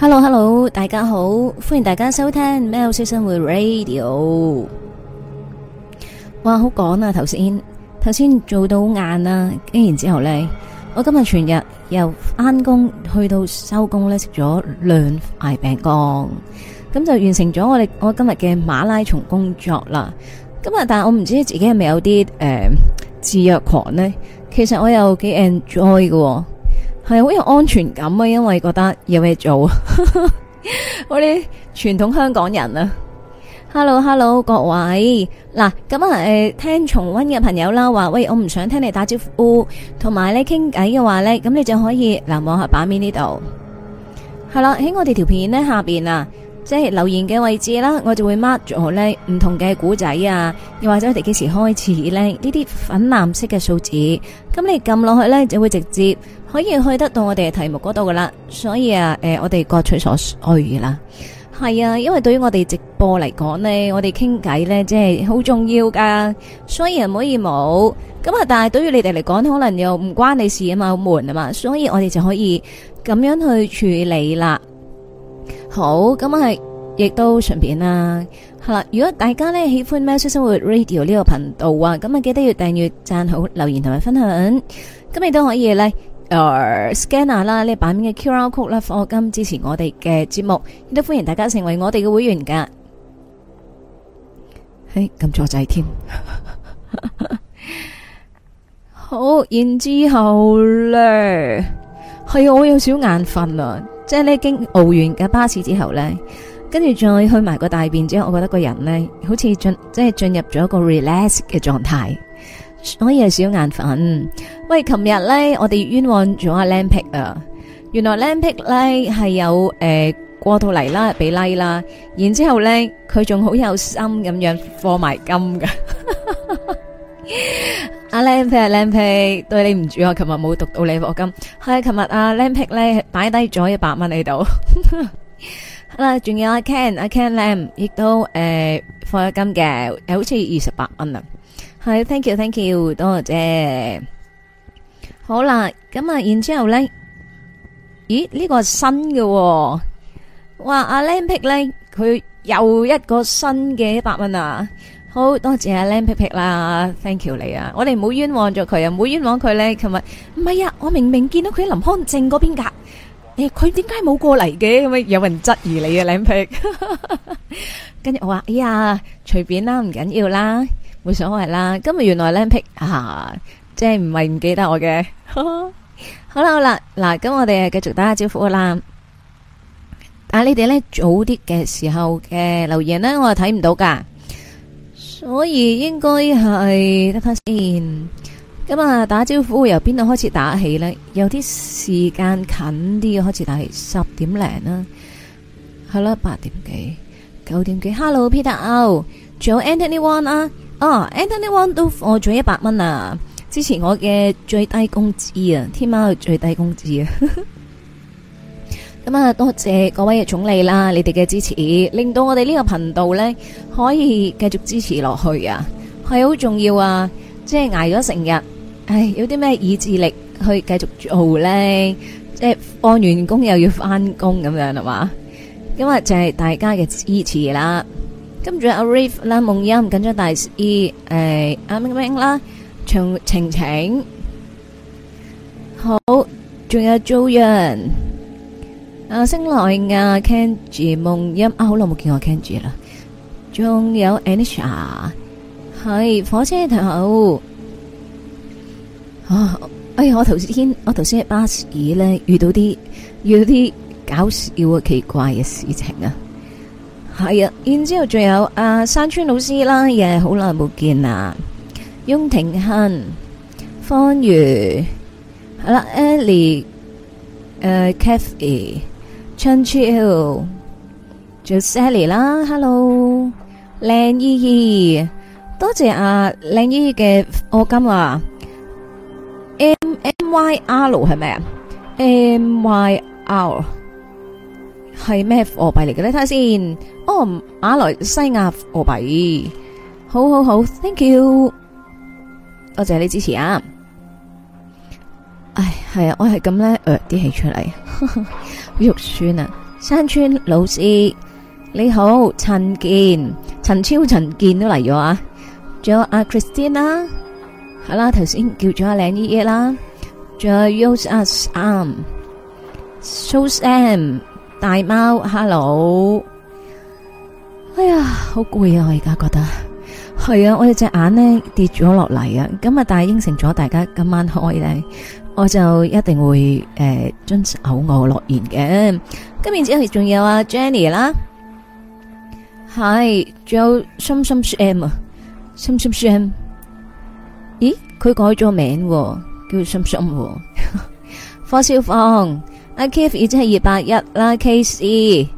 Hello，Hello，Hello, 大家好，歡迎大家收聽喵式生活 Radio。哇，好趕啊！頭先頭先做到晏啦，跟然之後呢，我今日全日由翻工去到收工呢，食咗兩塊餅乾，咁就完成咗我哋我今日嘅馬拉松工作啦。今日但係我唔知自己係咪有啲誒、呃、自虐狂呢？其實我又幾 enjoy 喎。係好有安全感啊，因為覺得有嘢做。呵呵我哋傳統香港人啊，Hello Hello 各位，嗱咁啊，誒聽重温嘅朋友啦，話喂我唔想聽你打招呼，同埋咧傾偈嘅話呢，咁你就可以嗱，望下版面呢度，係啦喺我哋條片呢下邊啊。即係留言嘅位置啦，我就會 mark 咗咧唔同嘅古仔啊，又或者我哋幾時開始咧？呢啲粉藍色嘅數字，咁你撳落去咧就會直接可以去得到我哋嘅題目嗰度噶啦。所以啊，誒、呃，我哋各取所需啦。係啊，因為對於我哋直播嚟講呢，我哋傾偈呢即係好重要噶，所以唔可以冇。咁啊，但係對於你哋嚟講，可能又唔關你事啊嘛，好悶啊嘛，所以我哋就可以咁樣去處理啦。好，咁啊，亦都順便啦，係啦。如果大家呢喜歡《喵式生活 Radio》呢個頻道啊，咁啊記得要訂閱、贊好、留言同埋分享。咁亦都可以咧，誒、呃、scanner 啦，呢版面嘅 QR code 啦，課金支持我哋嘅節目。亦都歡迎大家成為我哋嘅會員噶。嘿，咁坐仔添。 好，然之後咧，係我有少眼瞓啊。即係咧經奧運嘅巴士之後咧，跟住再去埋個大便之後，我覺得個人咧好似進即係進入咗一個 relax 嘅狀態，所以係少眼瞓。喂，琴日咧我哋冤枉咗阿 lamppic 啊，原來 lamppic 咧係有誒、呃、過到嚟啦，俾 l、like、啦，然之後咧佢仲好有心咁樣放埋金噶。 阿靚皮啊，靚皮，對你唔住啊！琴日冇讀到你課金，係琴日阿靚皮咧擺低咗一百蚊喺度。好啦，仲有阿 Ken，阿 Ken Lam 亦都誒放咗金嘅，係好似二十八蚊啊！係，thank you，thank you，多謝。好啦，咁啊，然之後咧，咦？呢個係新嘅，哇！阿靚皮咧，佢又一個新嘅一百蚊啊！好多謝阿 Len 皮皮啦，Thank you 你啊，我哋唔好冤枉咗佢啊，唔好冤枉佢咧。琴日唔係啊，我明明見到佢喺林康正嗰邊噶，誒，佢點解冇過嚟嘅？有冇人質疑你啊，Len 皮？跟住我話，哎呀，隨便啦，唔緊要啦，冇所謂啦。今日原來 Len 皮啊，即係唔係唔記得我嘅。好啦好啦，嗱，咁我哋繼續打下招呼啦。啊，你哋咧早啲嘅時候嘅留言咧，我係睇唔到噶。所以應該係得睇先。咁啊，打招呼由邊度開始打起咧？有啲時間近啲開始打起，十點零啦，係啦，八點幾、九點幾。Hello，Peter，仲有 Anthony One 啊？哦，Anthony One 都我咗一百蚊啊！之前我嘅最低工資啊，天貓嘅最低工資啊。 咁啊，多謝各位嘅總理啦，你哋嘅支持令到我哋呢個頻道咧可以繼續支持落去啊，係好重要啊！即係挨咗成日，唉，有啲咩意志力去繼續做咧？即係放完工又要翻工咁樣係嘛？咁啊，就係大家嘅支持啦。跟住阿 Rave 啦，夢音，跟住大 E，誒，阿明明啦，唱晴晴，好，仲有 Joyan。啊！星來亞，Candy 夢音啊，好耐冇見我 Candy 啦。仲有 Anisha，係火車頭。啊！哎呀，我頭先我頭先喺巴士咧遇到啲遇到啲搞笑啊奇怪嘅事情啊。係啊，然之後仲有阿山川老師啦，亦係好耐冇見啦。翁廷亨、方瑜，係啦，Ellie，誒，Kathy。春嬌，做 Sally 啦，Hello，靚姨姨，多謝阿靚姨姨嘅臥金啊，M M Y R 係咩啊？M Y R 係咩貨幣嚟嘅咧？睇下先，哦，馬來西亞貨幣，好好好，Thank you，多謝你支持啊！唉，係啊，我係咁咧，搣啲氣出嚟。玉川啊，山村老師你好，陳健、陳超、陳健都嚟咗啊，仲有阿 Christina, 啊、啊、剛才叫阿 Christina，好啦，頭先叫咗阿靚姨姨啦，仲有 Use Us a m s o Sam 大貓，hello，哎呀，好攰啊，我而家覺得係啊，我隻眼咧跌咗落嚟啊，今日應承咗大家今晚開咧。我就一定會誒遵守我諾言嘅。今年之後仲有阿 Jenny 啦，係仲有心心 M 啊，心心 M。咦，佢改咗名，叫心心。何少芳，阿 K F 已經係二八一啦，K C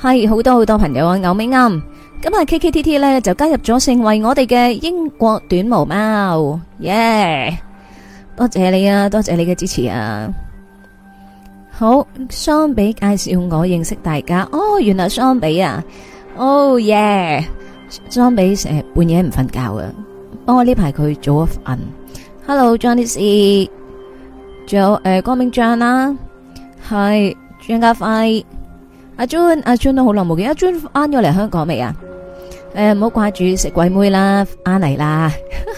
係好多好多朋友啊，牛尾啱。噉阿 K K T T 咧就加入咗，成為我哋嘅英國短毛貓，耶！多謝你啊，多謝你嘅支持啊！好，相比介紹我認識大家。哦，原來相比啊，哦、oh, 耶、yeah，相比成日半夜唔瞓覺嘅，幫我呢排佢早一份。Hello，Johnny C，仲有誒、呃，光明 John 啦，係張家輝，阿 John 阿 John 都好耐冇見，阿 John 翻咗嚟香港未啊？誒，唔好掛住食鬼妹啦，阿尼啦。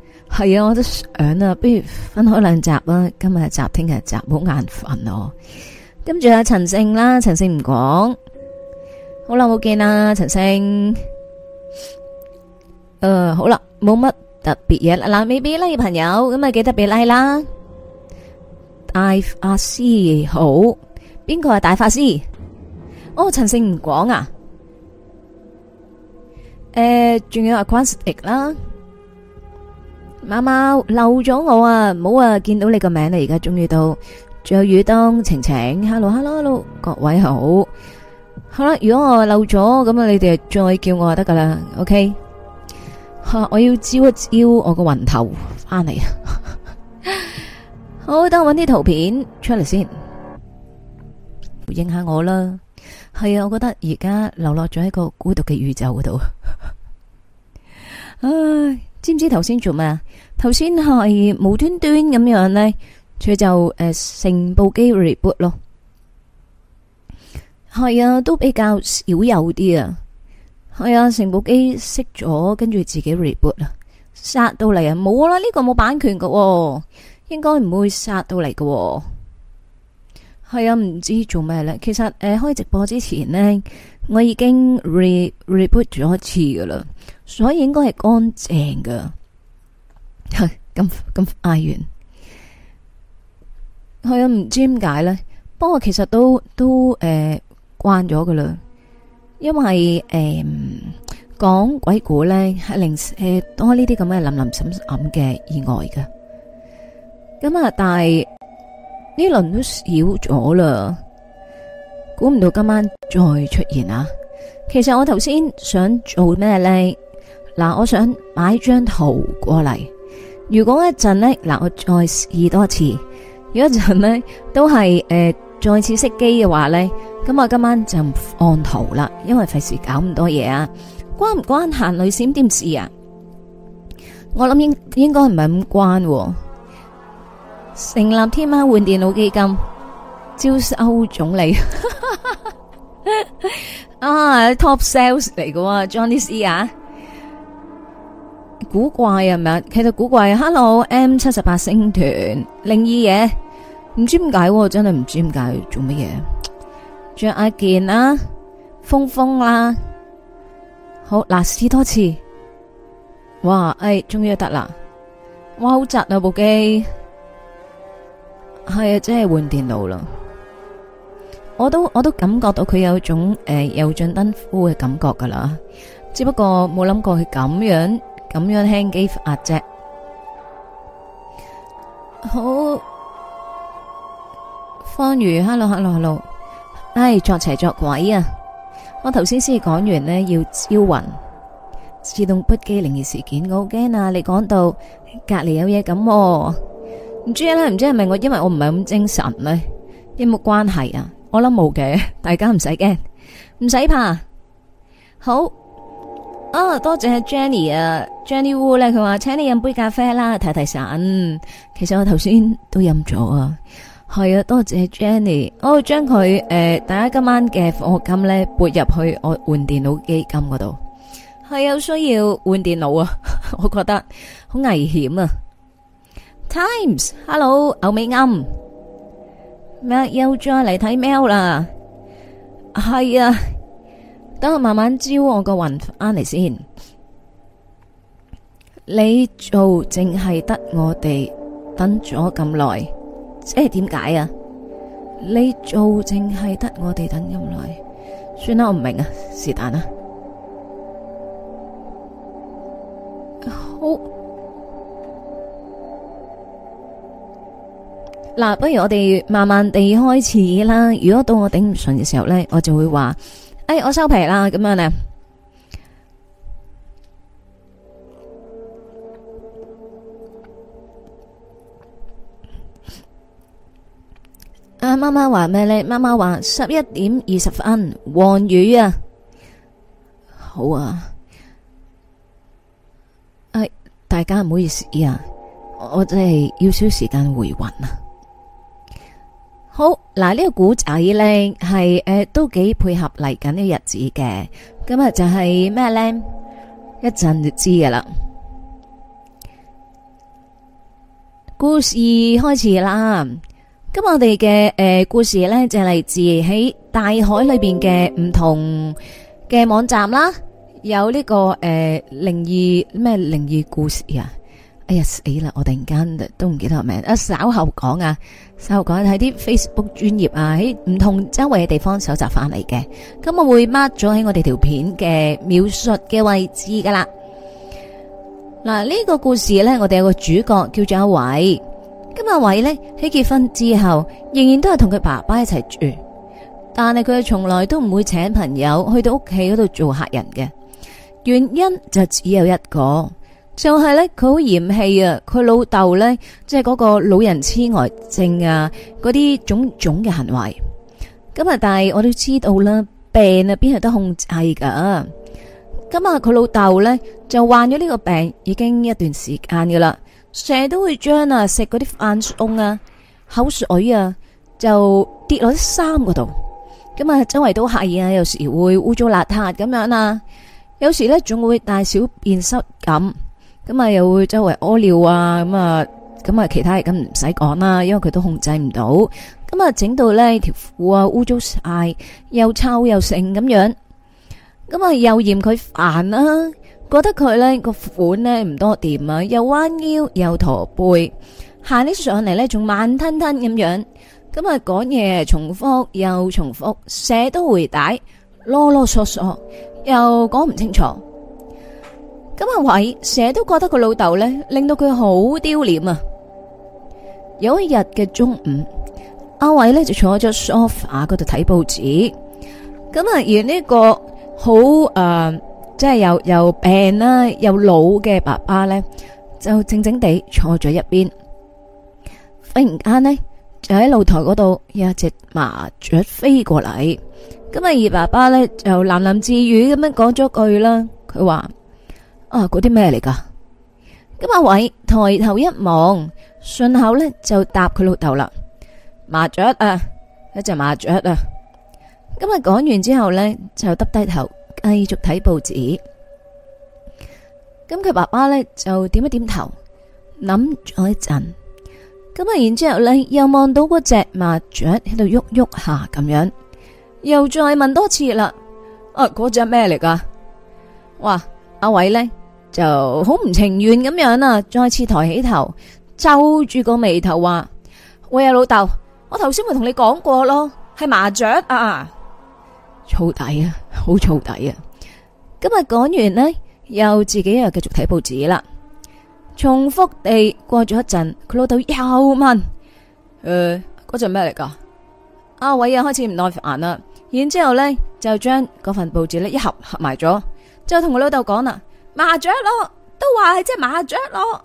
係啊，我都想啊，不如分開兩集啦，今日一集，聽日一集，唔好眼瞓哦。跟住阿陳勝啦，陳勝唔講，好耐冇見啦，陳勝。誒，好啦，冇乜特別嘢啦，嗱，呃、未必啦、like, 朋友，咁咪記得俾拉、like、啦。大阿師好，邊個係大法師？哦，陳勝唔講啊。誒、呃，仲有阿 Quantic 啦。貓貓漏咗我啊，唔好啊！見到你個名，你而家終於到，仲有雨冬晴晴，hello hello hello，各位好。好啦，如果我漏咗，咁啊，你哋再叫我就得噶啦。OK，吓，我要招一招我個魂頭翻嚟啊。 好，等我搵啲圖片出嚟先，回應下我啦。係啊，我覺得而家流落咗喺個孤獨嘅宇宙嗰度。 唉。知唔知頭先做咩啊？頭先係無端端咁樣呢，佢就誒成、呃、部機 reboot 咯。係啊，都比較少有啲啊。係啊，成部機熄咗，跟住自己 reboot 啊，殺到嚟啊，冇啊啦，呢、這個冇版權噶，應該唔會殺到嚟噶。係啊，唔知做咩呢。其實誒、呃，開直播之前呢，我已經 re reboot 咗一次噶啦。所以應該係乾淨噶，咁咁嗌完。我又唔知點解咧，不過其實都都誒關咗噶啦，因為誒講鬼故咧係令誒多呢啲咁嘅諗諗諗諗嘅意外噶。咁啊，但係呢輪都少咗啦，估唔到今晚再出現啊。其實我頭先想做咩咧？嗱，我想買張圖過嚟。如果一陣呢，嗱我再試多一次，如果一陣呢，都係誒、呃、再次熄機嘅話呢，咁我今晚就唔放圖啦，因為費事搞咁多嘢啊！關唔關行雷閃電事啊？我諗應該應該唔係咁關，啊。成立天貓換電腦基金，招收總理 啊，top sales 嚟嘅、啊，Johnny C 啊。古怪係咪啊？其實古怪，Hello M 七十八星團另二嘢，唔知點解、啊，真係唔知點解做乜嘢。着阿健啦，峰峰啦，好嗱，試多次，哇！哎，終於得啦，哇，好窄啊部機，係啊，真係換電腦啦。我都我都感覺到佢有一種誒、呃、有仗單身嘅感覺噶啦，只不過冇諗過佢咁樣。咁樣聽幾壓啫，好。方如，hello hello hello，哎，作邪作鬼啊！我頭先先講完咧，要招魂，自動不記靈異事件，我好驚啊！你講到隔籬有嘢咁，唔知咧，唔知係咪我，因為我唔係咁精神咧，有冇關係啊！我諗冇嘅，大家唔使驚，唔使怕，好。啊、哦，多謝 Jenny 啊，Jenny Wu 咧，佢話請你飲杯咖啡啦，提提神。其實我頭先都飲咗啊。係啊，多謝 Jenny。我會將佢誒，大家今晚嘅課金咧撥入去我換電腦基金嗰度。係有、啊、需要換電腦啊， 我覺得好危險啊。Times，Hello，歐美啱。Mel 又再嚟睇 mail 啦。係啊。等我慢慢招我個雲翻嚟先。你、欸。你做淨係得我哋等咗咁耐，即係點解啊？你做淨係得我哋等咁耐，算啦，我唔明啊，是但啦。好嗱，不如我哋慢慢地開始啦。如果到我頂唔順嘅時候呢，我就會話。哎，我收皮啦，咁樣呢？阿媽媽話咩呢？媽媽話十一點二十分，黃雨啊，好啊。哎，大家唔好意思啊，我真係要少時間回魂啊。好嗱，這個、呢個古仔咧係誒都幾配合嚟緊啲日子嘅，今日就係咩咧？一陣就知噶啦，故事開始啦。咁我哋嘅誒故事咧就係、是、嚟自喺大海裏邊嘅唔同嘅網站啦，有呢、這個誒靈異咩靈異故事啊。哎呀死啦！我突然間都唔記得係咩，啊稍後講啊，稍後講喺啲 Facebook 專頁啊、喺唔同周圍嘅地方搜集翻嚟嘅，咁我會 mark 咗喺我哋條片嘅描述嘅位置噶啦。嗱呢個故事呢，我哋有個主角叫做阿偉，咁阿偉呢，喺結婚之後，仍然都係同佢爸爸一齊住，但係佢又從來都唔會請朋友去到屋企嗰度做客人嘅，原因就只有一個。就係咧，佢好嫌棄啊！佢老豆咧，即係嗰個老人痴呆症啊，嗰啲種種嘅行為咁啊。但係我都知道啦，病啊邊係得控制噶。咁啊，佢老豆咧就患咗呢個病已經一段時間噶啦，成日都會將啊食嗰啲飯餸啊口水啊就跌落啲衫嗰度。咁啊，周圍都吓嘢啊，有時會污糟邋遢咁樣啊，有時咧仲會大小便失禁。咁啊，又會周圍屙尿啊，咁啊，咁啊，其他嘢咁唔使講啦，因為佢都控制唔到，咁啊，整到呢條褲啊污糟晒，又臭又腥咁樣，咁啊又嫌佢煩啦，覺得佢呢個款呢唔多掂啊，又彎腰又駝背，行起上嚟呢仲慢吞吞咁樣，咁啊講嘢重複又重複，寫都回帶，囉囉嗦嗦又講唔清楚。咁阿偉成日都覺得個老豆呢，令到佢好丟臉啊。有一日嘅中午，阿偉呢就坐喺張梳化嗰度睇報紙。咁啊，而呢個好誒、呃，即係又又病啦，又老嘅爸爸呢，就靜靜地坐咗一邊。忽然間呢，就喺露台嗰度有一隻麻雀飛過嚟。咁啊，而爸爸呢，就喃喃自語咁樣講咗句啦。佢話。啊！嗰啲咩嚟噶？咁阿偉抬頭一望，順口呢就答佢老豆啦：麻雀啊，一隻麻雀啊！咁、嗯、啊，講完之後呢，就耷低頭繼續睇報紙。咁、嗯、佢爸爸呢，就點一點頭，諗咗一陣。咁啊，然之後呢又望到嗰隻麻雀喺度喐喐下咁樣，又再問多次啦。啊，嗰隻咩嚟噶？哇！阿偉呢？」就好唔情願咁樣啊，再次抬起頭，皺住個眉頭，話：喂啊老豆，我頭先咪同你講過咯，係麻雀啊，燥底啊，好燥底啊。今日講完呢，又自己又繼續睇報紙啦，重複地過咗一陣，佢老豆又問：誒、呃，嗰陣咩嚟噶？阿偉又開始唔耐煩啦。然之後咧，就將嗰份報紙呢一盒合埋咗，就同佢老豆講啦。麻雀咯，都話係隻麻雀咯，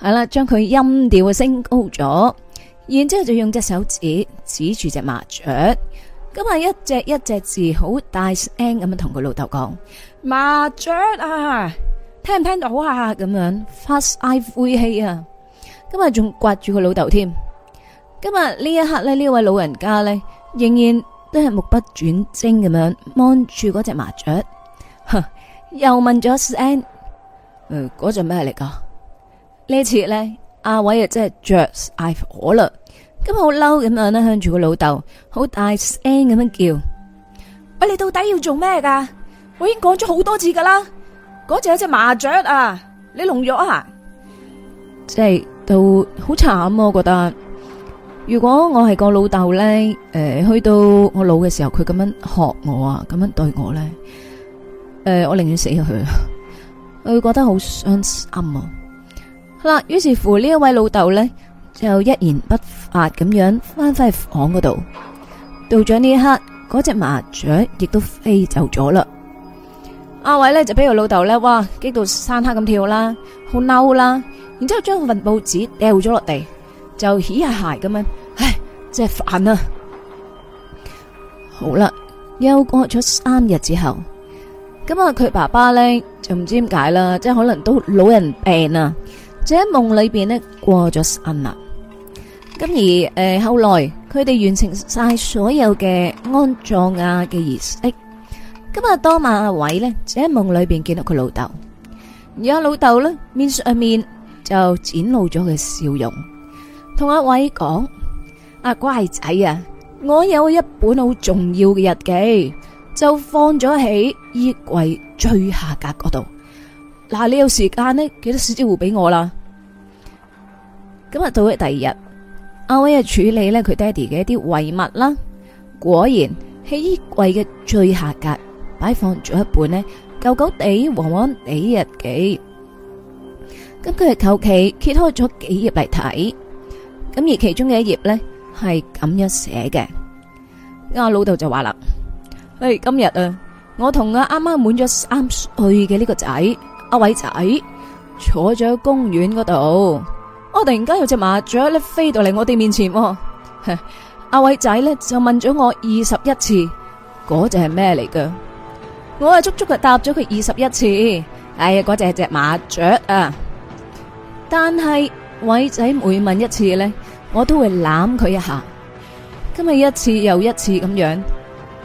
係啦，將佢音調啊升高咗，然之後就用隻手指指住隻麻雀，今日一隻一隻字好大聲咁樣同佢老豆講麻雀啊，聽唔聽到啊？咁樣，發晒灰氣啊！今日仲刮住佢老豆添，今日呢一刻呢，呢位老人家呢，仍然都係目不轉睛咁樣望住嗰隻麻雀，呵。又問咗 a n 聲，誒、嗯，嗰隻咩嚟噶？次呢次咧，阿偉又真係着曬火啦，咁好嬲咁樣咧，向住個老豆，好大聲咁樣叫：喂，你到底要做咩噶？我已經講咗好多次噶啦，嗰、那、隻、個、隻麻雀啊，你聾藥啊？即係到，好慘啊！我覺得，如果我係個老豆咧，誒、呃，去到我老嘅時候，佢咁樣學我啊，咁樣對我咧。誒，我寧願死佢，佢覺得好傷心啊！好啦，於是乎呢一位老豆呢，就一言不發咁樣翻返去房嗰度。到咗呢一刻，嗰隻麻雀亦都飛走咗啦。阿、啊、偉呢，就俾個老豆呢，哇！激到山黑咁跳啦，好嬲啦，然之後將份報紙掉咗落地，就起下鞋咁樣，唉，真係煩啊！好啦，又過咗三日之後。咁啊，佢爸爸咧，就唔知點解啦，即係可能都老人病啊，就喺夢裏邊咧，過咗身啦。咁而誒後來佢哋完成晒所有嘅安葬啊嘅儀式。咁啊當晚阿偉咧，就喺夢裏邊見到佢老豆，而阿老豆咧，面上面就展露咗佢笑容，同阿偉講：阿乖仔啊，我有一本好重要嘅日記。就放咗喺衣櫃最下格嗰度。嗱，你有時間呢，記得寄多少支糊俾我啦。今日到咗第二日，阿威啊處理呢佢爹哋嘅一啲遺物啦。果然喺衣櫃嘅最下格擺放咗一本呢，舊舊地黃黃地日記。咁佢係求其揭開咗幾頁嚟睇。咁而其中嘅一頁呢，係咁樣寫嘅。阿老豆就話啦。誒、hey，今日啊，我同阿啱啱滿咗三歲嘅呢個仔阿偉仔坐咗公園嗰度，我突然間有隻麻雀咧飛到嚟我哋面前，阿偉仔咧就問咗我二十一次，嗰隻係咩嚟㗎？我啊足足係答咗佢二十一次，哎呀，嗰隻係隻麻雀啊！但係偉仔每問一次咧，我都會攬佢一下。今日一次又一次咁樣。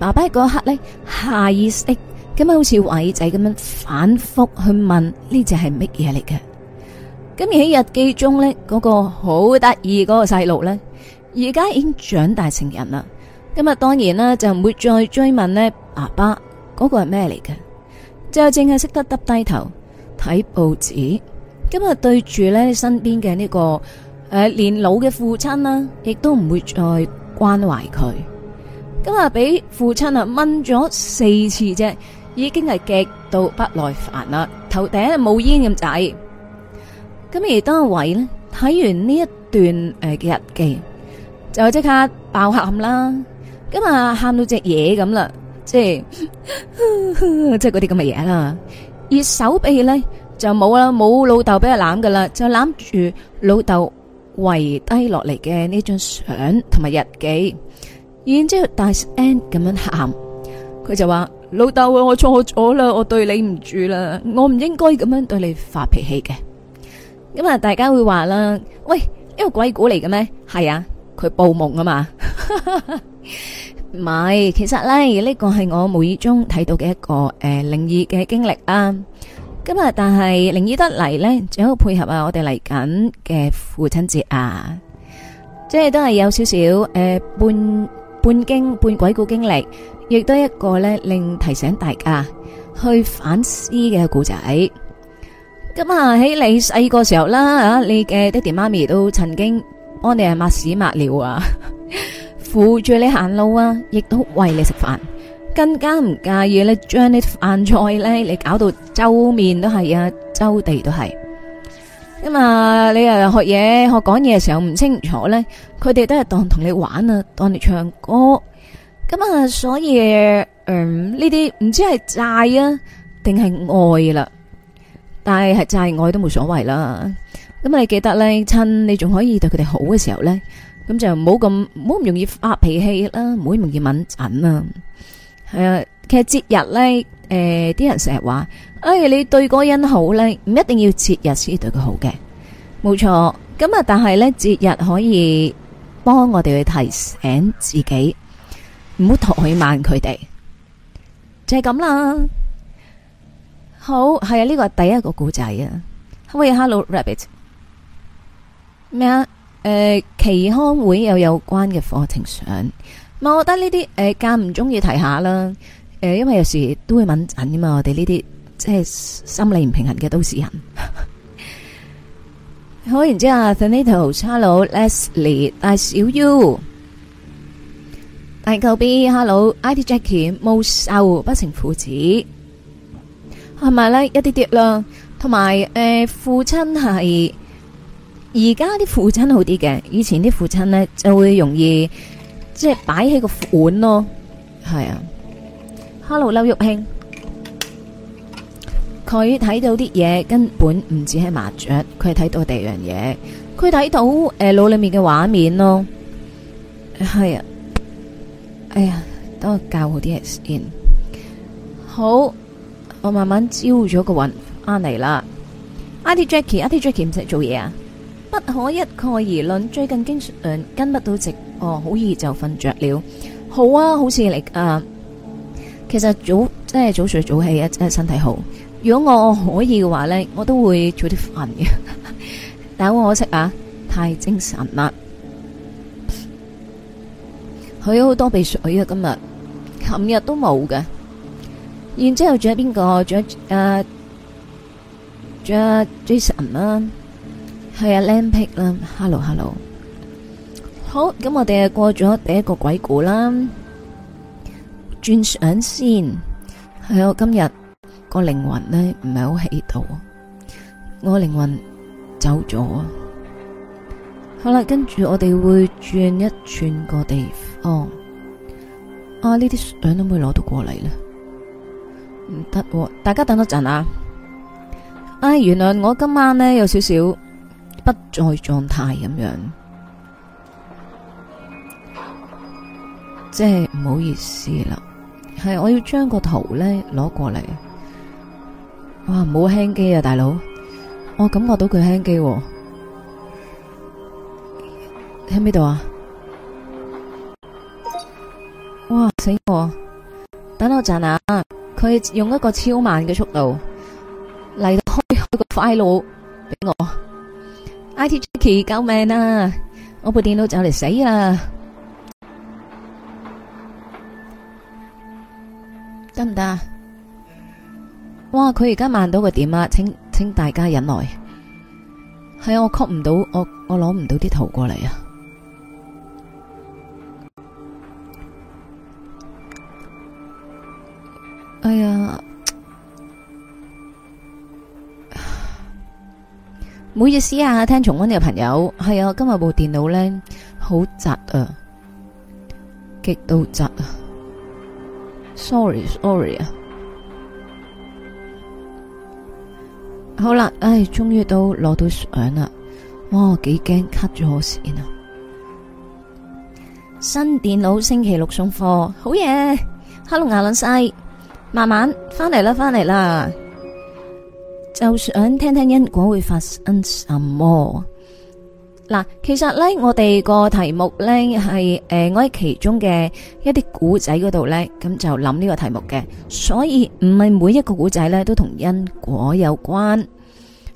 爸爸嗰刻咧，下意識咁樣好似偉仔咁樣反覆去問，呢隻係乜嘢嚟嘅。咁而喺日記中咧，嗰個好得意嗰個細路咧，而家已經長大成人啦。今日當然啦，就唔會再追問咧，爸爸嗰個係咩嚟嘅，就淨係識得耷低頭睇報紙。今日對住咧身邊嘅呢個誒年老嘅父親啦，亦都唔會再關懷佢。今日俾父親啊，掹咗四次啫，已經係極度不耐煩啦，頭頂冇煙咁滯。咁而阿偉呢，睇完呢一段誒嘅日記，就即刻爆喊啦！今日喊到隻嘢咁啦，即係即係嗰啲咁嘅嘢啦。而手臂咧就冇啦，冇老豆俾佢攬噶啦，就攬住老豆遺低落嚟嘅呢張相同埋日記。然之後，大 N 咁樣喊，佢就話：老豆啊，我錯咗啦，我對你唔住啦，我唔應該咁樣對你發脾氣嘅。咁啊，大家會話啦，喂，一個鬼故嚟嘅咩？係啊，佢報夢啊嘛。唔係，其實咧呢個係我無意中睇到嘅一個誒靈異嘅經歷啊。咁啊，但係靈異得嚟咧，最好配合啊我哋嚟緊嘅父親節啊，即係都係有少少誒半。半經半鬼故經歷，亦都係一個咧令提醒大家去反思嘅故仔。咁啊，喺你細個時候啦，啊，你嘅爹哋媽咪都曾經幫你係抹屎抹尿啊，扶住你行路啊，亦都餵你食飯，更加唔介意咧將你飯菜咧你搞到周面都係啊，周地都係。咁、嗯、啊，你又學嘢學講嘢嘅時候唔清楚咧，佢哋都係當同你玩啊，當你唱歌。咁、嗯、啊，所以嗯呢啲唔知係債啊定係愛啦，但係係債愛都冇所謂啦。咁你記得咧，趁你仲可以對佢哋好嘅時候咧，咁就唔好咁唔好咁容易發脾氣啦，唔好容易敏感啊。係、嗯、啊，其實節日咧。誒、呃，啲人成日話，誒、哎，你對嗰人好咧，唔一定要節日先對佢好嘅，冇錯。咁啊，但係咧，節日可以幫我哋去提醒自己，唔好怠慢佢哋，就係咁啦。好，係啊，呢個係第一個故仔啊。可唔可以，Hello Rabbit，咩啊？誒，期刊會有有關嘅課程上，我覺得呢啲誒，間唔中意提下啦。誒，因為有時都會敏感噶嘛，我哋呢啲即係心理唔平衡嘅都市人。好，然之後，Santos，Hello，Leslie，a 大小 U，大狗 B，Hello，I，D，Jackie，無仇不成父子，係咪咧？一啲啲啦，同埋誒，父親係而家啲父親好啲嘅，以前啲父親咧就會容易即係擺起個碗咯，係啊。Hello，劉玉卿。佢睇到啲嘢根本唔止係麻雀，佢係睇到第二樣嘢，佢睇到誒腦、呃、裏面嘅畫面咯，係啊，哎呀，等我教好啲先，好，我慢慢招咗個雲翻嚟啦。阿弟 Jacky，阿弟 Jacky 唔識做嘢啊，不可一概而論，最近經常跟不到直，哦，好易就瞓着了。好啊，好似你誒。啊其實早，即係早睡早起啊，真係身體好。如果我可以嘅話咧，我都會早啲瞓嘅。 但好可惜啊，太精神啦，去咗好多鼻水昨天也沒的、Jason、啊！今日、啊、琴日都冇嘅。然之後仲有邊個？仲有誒？仲有 Jason 啦，係啊，Lampick 啦，Hello，Hello，好。咁我哋啊過咗第一個鬼故啦。轉相先，係我今日個靈魂呢唔係好喺度，我靈魂走咗。啊。好啦，跟住我哋會轉一轉個地方。哦、啊，呢啲相都可唔可以攞到過嚟咧？唔得、啊，大家等多陣啊！唉、哎，原諒我今晚呢有少少不在狀態咁樣，即係唔好意思啦。係，我要將個圖咧攞過嚟。哇，唔好輕機啊，大佬！我感覺到佢輕機喎，喺邊度啊？哇，死喎、啊！等我陣啊，佢用一個超慢嘅速度嚟到開開個快路俾我。 I T Jacky 救命啊！我部電腦就嚟死啊！得唔得？哇！佢而家慢到個點啊，請請大家忍耐。係啊，我 cut 唔到，我我攞唔到啲圖過嚟啊！哎呀，唔好意思啊，聽重溫嘅朋友，係啊！今日部電腦呢，好窒啊，極到窒啊！sorry，sorry 啊 Sorry，好啦，唉，終於都攞到相啦，哇，幾驚 cut 咗我線啊！新電腦星期六送貨，好嘢！Hello，亞倫西，慢慢翻嚟啦，翻嚟啦，就想聽聽因果會發生什麼。嗱，其實咧，我哋、呃、個題目咧係誒，我喺其中嘅一啲古仔嗰度咧，咁就諗呢個題目嘅，所以唔係每一個古仔咧都同因果有關，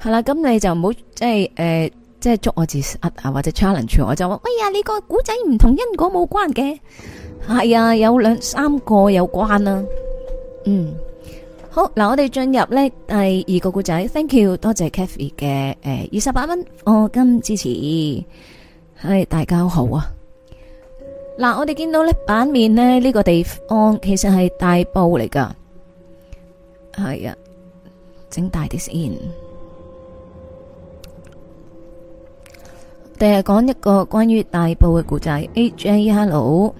係啦，咁你就唔好即係誒，即係、呃、捉我字啊，或者 challenge 我就話，喂呀，你個古仔唔同因果冇關嘅，係啊，有兩三個有關啦、啊，嗯。好嗱，我哋進入呢第二個故仔。Thank you，多謝 Kathy 嘅誒二十八蚊澳金支持，係、哎、大家好啊！嗱，我哋見到呢版面呢，呢個地方其實係大埔嚟噶，係啊，整大啲先。第日講一個關於大埔嘅故仔。AJ hello，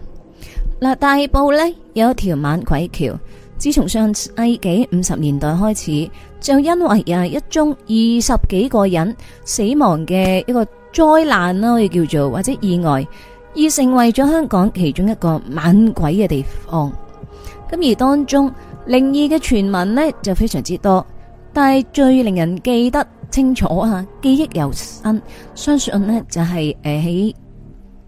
嗱，大埔呢，有一條猛鬼橋。自從上世紀五十年代開始，就因為啊一宗二十幾個人死亡嘅一個災難啦，可以叫做或者意外，而成為咗香港其中一個猛鬼嘅地方。咁而當中靈異嘅傳聞呢，就非常之多，但係最令人記得清楚啊，記憶猶新，相信呢，就係誒喺。呃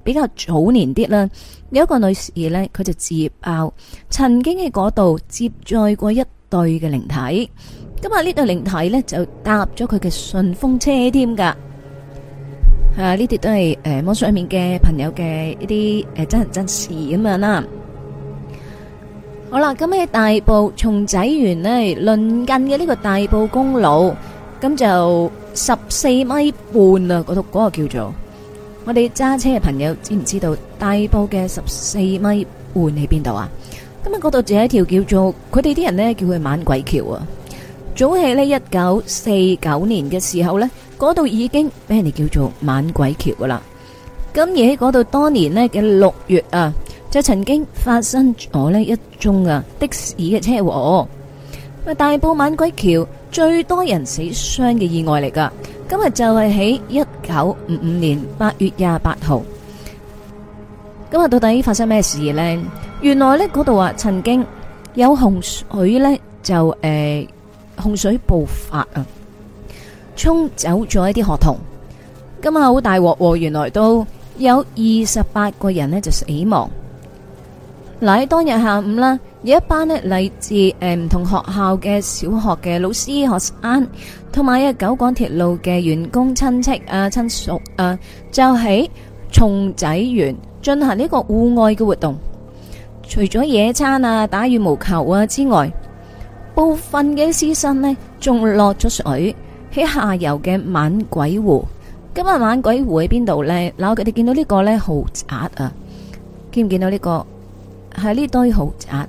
比較早年啲啦，有一個女士咧，佢就自爆曾經喺嗰度接載過一對嘅靈體，咁啊呢對靈體咧就搭咗佢嘅順風車添噶，係啊呢啲都係誒網上面嘅朋友嘅一啲誒真人真事咁樣啦。好啦，咁喺大埔松仔園咧鄰近嘅呢個大埔公路，咁就十四米半啦，嗰度嗰個叫做。我哋揸車嘅朋友知唔知道大埔嘅十四咪半喺邊度啊？今日嗰度就一條叫做佢哋啲人呢叫佢猛鬼橋啊。早喺呢一九四九年嘅時候呢，嗰度已經俾人哋叫做猛鬼橋噶啦。咁而喺嗰度，當年呢嘅六月啊，就曾經發生咗呢一宗啊的士嘅車禍。大埔猛鬼橋最多人死傷嘅意外嚟噶，今日就係喺一九五五年八月廿八號。今日到底發生咩事呢？原來呢嗰度啊，曾經有洪水呢，就、呃、誒洪水暴發啊，沖走咗一啲學童。今日好大鑊喎，原來都有二十八個人呢就死亡。嗱，喺當日下午啦。有一班咧嚟自、誒唔同學校嘅小學嘅老師學生，同埋啊九廣鐵路嘅員工親戚啊親屬啊，就喺松仔園進行呢個戶外嘅活動。除咗野餐啊、打羽毛球啊之外，部分嘅師生咧仲落咗水喺下游嘅猛鬼湖。今日猛鬼湖喺邊度咧？嗱，佢哋見到呢個咧豪宅啊，見唔見到呢個係呢堆豪宅？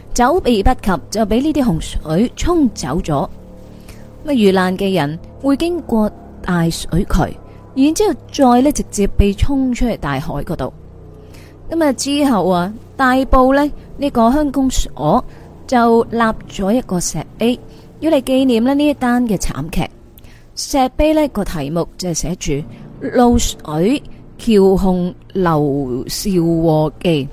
走避不及就俾呢啲洪水沖走咗，咁遇難嘅人會經過大水渠，然之後再咧直接被沖出去大海嗰度。咁啊之後啊，大埔咧呢、呢個鄉公所就立咗一個石碑，要嚟紀念咧呢一單嘅慘劇。石碑呢個題目就係寫住《露水橋洪流肇禍記》。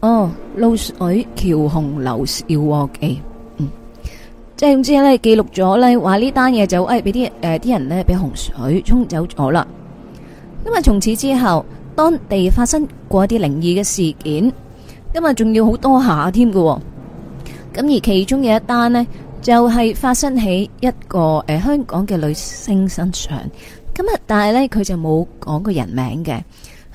哦，露水橋洪流肇禍記，嗯，即係咁之後呢，記錄咗呢話呢單嘢就誒俾啲誒啲人呢俾洪水沖走咗啦。因為從此之後，當地發生過一啲靈異嘅事件。今日仲要好多下添喎。咁而其中有一單呢，就係、是、發生喺一個誒、呃、香港嘅女星身上。今日但係呢，佢就冇講個人名嘅。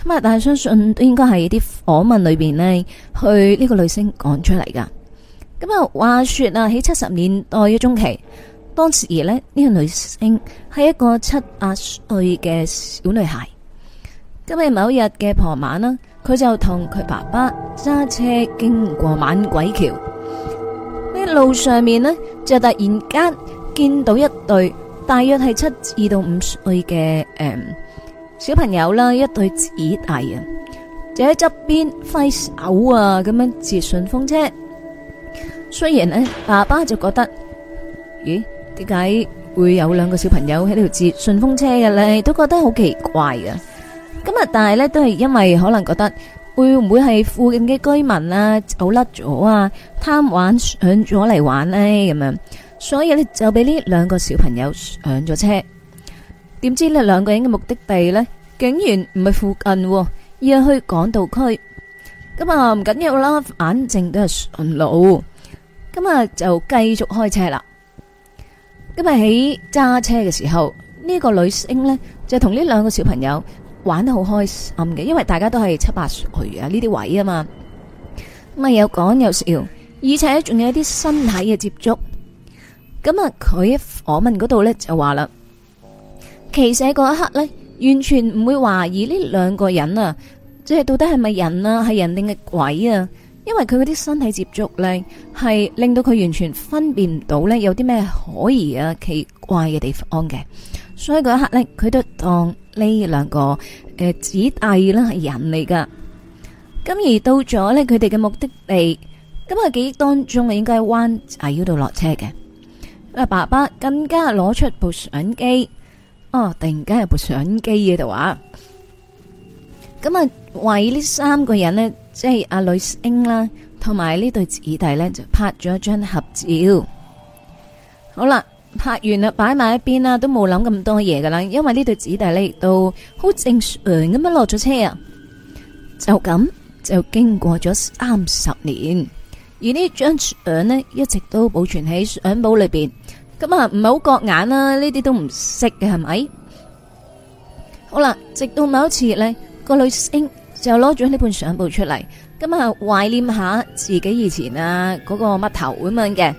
咁啊，但係相信都應該係啲訪問裏邊呢，去呢個女星講出嚟噶。咁啊，話說啊，喺七十年代嘅中期，當時咧呢，呢個女星係一個七八歲嘅小女孩。今日某日嘅傍晚啦，佢就同佢爸爸揸車經過猛鬼橋，呢路上面呢，就突然間見到一對大約係七二到五歲嘅誒。嗯小朋友啦，一對姊妹啊，就喺側邊揮手啊，咁樣截順風車。雖然咧，爸爸就覺得，咦，點解會有兩個小朋友喺度截順風車嘅咧？都覺得好奇怪啊。咁啊，但係咧都係因為可能覺得，會唔會係附近嘅居民啊，好甩咗啊，貪玩上咗嚟玩咧，咁樣，所以咧就俾呢兩個小朋友上咗車。點知呢，兩個人嘅目的地呢，竟然唔係附近，而係去港島區。咁啊，唔緊要啦，反正都係順路。咁啊，就繼續開車啦。今日喺揸車嘅時候，呢個女星呢就同呢兩個小朋友玩得好開心嘅，因為大家都係七八歲啊呢啲位啊嘛，咁啊有講有笑，而且仲有啲身體嘅接觸。咁啊，佢訪問嗰度呢就話啦。其實嗰一刻呢，完全唔會懷疑呢兩個人啊，即係到底係咪人啊，係人定係鬼啊？因為佢嗰啲身體接觸呢，係令到佢完全分辨唔到呢有啲咩可疑啊奇怪嘅地方嘅。所以嗰一刻呢，佢都當呢兩個誒、呃，子弟咧係人嚟噶。咁而到咗呢，佢哋嘅目的地，咁啊記憶當中應該彎阿腰度落車嘅。阿爸爸更加攞出部相機。哦，突然間有部相機喺度話，咁啊為呢三個人呢，即係阿女星啦，同埋呢對子弟呢，就拍咗一張合照。好啦，拍完啦，擺埋一邊啦，都冇諗咁多嘢噶啦，因為呢對子弟亦都好正常咁樣落咗車啊，就咁就經過咗三十年，而呢張相呢，一直都保存喺相簿裏邊。咁啊，唔係好覺眼啦，呢啲都唔識嘅係咪？好啦，直到某一次呢，個女星就攞咗呢本相簿出嚟，咁啊懷念下自己以前啊嗰個乜頭咁樣嘅，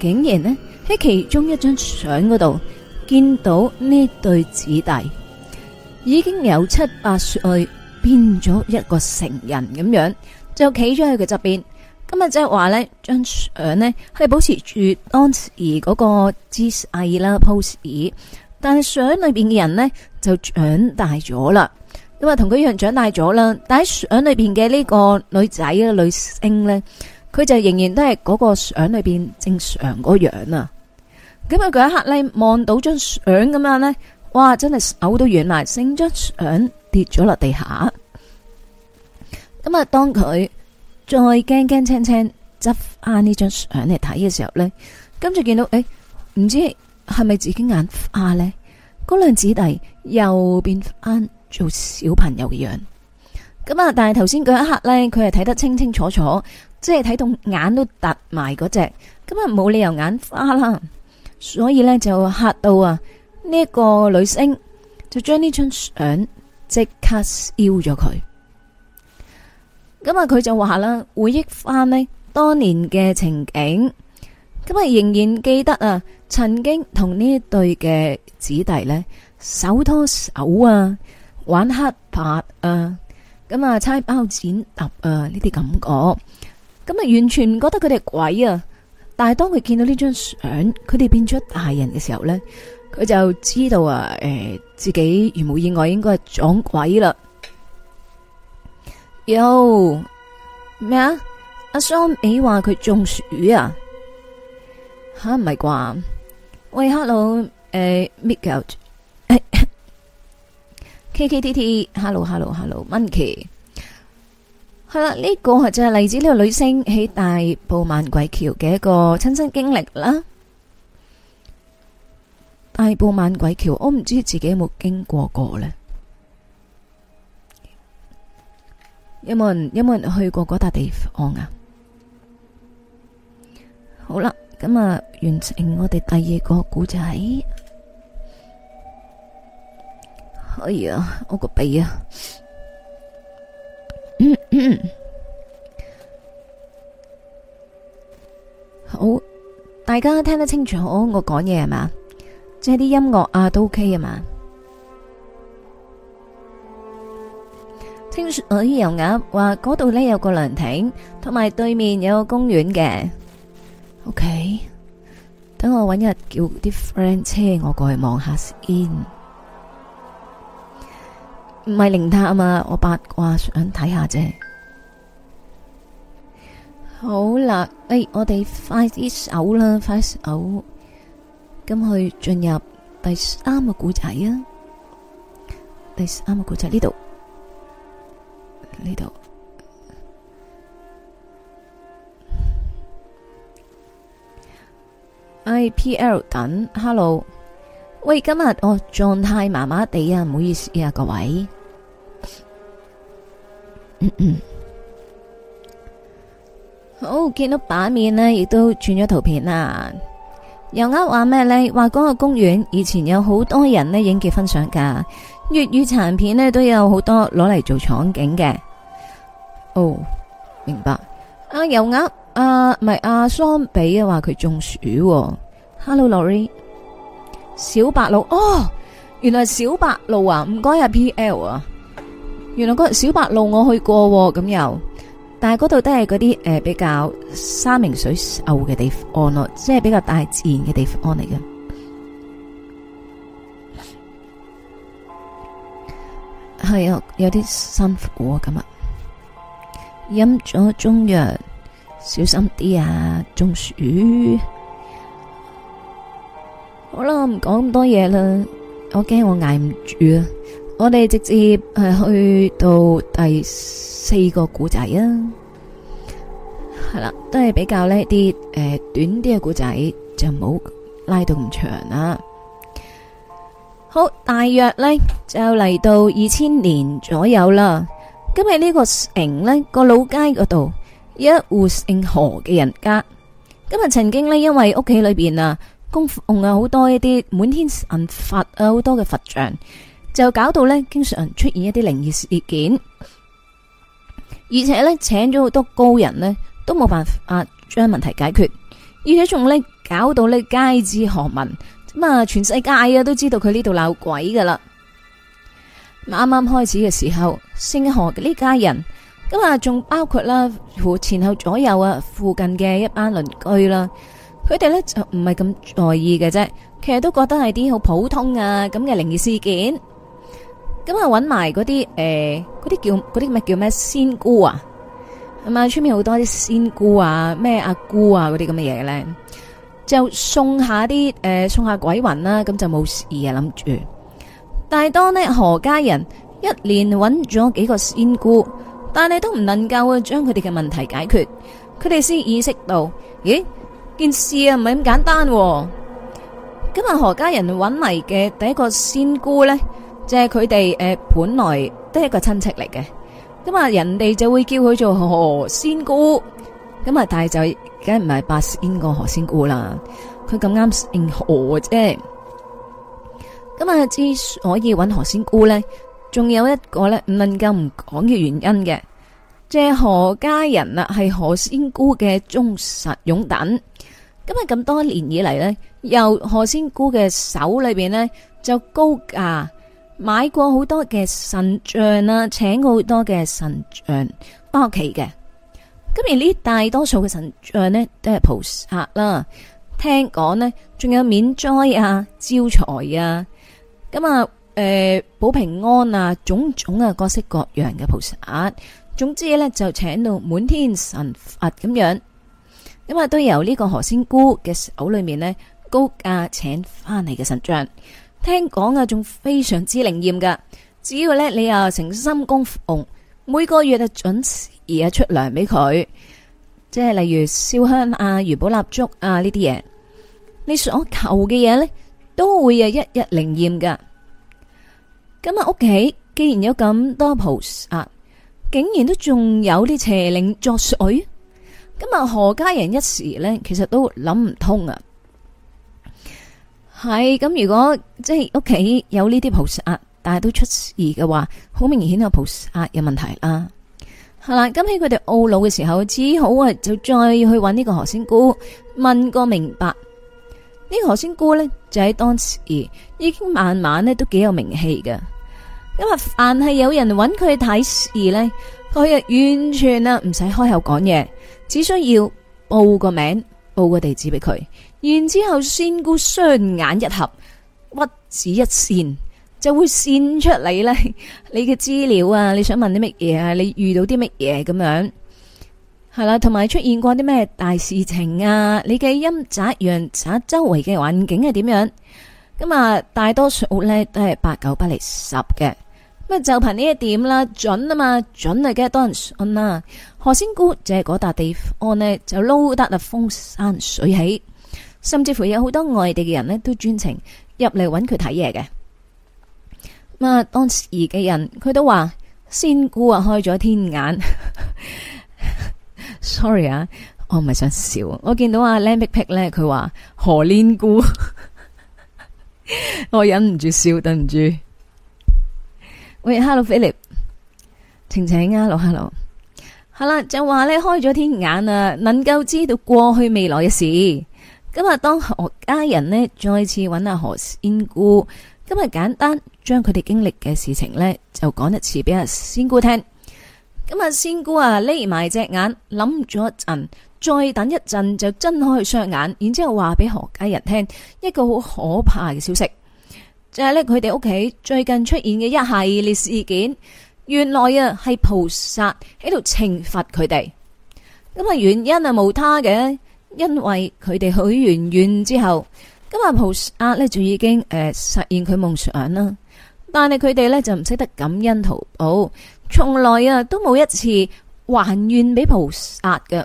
竟然呢，喺其中一張相嗰度見到呢對子弟已經由七八歲，變咗一個成人咁樣，就企咗喺佢側邊。咁啊即係話呢張相呢，係保持住當時嗰個姿勢啦，pose，但係相裏邊嘅人呢，就長大咗啦，咁啊同佢一樣長大咗啦。但係相裏邊嘅呢個女仔啦，女星呢，佢就仍然都係嗰個相裏邊正常嗰樣啊。咁啊，嗰一刻呢，望到張相咁樣呢，哇，真係嘔到軟埋，整張相跌咗落地下。咁啊，當佢。再驚驚青青執翻呢張相嚟睇嘅時候呢，跟住見到，誒，唔知係咪自己眼花呢？嗰兩子弟又變翻做小朋友嘅樣。咁啊，但係頭先嗰一刻呢，佢係睇得清清楚楚，即係睇到眼都突埋嗰隻，咁啊冇理由眼花啦。所以呢，就嚇到啊，呢一個女星就將呢張相即刻燒咗佢。咁啊！佢就話啦，回憶翻呢當年嘅情景，咁啊仍然記得啊，曾經同呢對嘅子弟呢，手拖手啊，玩黑白啊，咁啊猜包剪揼啊呢啲感覺，咁啊完全唔覺得佢哋係鬼啊，但係當佢見到呢張相，佢哋變咗大人嘅時候呢，佢就知道啊，誒、呃、自己如無意外應該係撞鬼啦。有咩啊？阿桑你話佢中暑啊？吓，唔係啩？喂，hello，誒，Mitchell，K K T T，hello，hello，hello，monkey，嗯。係啦，呢個就係嚟自呢個女星喺大埔猛鬼橋嘅一個親身經歷啦。大埔猛鬼橋，我唔知自己有冇經過過咧？有冇人，有冇人去過嗰笪地方啊？好啦，咁啊，完成我哋第二個古仔。哎呀，我個鼻啊！嗯嗯， 好，大家聽得清楚我講嘢係嘛？即係啲音樂啊都 OK 啊嘛？聽說旅遊鴨話嗰度呢有個涼亭，同埋對面有個公園嘅。OK，等我搵日叫啲 friend 車我過去望下先。唔係靈探啊嘛，我八卦想睇下啫。好啦，誒，我哋快啲手啦，快手，咁去進入第三個古仔啊。第三個古仔呢度。呢度 IPL 等，Hello，喂，今日我狀態麻麻地啊，唔好意思啊，各位。嗯嗯咳咳，好見到版面呢亦都轉咗圖片啦。又啱話咩呢？話個公園以前有好多人呢影結婚相噶，粵語殘片呢都有好多攞嚟做場景嘅。哦，明白。啊，油鴨，啊，唔係阿桑比嘅話，佢中暑，哦。Hello，Lori，小白路哦，原來小白路啊，唔該啊，P. L. 啊，原來嗰小白路我去過咁，哦、又，但係嗰度都係嗰啲誒比較山明水秀嘅地方岸咯，即係比較大自然嘅地方嚟嘅，係啊，有啲辛苦啊，今日，啊。飲咗中藥，小心啲啊！中暑。好啦，我唔講咁多嘢啦，我驚我挨唔住啊！我哋直接係去到第四個古仔啊。係啦，都係比較呢啲誒短啲嘅古仔，就唔好拉到咁長啦。好，大約呢，就嚟到二千年左右啦。今日呢個城呢個老街嗰度有一戶姓何嘅人家，今日曾經呢，因為屋企裏邊啊供奉啊好多一啲滿天神佛啊好多嘅佛像，就搞到呢經常出現一啲靈異事件，而且呢，請咗好多高人呢，都冇辦法將問題解決，而且仲呢，搞到呢街知巷聞，咁啊全世界啊都知道佢呢度鬧鬼噶啦。啱啱開始嘅時候，星河嘅呢家人，咁、嗯、啊，仲包括啦，前後左右啊，附近嘅一班鄰居啦，佢哋咧就唔係咁在意嘅啫，其實都覺得係啲好普通啊咁嘅靈異事件，咁啊揾埋嗰啲誒，嗰啲、呃、叫嗰啲乜叫咩仙姑啊，咁、嗯、啊，出面好多啲仙姑啊，咩阿姑啊嗰啲咁嘅嘢咧，就送下啲誒、呃，送下鬼魂啦，咁就冇事啊，諗住。大多呢何家人一連揾咗幾個仙姑，但係都唔能夠將佢哋嘅問題解決。佢哋先意識到，咦，件事啊唔係咁簡單。咁啊，何家人揾嚟嘅第一個仙姑呢，即係佢哋誒本來都係一個親戚嚟嘅。咁啊，人哋就會叫佢做何仙姑。咁啊，大仔梗係唔係八仙個何仙姑啦。佢咁啱姓何啫。咁啊，之所以揾何仙姑呢，仲有一個呢唔能夠唔講嘅原因嘅，即係何家人啊，係何仙姑嘅忠實擁躉。咁啊，咁多年以嚟呢，由何仙姑嘅手裏邊呢，就高價買過好多嘅神像啊，請過好多嘅神像翻屋企嘅。咁而呢大多數嘅神像呢，都係菩薩啦。聽講呢，仲有免災啊，招財啊。咁啊，誒、呃，保平安啊，種種嘅、啊、各式各樣嘅菩薩，總之咧就請到滿天神佛咁樣，咁啊都由呢個何仙姑嘅手裏面呢，高價請翻嚟嘅神像，聽講啊仲非常之靈驗噶，只要咧你啊誠心供奉，每個月啊準時啊出糧俾佢，即係例如燒香啊、元寶蠟燭啊呢啲嘢，你所求嘅嘢呢。都會有一一靈驗噶。今日屋企既然有咁多菩薩，竟然都仲有啲邪靈作祟。今日何家人一時呢，其實都諗唔通啊。係咁，如果即係屋企有呢啲菩薩，但係都出事嘅話，好明顯個菩薩有問題啦。係啦，咁喺佢哋懊惱嘅時候，只好啊就再去揾呢個何仙姑問個明白。呢個何仙姑呢，就喺當時已經慢慢呢都幾有名氣㗎。因為凡係有人揾佢睇事呢，佢又完全啊唔使開口講嘢，只需要報個名，報個地址俾佢，然之後仙姑雙眼一合，屈指一扇，就會扇出你呢，你嘅資料啊，你想問啲乜嘢啊，你遇到啲乜嘢咁樣。係啦，同埋出現過啲咩大事情啊？你嘅陰宅、陽宅，周圍嘅環境係點樣？咁啊，大多數屋都係八九不離十嘅。咁就憑呢一點啦，準啊嘛，準啊、梗、係、啊啊、多人信啦、啊。何仙姑就係嗰笪地方呢，就撈得啦風生水起，甚至乎有好多外地嘅人呢都專程入嚟揾佢睇嘢嘅。咁啊，當時嘅人佢都話仙姑啊，開咗天眼。 sorry 啊，我唔係想笑，我見到阿 Lambic Pig 咧，佢話何仙姑， 我忍唔住笑，對唔住。喂，hello Philip，晴晴，hello hello，好啦，就話咧開咗天眼啊，能夠知道過去未來嘅事。今日當何家人呢，再次揾阿何仙姑，今日簡單將佢哋經歷嘅事情呢，就講一次俾阿仙姑聽。咁啊，仙姑啊，匿埋隻眼，諗咗一陣，再等一陣就睜開雙眼，然之後話俾何家人聽一個好可怕嘅消息，就係呢，佢哋屋企最近出現嘅一系列事件，原來啊係菩薩喺度懲罰佢哋。咁啊，原因啊無他嘅，因為佢哋許完願之後，咁啊菩薩呢，就已經誒實現佢夢想啦，但係佢哋呢，就唔識得感恩圖報。從來啊都冇一次還願俾菩薩嘅，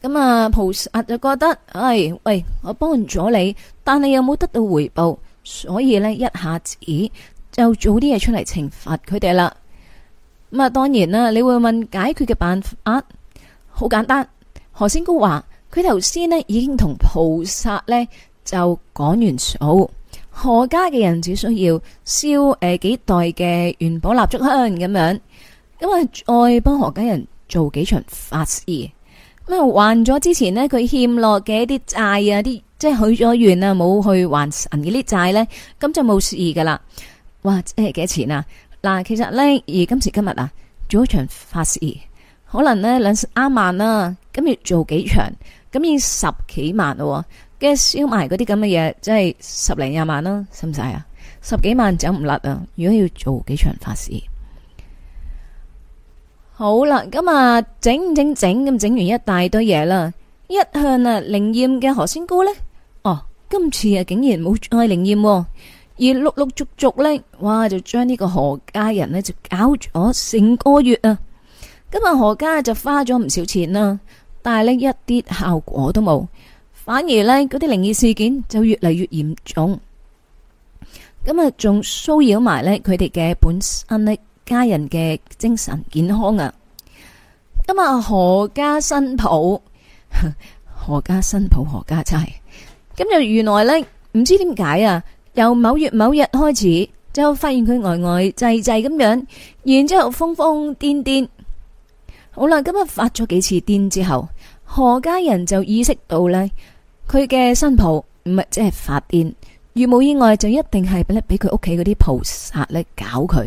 咁啊菩薩就覺得，唉、哎，喂，我幫咗你，但你又冇得到回報，所以呢，一下子就做啲嘢出嚟懲罰佢哋啦。咁啊，當然啦，你會問解決嘅辦法，好簡單。何仙姑話佢頭先呢已經同菩薩呢就講完數。何家嘅人只需要燒誒、呃、幾代嘅元寶蠟燭香咁樣，咁咪再幫何家人做幾場法事，咁啊還咗之前呢佢欠落嘅一啲債啊，啲即係許咗願啊冇去還神嘅啲債咧，咁就冇事噶啦。哇，即係幾錢啊？嗱，其實咧而今時今日啊，做一場法事可能咧兩三萬啦、啊，咁要做幾場，咁要十幾萬咯。嘅燒埋嗰啲咁嘅嘢，真係十零廿萬啦，使唔使啊？十幾萬整唔甩啊！如果要做幾場法事，好啦，咁啊，整整整咁整完一大堆嘢啦，一向啊靈驗嘅何仙姑咧，哦，今次啊竟然冇再靈驗，而陸陸續續咧，哇就將呢個何家人咧就搞咗成個月啊，今日何家就花咗唔少錢啦，但係咧一啲效果都冇。反而呢，嗰啲靈異事件就越嚟越嚴重，咁啊，仲騷擾埋呢，佢哋嘅本身呢，家人嘅精神健康啊。咁啊，何家新抱，何家新抱何家齋，咁就原來呢，唔知點解啊，由某月某日開始就發現佢呆呆滯滯咁樣，然之後瘋瘋癲癲。好啦，今日發咗幾次癲之後，何家人就意識到呢。佢嘅新抱唔係即係發癲，如無意外就一定係咧俾佢屋企嗰啲菩薩咧搞佢。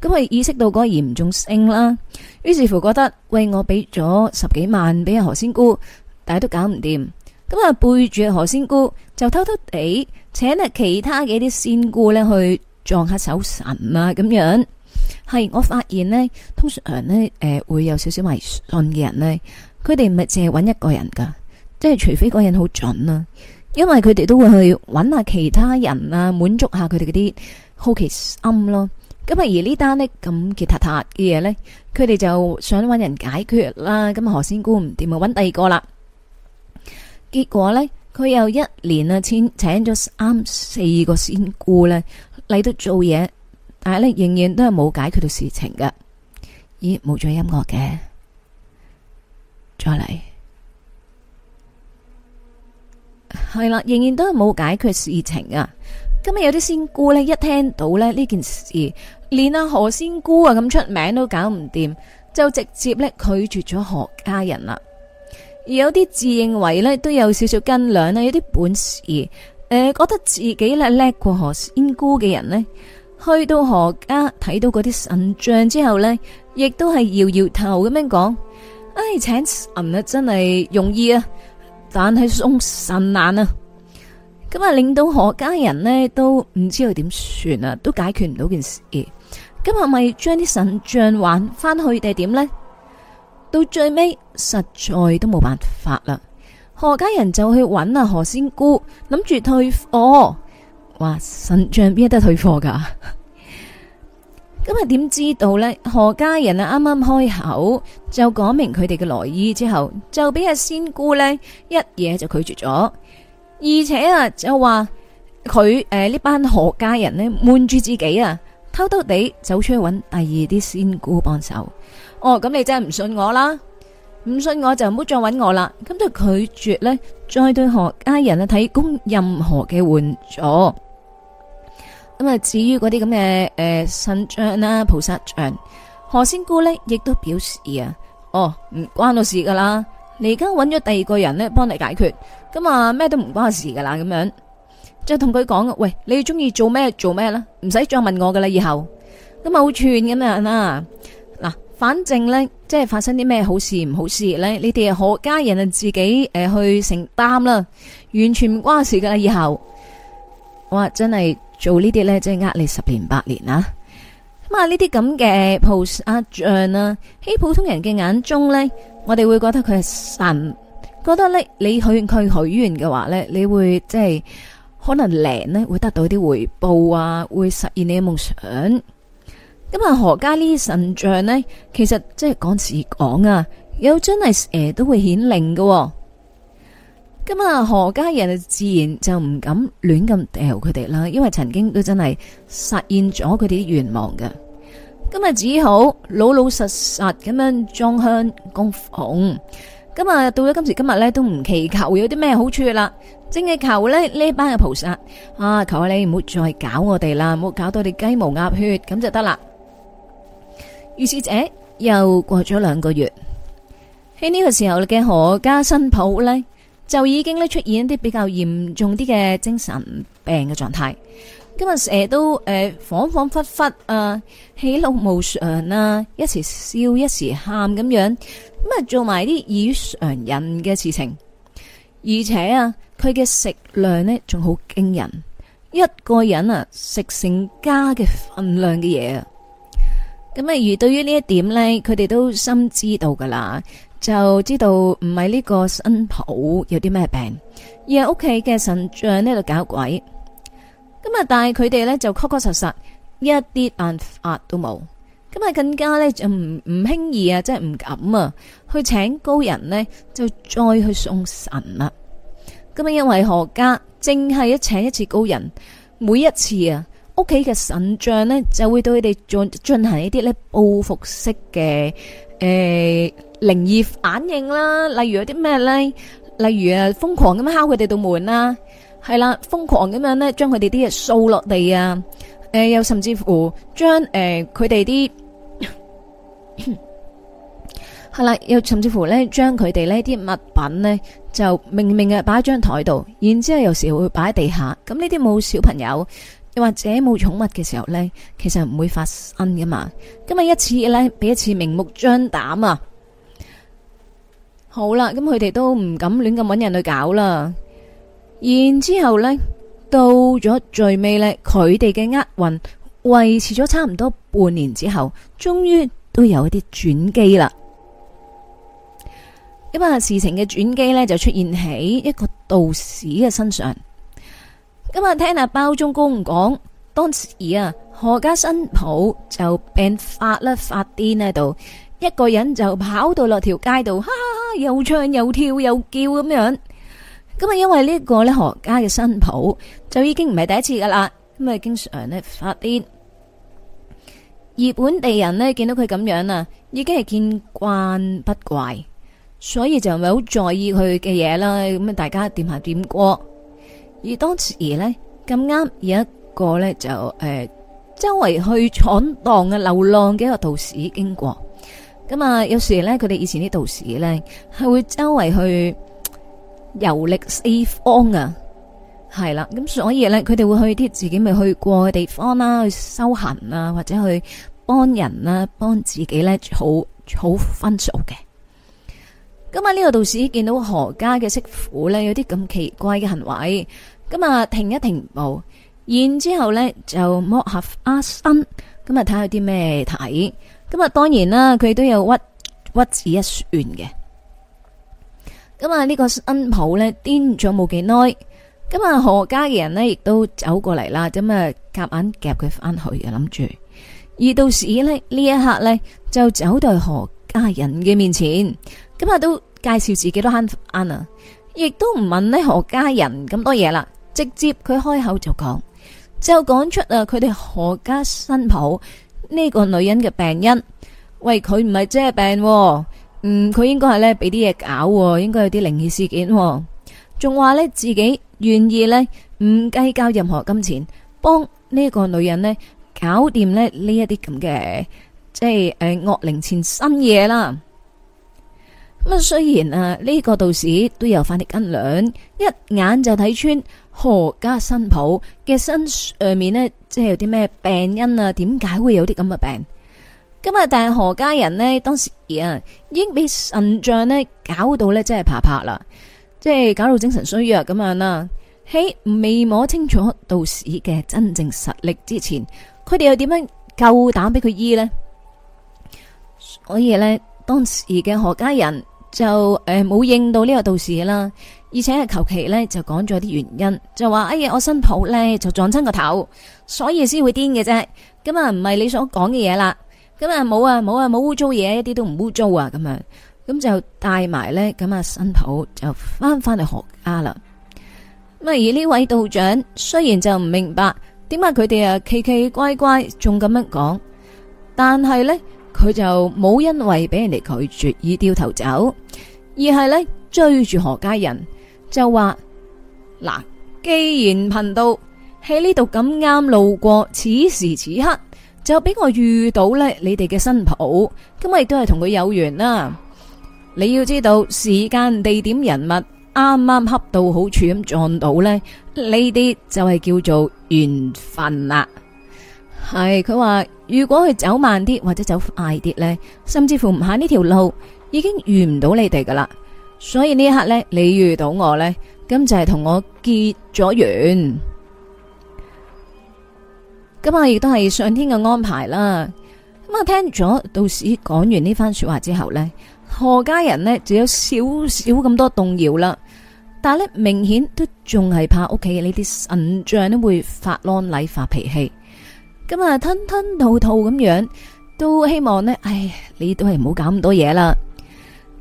咁佢意識到嗰個嚴重性啦，於是乎覺得喂，我俾咗十幾萬俾阿何仙姑，但係都搞唔掂。咁啊，背住阿何仙姑，就偷偷地請啊其他嘅啲仙姑咧去撞下手神啊咁樣。係我發現呢，通常呢咧，誒、呃、會有少少迷信嘅人呢，佢哋唔係淨係搵一個人噶。即係除非嗰人好準啊，因為佢哋都會去揾下其他人啊，滿足下佢哋嗰啲好奇心咯。咁啊，而呢單呢咁杰撻撻嘅嘢呢，佢哋就想揾人解決啦。咁啊，何仙姑唔掂，揾第二個啦。結果呢，佢又一年啊，請請咗三四個仙姑呢嚟到做嘢，但係呢，仍然都係冇解決到事情噶。咦，冇咗音樂嘅，再嚟。係啦，仍然都係冇解決事情啊！今日有啲仙姑呢，一聽到呢件事，連阿何仙姑啊咁出名都搞唔掂，就直接呢拒絕咗何家人啦。而有啲自認為呢，都有少少斤兩啦，有啲本事，誒，覺得自己咧叻過何仙姑嘅人呢，去到何家睇到嗰啲神像之後呢，亦都係搖搖頭咁樣講：唉、哎，請神啊，真係容易啊！但係送神難啊！咁啊，令到何家人呢都唔知道點算啊，都解決唔到件事。咁係咪將啲神像玩翻去定係點咧？到最尾實在都冇辦法啦，何家人就去揾阿何仙姑，諗住退貨。話神像邊一得退貨噶？咁啊？點知道呢？何家人啊，啱啱開口就講明佢哋嘅來意之後，就俾阿仙姑呢一嘢，就拒絕咗，而且啊，就話佢誒呢班何家人呢，瞞住自己啊，偷偷地走出去揾第二啲仙姑幫手。哦，咁你真係唔信我啦？唔信我就唔好再揾我啦。咁就拒絕呢，再對何家人啊提供任何嘅援助。咁、呃、啊！至於嗰啲咁嘅誒神像啦、菩薩像，何仙姑咧亦都表示啊，哦唔關到事噶啦，你而家揾咗第二個人咧幫你解決，咁啊咩都唔關我事噶啦，咁樣即係同佢講，喂，你中意做咩做咩啦，唔使再問我噶啦，以後咁啊好串咁樣啦嗱，反正咧即係發生啲咩好事唔好事咧，你哋何家人啊自己誒、呃、去承擔啦，完全唔關我事噶啦，以後哇真係。做呢啲咧，即係呃你十年八年啊！咁啊，呢啲咁嘅菩薩像啊，喺普通人嘅眼中咧，我哋會覺得佢係神，覺得咧你許願佢許願嘅話咧，你會即係可能靈咧，會得到啲回報啊，會實現你嘅夢想。咁啊，何家呢啲神像咧，其實即係講時講啊，有真係誒都會顯靈喎。咁啊，何家人自然就唔敢亂咁屌佢哋啦，因為曾經都真係實現咗佢哋啲願望㗎。今日只好老老實實咁樣裝香供奉。咁啊到咗今時今日咧，都唔祈求有啲咩好處啦，淨係求咧呢一班嘅菩薩啊，求下你唔好再搞我哋啦，唔好搞到我哋雞毛鴨血咁就得啦。於是者又過咗兩個月，喺呢個時候嘅何家新抱咧。就已經咧出現一啲比較嚴重啲嘅精神病嘅狀態，今日成日都誒恍恍惚惚啊，喜怒無常啊，一時笑一時喊咁樣，咁啊做埋啲異常人嘅事情，而且啊佢嘅食量呢仲好驚人，一個人啊食成家嘅份量嘅嘢啊，咁啊而對於呢一點呢，佢哋都深知道㗎喇。就知道唔係呢個新抱有啲咩病，而係屋企嘅神像喺度搞鬼。咁啊，但係佢哋呢就確確實實一啲辦法都冇。咁啊，更加呢，就唔唔輕易啊，即係唔敢啊，去請高人呢，就再去送神啦。咁啊，因為何家淨係一請一次高人，每一次啊，屋企嘅神像呢就會對佢哋進進行一啲呢報復式嘅。誒、呃，靈異反應啦，例如有啲咩咧，例如啊，瘋狂咁敲佢哋道門、啊、啦，係啦，瘋狂咁樣咧，將佢哋啲嘢掃落地啊，誒、呃，又甚至乎將誒佢哋啲，係、呃、 啦，又甚至乎咧，將佢哋呢啲物品呢就明明嘅擺喺張台度，然之後有時會擺喺地下，咁呢啲冇小朋友。又或者冇寵物嘅時候呢，其實唔會發生噶嘛？今日一次呢，俾一次明目張膽啊！好啦，咁佢哋都唔敢亂咁搵人去搞啦。然之後呢，到咗最尾呢，佢哋嘅厄運維持咗差唔多半年之後，終於都有一啲轉機啦。咁啊，事情嘅轉機呢，就出現喺一個道士嘅身上。今日聽阿包中公講，當時啊，何家新抱就病發啦，發癲喺度，一個人就跑到落條街度，哈哈哈，又唱又跳又叫咁樣。咁啊，因為呢、這個呢，何家嘅新抱就已經唔係第一次噶啦，咁啊，經常呢發癲。而本地人呢見到佢咁樣啊，已經係見慣不怪，所以就唔係好在意佢嘅嘢啦。咁啊，大家掂下掂過而當時呢，咁啱有一個呢，就誒、呃、周圍去闖蕩嘅流浪嘅一個道士經過，咁啊有時呢，佢哋以前啲道士呢，係會周圍去遊歷四方啊，係啦，咁所以呢，佢哋會去啲自己未去過嘅地方啦，去修行啊，或者去幫人啊，幫自己呢，好好分數嘅。咁啊，呢個道士見到何家嘅媳婦呢，有啲咁奇怪嘅行為，咁啊停一停步，然之後呢就摸下阿新，咁啊睇下啲咩睇，咁啊當然啦，佢都有屈屈指一算嘅。咁啊，呢個新抱呢，癲咗冇幾耐，咁啊何家嘅人呢，亦都走過嚟啦，咁啊夾硬夾佢翻去啊，諗住而道士呢，呢一刻呢，就走到何家人嘅面前，咁啊都，介紹自己都慳啊，亦都唔問呢何家人咁多嘢啦，直接佢開口就講，就講出啊佢哋何家新抱呢個女人嘅病因。喂，佢唔係真係病喎，嗯，佢應該係呢俾啲嘢搞喎，應該有啲靈異事件喎。仲話呢，自己願意呢唔計較任何金錢，幫呢個女人呢搞掂呢一啲咁嘅即係誒惡靈纏身嘢啦。咁啊，雖然啊，呢個道士都有翻啲斤兩，一眼就睇穿何家新抱嘅身上面呢，即係有啲咩病因啊？點解會有啲咁嘅病？咁啊，但係何家人呢，當時啊，已經俾神像呢搞到呢，即係怕怕啦，即係搞到精神衰弱咁樣啦。喺未摸清楚道士嘅真正實力之前，佢哋又點樣夠膽俾佢醫呢？所以呢。當時嘅何家人就誒冇、呃、應到呢個道士啦，而且係求其呢，就講咗啲原因，就話哎呀我新抱呢，就撞親個頭，所以先會癲嘅啫，咁啊唔係你所講嘅嘢啦，咁啊冇啊冇啊冇污糟嘢，一啲都唔污糟啊咁樣，咁就帶埋呢，咁啊新抱就翻翻去何家啦。咁而呢位道長雖然就唔明白點解佢哋啊奇奇怪怪仲咁樣講，但係呢。佢就冇因為俾人哋拒絕而掉頭走，而係咧追住何家人就話：嗱，既然頻道喺呢度咁啱路過，此時此刻就俾我遇到咧你哋嘅新抱，咁我亦都係同佢有緣啦。你要知道時間、地點、人物啱啱恰到好處咁撞到呢，呢啲就係叫做緣分啦。係佢話。如果佢走慢啲或者走快啲呢，甚至乎唔行呢條路，已經遇唔到你哋噶啦。所以呢一刻呢，你遇到我呢，咁就係同我結咗緣。咁啊，亦都係上天嘅安排啦。咁啊，聽咗道士講完呢番說話之後呢，何家人呢就有少少咁多動搖啦。但係咧，明顯都仲係怕屋企嘅呢啲神像都會發啷厲、發脾氣。咁啊，吞吞吐吐咁樣，都希望呢，唉，你都係唔好搞咁多嘢啦。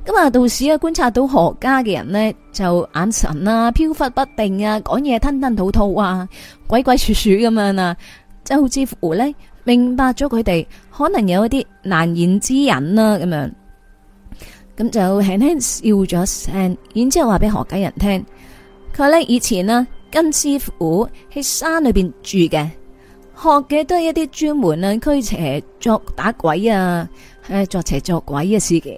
咁啊，道士啊，觀察到何家嘅人呢，就眼神啊，飄忽不定啊，講嘢吞吞吐吐啊，鬼鬼祟祟咁樣啊，就好似乎呢，明白咗佢哋可能有一啲難言之隱啦，咁樣，咁就輕輕笑咗聲，然之後話俾何家人聽，佢話呢，以前啊跟師傅喺山裏邊住嘅。學嘅都係一啲專門啊驅邪作打鬼啊，誒捉邪作鬼嘅事件。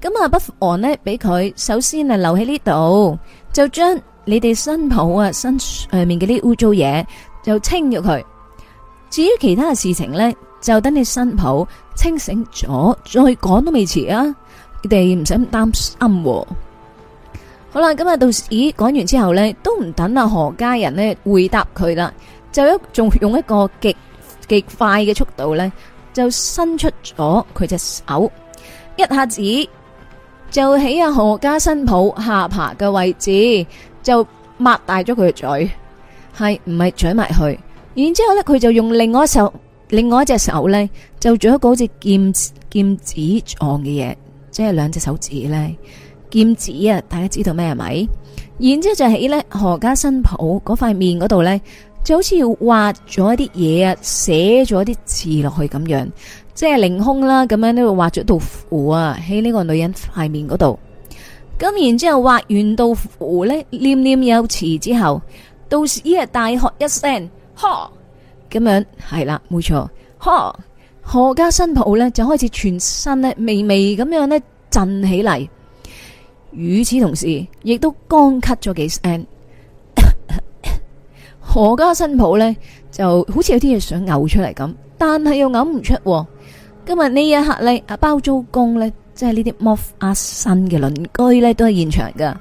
咁啊，不妨呢，俾佢首先啊留喺呢度，就將你哋新抱啊身上面嘅啲污糟嘢就清咗佢。至於其他嘅事情呢，就等你新抱清醒咗再講都未遲啊，你哋唔使擔心喎。好啦，咁呀到咦講完之後呢，都唔等阿何家人呢回答佢啦，就一仲用一個極極快嘅速度呢，就伸出咗佢隻手，一下子就喺阿何家新抱下巴嘅位置，就擘大咗佢嘅嘴，係唔係嘴埋去？然之後呢佢就用另外一手，另外一隻手呢，就做一個好似劍劍指狀嘅嘢，即係兩隻手指呢。劍指啊！大家知道咩係咪？然之後就喺咧何家新抱嗰塊面嗰度咧，就好似要畫咗一啲嘢啊，寫咗啲字落去咁樣，即係凌空啦，咁樣呢度畫咗道符啊，喺呢個女人塊面嗰度。咁然之後畫完道符咧，念念有詞之後，到時呢日大喝一聲呵，咁樣係啦，冇錯，呵何家新抱咧就開始全身咧微微咁樣咧震起嚟。與此同時，亦都乾咳咗幾聲。 何家新抱呢，就好似有啲嘢想嘔出嚟咁，但係又嘔唔出啊。今日呢一刻呢，阿包租公呢，即係呢啲莫阿新嘅鄰居呢，都係現場噶。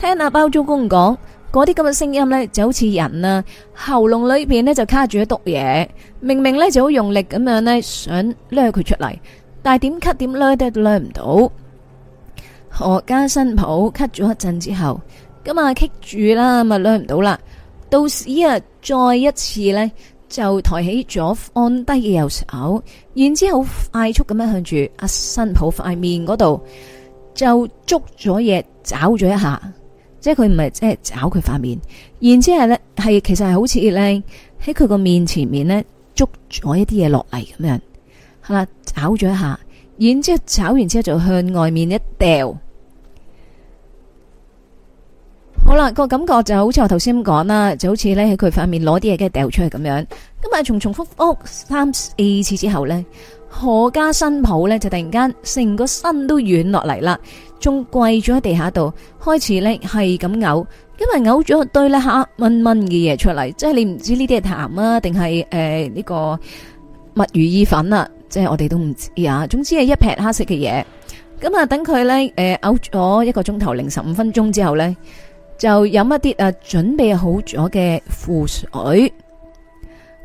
聽阿包租公講，嗰啲咁嘅聲音呢，就好似人啊喉嚨裏邊呢就卡住咗督嘢，明明呢就好用力咁樣呢，想掠佢出嚟，但係點咳點掠都掠唔到。何家新抱咳咗一陣之後，咁啊棘住啦，咁啊攞唔到啦。到時啊，再一次咧，就抬起咗按低嘅右手，然之後快速咁樣向住阿新抱塊面嗰度，就捉咗嘢，找咗一下。即係佢唔係即係找佢塊面，然之後咧係其實係好似咧喺佢個面前面咧捉咗一啲嘢落嚟咁樣，係啦，找咗一下。然之後炒完之後就向外面一掉，好啦，個感覺就好似我頭先咁講啦，就好似咧喺佢塊面攞啲嘢，跟住掉出去咁樣。今日重重複複三四次之後咧，何家新抱咧就突然間成個身都軟落嚟啦，仲跪咗喺地下度，開始咧係咁嘔，因為嘔咗一堆咧黑蚊蚊嘅嘢出嚟，即係你唔知呢啲係痰啊，定係誒呢個墨魚意粉啦。即係我哋都唔知啊，總之係一劈黑色嘅嘢。咁啊，等佢呢，誒嘔咗一個鐘頭零十五分鐘之後呢，就飲一啲誒準備好咗嘅符水。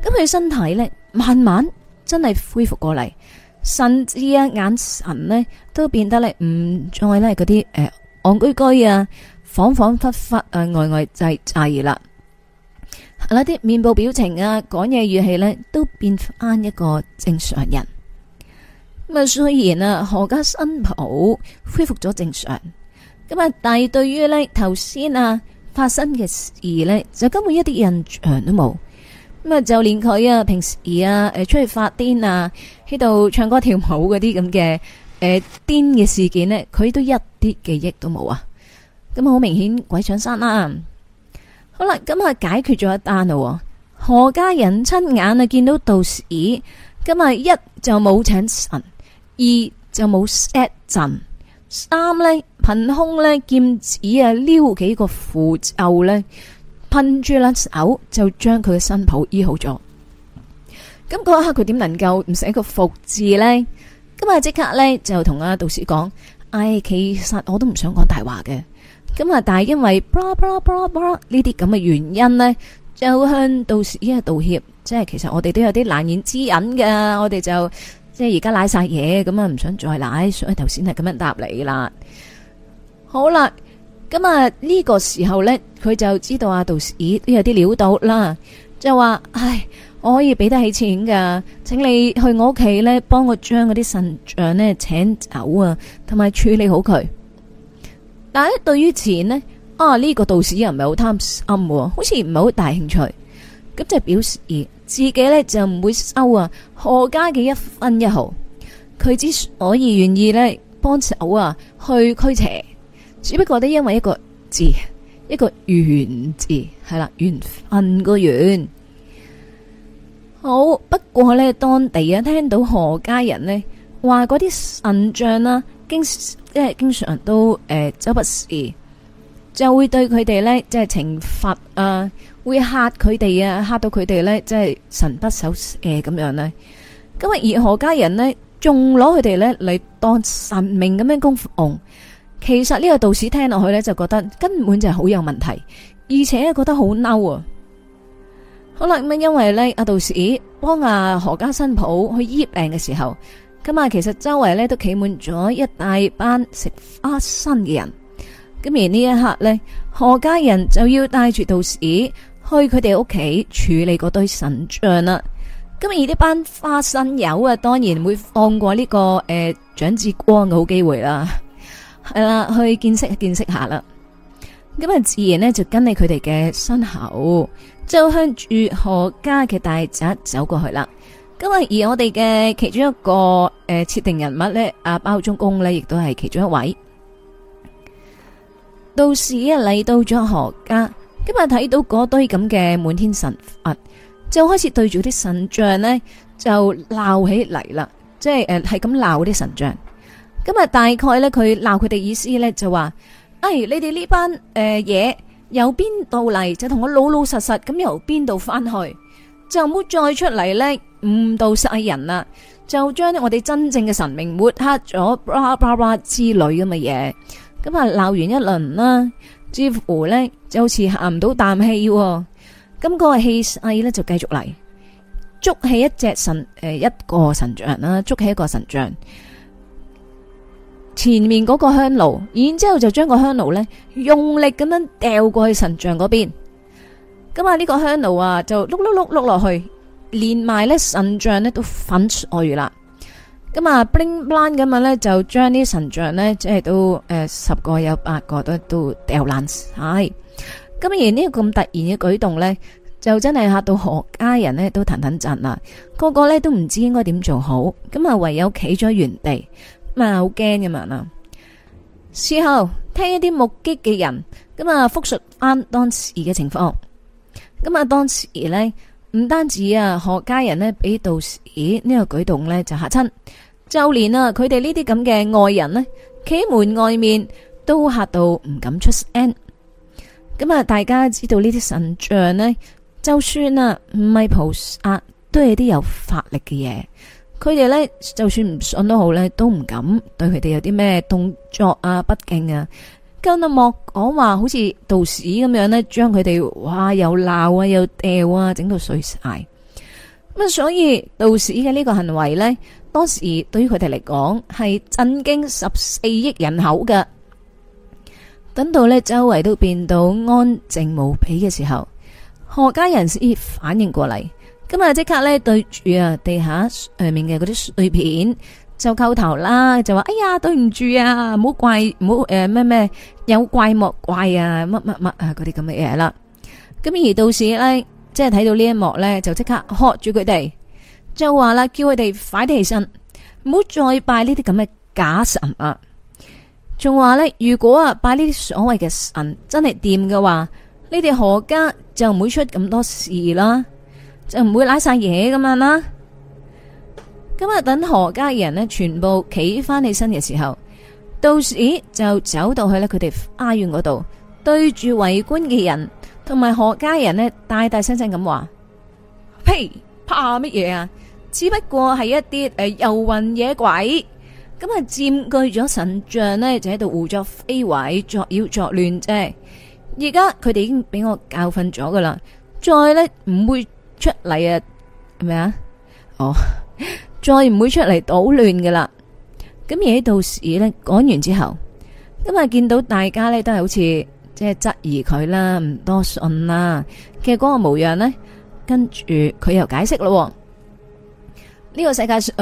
咁佢身體呢，慢慢真係恢復過嚟，甚至啊眼神呢，都變得咧唔再咧嗰啲誒戇居居啊，恍恍惚惚啊，呆呆滯滯啦。嗱啲面部表情啊，講嘢語氣呢，都變返一個正常人。咁啊，雖然啊何家新抱恢復咗正常，咁啊，但係對於呢頭先啊發生嘅事呢，就根本一啲印象都冇。咁啊，就連佢啊平時啊誒出去發癲啊，喺度唱歌跳舞嗰啲咁嘅誒癲嘅事件呢，佢都一啲記憶都冇啊。咁好明顯鬼上身啦。好啦，咁啊解決咗一單咯。何家人親眼啊見到道士，咁啊一就冇請神。二就冇 set 陣，三呢憑空呢劍指啊撩幾個符咒呢噴住粒手就將佢嘅新抱醫好咗。咁嗰刻佢點能夠唔寫個服字呢咁啊即刻呢就同阿道士講：，哎，其實我都唔想講大話嘅。咁啊，但係因為 blah blah blah blah 呢啲咁嘅原因呢就向道士呢個道歉。即係其實我哋都有啲難言之隱嘅，我哋就。即係而家瀨晒嘢，咁啊唔想再瀨，所以頭先係咁樣答你啦。好啦，咁啊呢個時候呢，佢就知道阿道士咦都有啲料到啦，就話唉，我可以俾得起錢噶，請你去我屋企呢，幫我將嗰啲神像呢請走啊，同埋處理好佢。但係對於錢呢，啊呢個道士又唔係好貪心，好似唔係好大興趣，咁就表示。自己呢就唔會收啊何家嘅一分一毫，佢之所以願意呢幫手啊去驅邪，只不過都因為一個字，一個緣字，係啦緣分個緣。好不過呢，當地啊聽到何家人呢話嗰啲神像啦，經即係經常都誒周、呃、不時就會對佢哋呢，即係懲罰啊。會嚇佢哋啊，嚇到佢哋呢，即係神不守舍咁樣啦。咁啊，而何家人呢，仲攞佢哋呢嚟當神明咁樣供奉。其實呢個道士聽落去呢，就覺得根本就係好有問題，而且覺得好嬲啊。好啦，咁啊，因為呢，阿道士幫阿、啊、何家新抱去醫病嘅時候，咁啊，其實周圍呢都企滿咗一大班食花生嘅人。咁而呢一刻呢，何家人就要帶住道士。去佢哋屋企處理嗰堆神像啦。今日呢班花生友啊，當然唔會放過呢、這個誒蔣志光嘅好機會啦，係啦，去見識見識下啦。咁啊，自然呢，就跟住佢哋嘅身後，就向住何家嘅大宅走過去啦。今日而我哋嘅其中一個誒設定人物呢，阿包中公呢，亦都係其中一位。到時啊嚟到咗何家。今日睇到嗰堆咁嘅滿天神佛，就開始對住啲神像呢，就鬧起嚟啦，即係誒係咁鬧啲神像。今日，就是呃嗯、大概呢，佢鬧佢哋意思呢，就話：哎你哋呢班誒嘢由邊度嚟，就同我老老實實咁由邊度返去，就唔好再出嚟咧誤導世人啦，就將我哋真正嘅神明抹黑咗，叭叭叭之類咁嘅嘢。咁啊鬧完一輪啦。似乎咧就好似行唔到啖氣，咁個氣勢咧就繼續嚟捉起一隻神誒一個神像啦，捉起一個神像前面嗰個香爐，然之後就將個香爐咧用力咁樣掉過去神像嗰邊，咁啊呢個香爐啊就碌碌碌碌落去，連埋咧神像咧都粉碎啦。咁啊，bling bling 咁啊咧，轟轟就將啲神像咧，即係都誒、呃、十個有八個都都掉爛晒。咁而呢個咁突然嘅舉動咧，就真係嚇到何家人咧都騰騰震啦，個個咧都唔知應該點做好，咁啊唯有企咗原地，咁啊好驚咁樣啦。事後聽一啲目擊嘅人，咁、嗯、啊復述翻當時嘅情況。咁、嗯、啊當時咧，唔單止啊何家人呢俾道士呢個舉動咧就嚇親。就連啊，佢哋呢啲咁嘅外人呢，企喺門外面都嚇到唔敢出聲。咁啊，大家知道呢啲神像呢，就算啊唔係菩薩，都係啲有法力嘅嘢。佢哋呢，就算唔信都好呢，都唔敢對佢哋有啲咩動作啊、不敬啊。更啊莫講話，好似道士咁樣呢，將佢哋哇又鬧啊又掉啊，整到碎晒。咁啊，所以道士嘅呢個行為呢。當時對於佢哋嚟講，係震驚十四億人口嘅。等到咧周圍都變到安靜無比嘅時候，何家人先反應過嚟，咁就即刻咧對住啊地下上面嘅嗰啲碎片就叩頭啦，就話：哎呀，對唔住啊，唔好怪，唔好誒咩咩，有怪莫怪啊，乜乜乜啊嗰啲咁嘅嘢啦。咁而到時咧，即係睇到呢一幕咧，就即刻喝住佢哋。就話啦，叫佢哋快啲起身，唔好再拜呢啲咁嘅假神啊！仲話呢，如果啊拜呢啲所謂嘅神真係掂嘅話，你哋何家就唔會出咁多事啦，就唔會瀨晒嘢咁樣啦。今日等何家人呢全部企翻起身嘅時候，到時就走到去呢佢哋花園嗰度，對住圍觀嘅人同埋何家人呢，大大聲聲咁話：呸！怕乜嘢啊？只不過係一啲誒遊魂野鬼，咁啊佔據咗神像呢，就喺度胡作非為、作妖作亂啫。而家佢哋已經俾我教訓咗噶啦，再呢唔會出嚟啊，係咪啊？哦，再唔會出嚟搗亂噶啦。咁而喺到時呢，講完之後，咁啊見到大家呢，都係好似即係質疑佢啦，唔多信啦嘅嗰個模樣呢，跟住佢又解釋咯。呢、這個世界上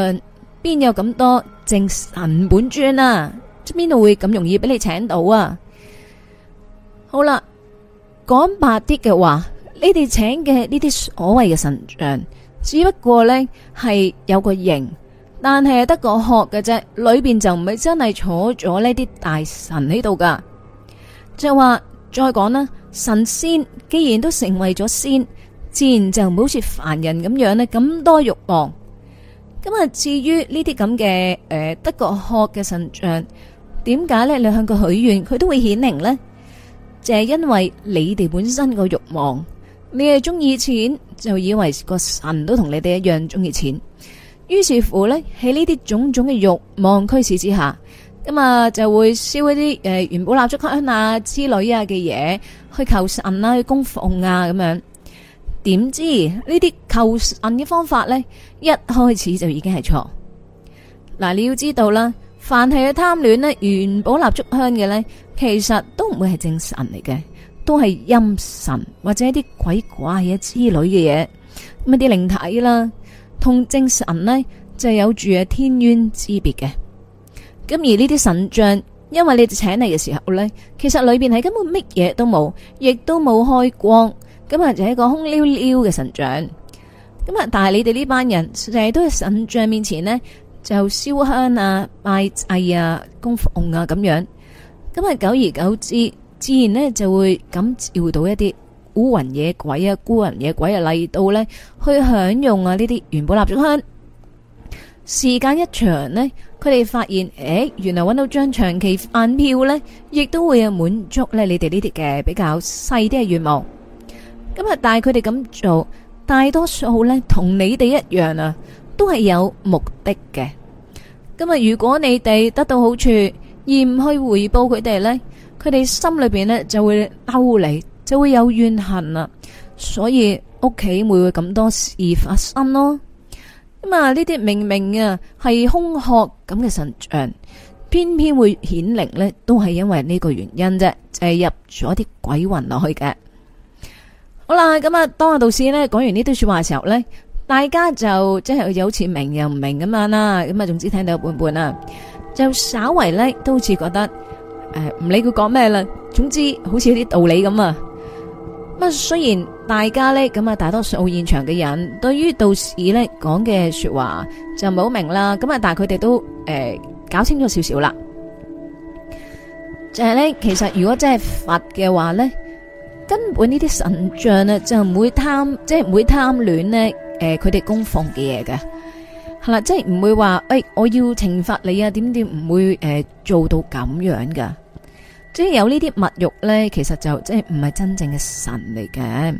邊有咁多正神本尊啊？邊度會咁容易俾你請到啊？好啦，講白啲嘅話，你哋請嘅呢啲所謂嘅神像，只不過呢係有個形，但係得個殼嘅啫，裏邊就唔係真係坐咗呢啲大神喺度噶。就話再講啦，神仙既然都成為咗仙，自然就唔好似凡人咁樣呢咁多慾望。咁啊！至於呢啲咁嘅誒德國學嘅神像，點解呢？你向佢許願，佢都會顯靈呢？就係、是、因為你哋本身個慾望，你係中意錢，就以為個神都同你哋一樣中意錢。於是乎呢，喺呢啲種種嘅慾望驅使之下，咁、呃、啊就會燒一啲誒元寶蠟燭香啊之類啊嘅嘢去求神啊去供奉啊咁樣。點知呢啲求神嘅方法呢，一開始就已經係錯。嗱，你要知道啦，凡係去貪戀呢，元寶蠟燭香嘅呢，其實都唔會係正神嚟嘅，都係陰神或者一啲鬼怪嘢之類嘅嘢，咁一啲靈體啦，同正神呢，就有住嘅天淵之別嘅。咁而呢啲神像，因為你請嚟嘅時候呢，其實裏邊係根本乜嘢都冇，亦都冇開光。今日就係一個空溜溜嘅神像。咁啊，但係你哋呢班人成日都係神像面前呢就燒香啊、拜祭啊、供奉啊咁樣。咁啊，久而久之，自然呢就會感召到一啲孤魂野鬼啊、孤魂野鬼啊嚟到呢去享用啊呢啲元寶蠟燭香。時間一長呢，佢哋發現誒、欸，原來搵到張長期飯票呢，亦都會有滿足呢你哋呢啲嘅比較細啲嘅願望。咁啊！但係佢哋咁做，大多數咧同你哋一樣啊，都係有目的嘅。咁如果你哋得到好處而唔去回報佢哋呢，佢哋心裏邊呢就會嬲你，就會有怨恨啦。所以屋企會會咁多事發生咯。咁啊，呢啲明明啊係空殼咁嘅神像，偏偏會顯靈呢，都係因為呢個原因啫，就係入咗啲鬼魂落去嘅。好啦，咁啊，當阿道士咧講完呢堆說話嘅時候呢，大家就即係又好似明又唔明咁樣啦。咁啊，總之聽到一半半啦，就稍為呢都好似覺得誒，唔、呃、理佢講咩啦，總之好似有啲道理咁啊。咁啊，雖然大家呢，咁啊，大多數現場嘅人對於道士呢講嘅說話就唔好明啦。咁啊，但係佢哋都誒、呃、搞清楚少少啦。就係、是、呢，其實如果真係佛嘅話呢。根本呢啲神像啊，就唔會貪，即係唔會貪戀咧。誒，佢哋供奉嘅嘢嘅，係啦，即係唔會話誒，我要懲罰你啊，點點唔會誒做到咁樣噶。即係有呢啲物欲咧，其實就即係唔係真正嘅神嚟嘅。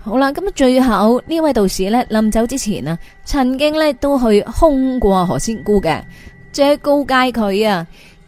好啦，咁啊，最後呢位道士咧臨走之前啊，曾經咧都去兇過何仙姑嘅，即係告誡佢啊。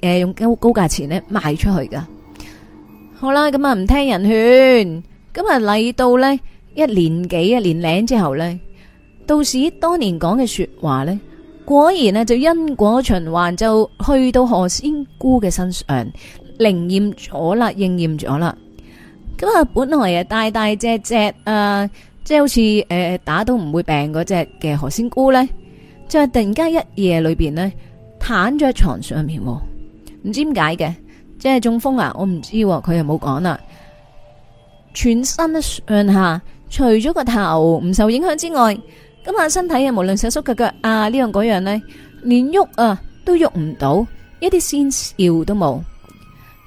誒，用高價錢呢賣出去噶。好啦，咁啊唔聽人勸，咁啊嚟到呢一年幾一年齡之後呢，道士當年講嘅說話呢，果然呢，就因果循環，就去到何仙姑嘅身上靈驗咗啦，應驗咗啦。咁啊，本來啊大大隻隻啊，即係好似誒、呃、打都唔會病嗰隻嘅何仙姑呢，就突然間一夜裏邊咧，癱咗喺床上面。唔知點解嘅，即係中風啊！我唔知道、啊，佢又冇講啦。全身上下除咗個頭唔受影響之外，咁啊身體無論縮腳啊無論手足腳腳啊呢樣嗰樣呢，連喐啊都喐唔到，一啲先兆都冇。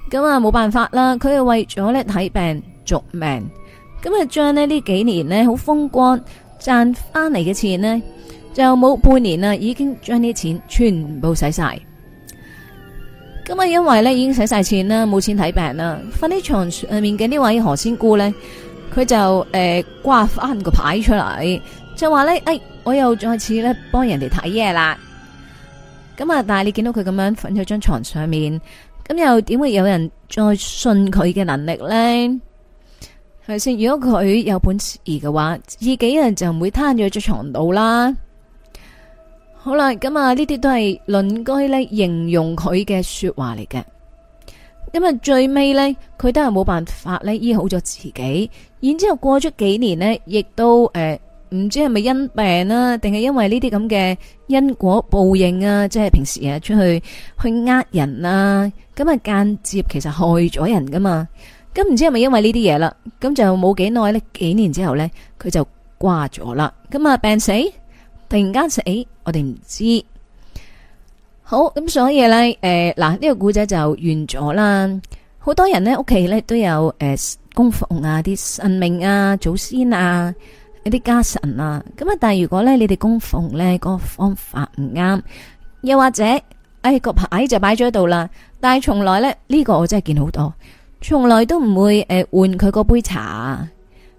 咁啊冇辦法啦，佢係為咗咧睇病續命。咁啊將咧呢幾年呢好風光賺翻嚟嘅錢呢，就冇半年啊已經將啲錢全部使晒。咁啊，因為咧已經使晒錢啦，冇錢睇病啦。瞓喺床上面嘅呢位何仙姑咧，佢就誒掛翻個牌出嚟，就話咧，誒我又再次咧幫人哋睇嘢啦。咁啊，但係你見到佢咁樣瞓喺張床上面，咁又點會有人再信佢嘅能力咧？係咪先？如果佢有本事嘅話，自己人就唔會攤住喺張床度啦。好啦，咁啊，呢啲都係鄰居咧形容佢嘅說話嚟嘅。咁啊，最尾呢，佢都係冇辦法咧醫好咗自己。然之後過咗幾年呢，亦都誒，唔知係咪因病啦，定係因為呢啲咁嘅因果報應啊？即係平時啊出去去呃人啊，咁啊間接其實害咗人噶嘛。咁唔知係咪因為呢啲嘢啦？咁就冇幾耐呢，幾年之後呢，佢就掛咗啦。咁啊，病死。突然間死，我哋唔知。好，咁所以呢，誒嗱呢個故仔就完咗啦。好多人呢，屋企呢都有誒、呃、供奉啊，啲神明啊、祖先啊，一啲家神啊。咁啊，但係如果呢，你哋供奉呢嗰、嗰個方法唔啱，又或者哎個牌就擺咗喺度啦。但係從來呢呢、呢個我真係見好多，從來都唔會誒、呃、換佢嗰杯茶，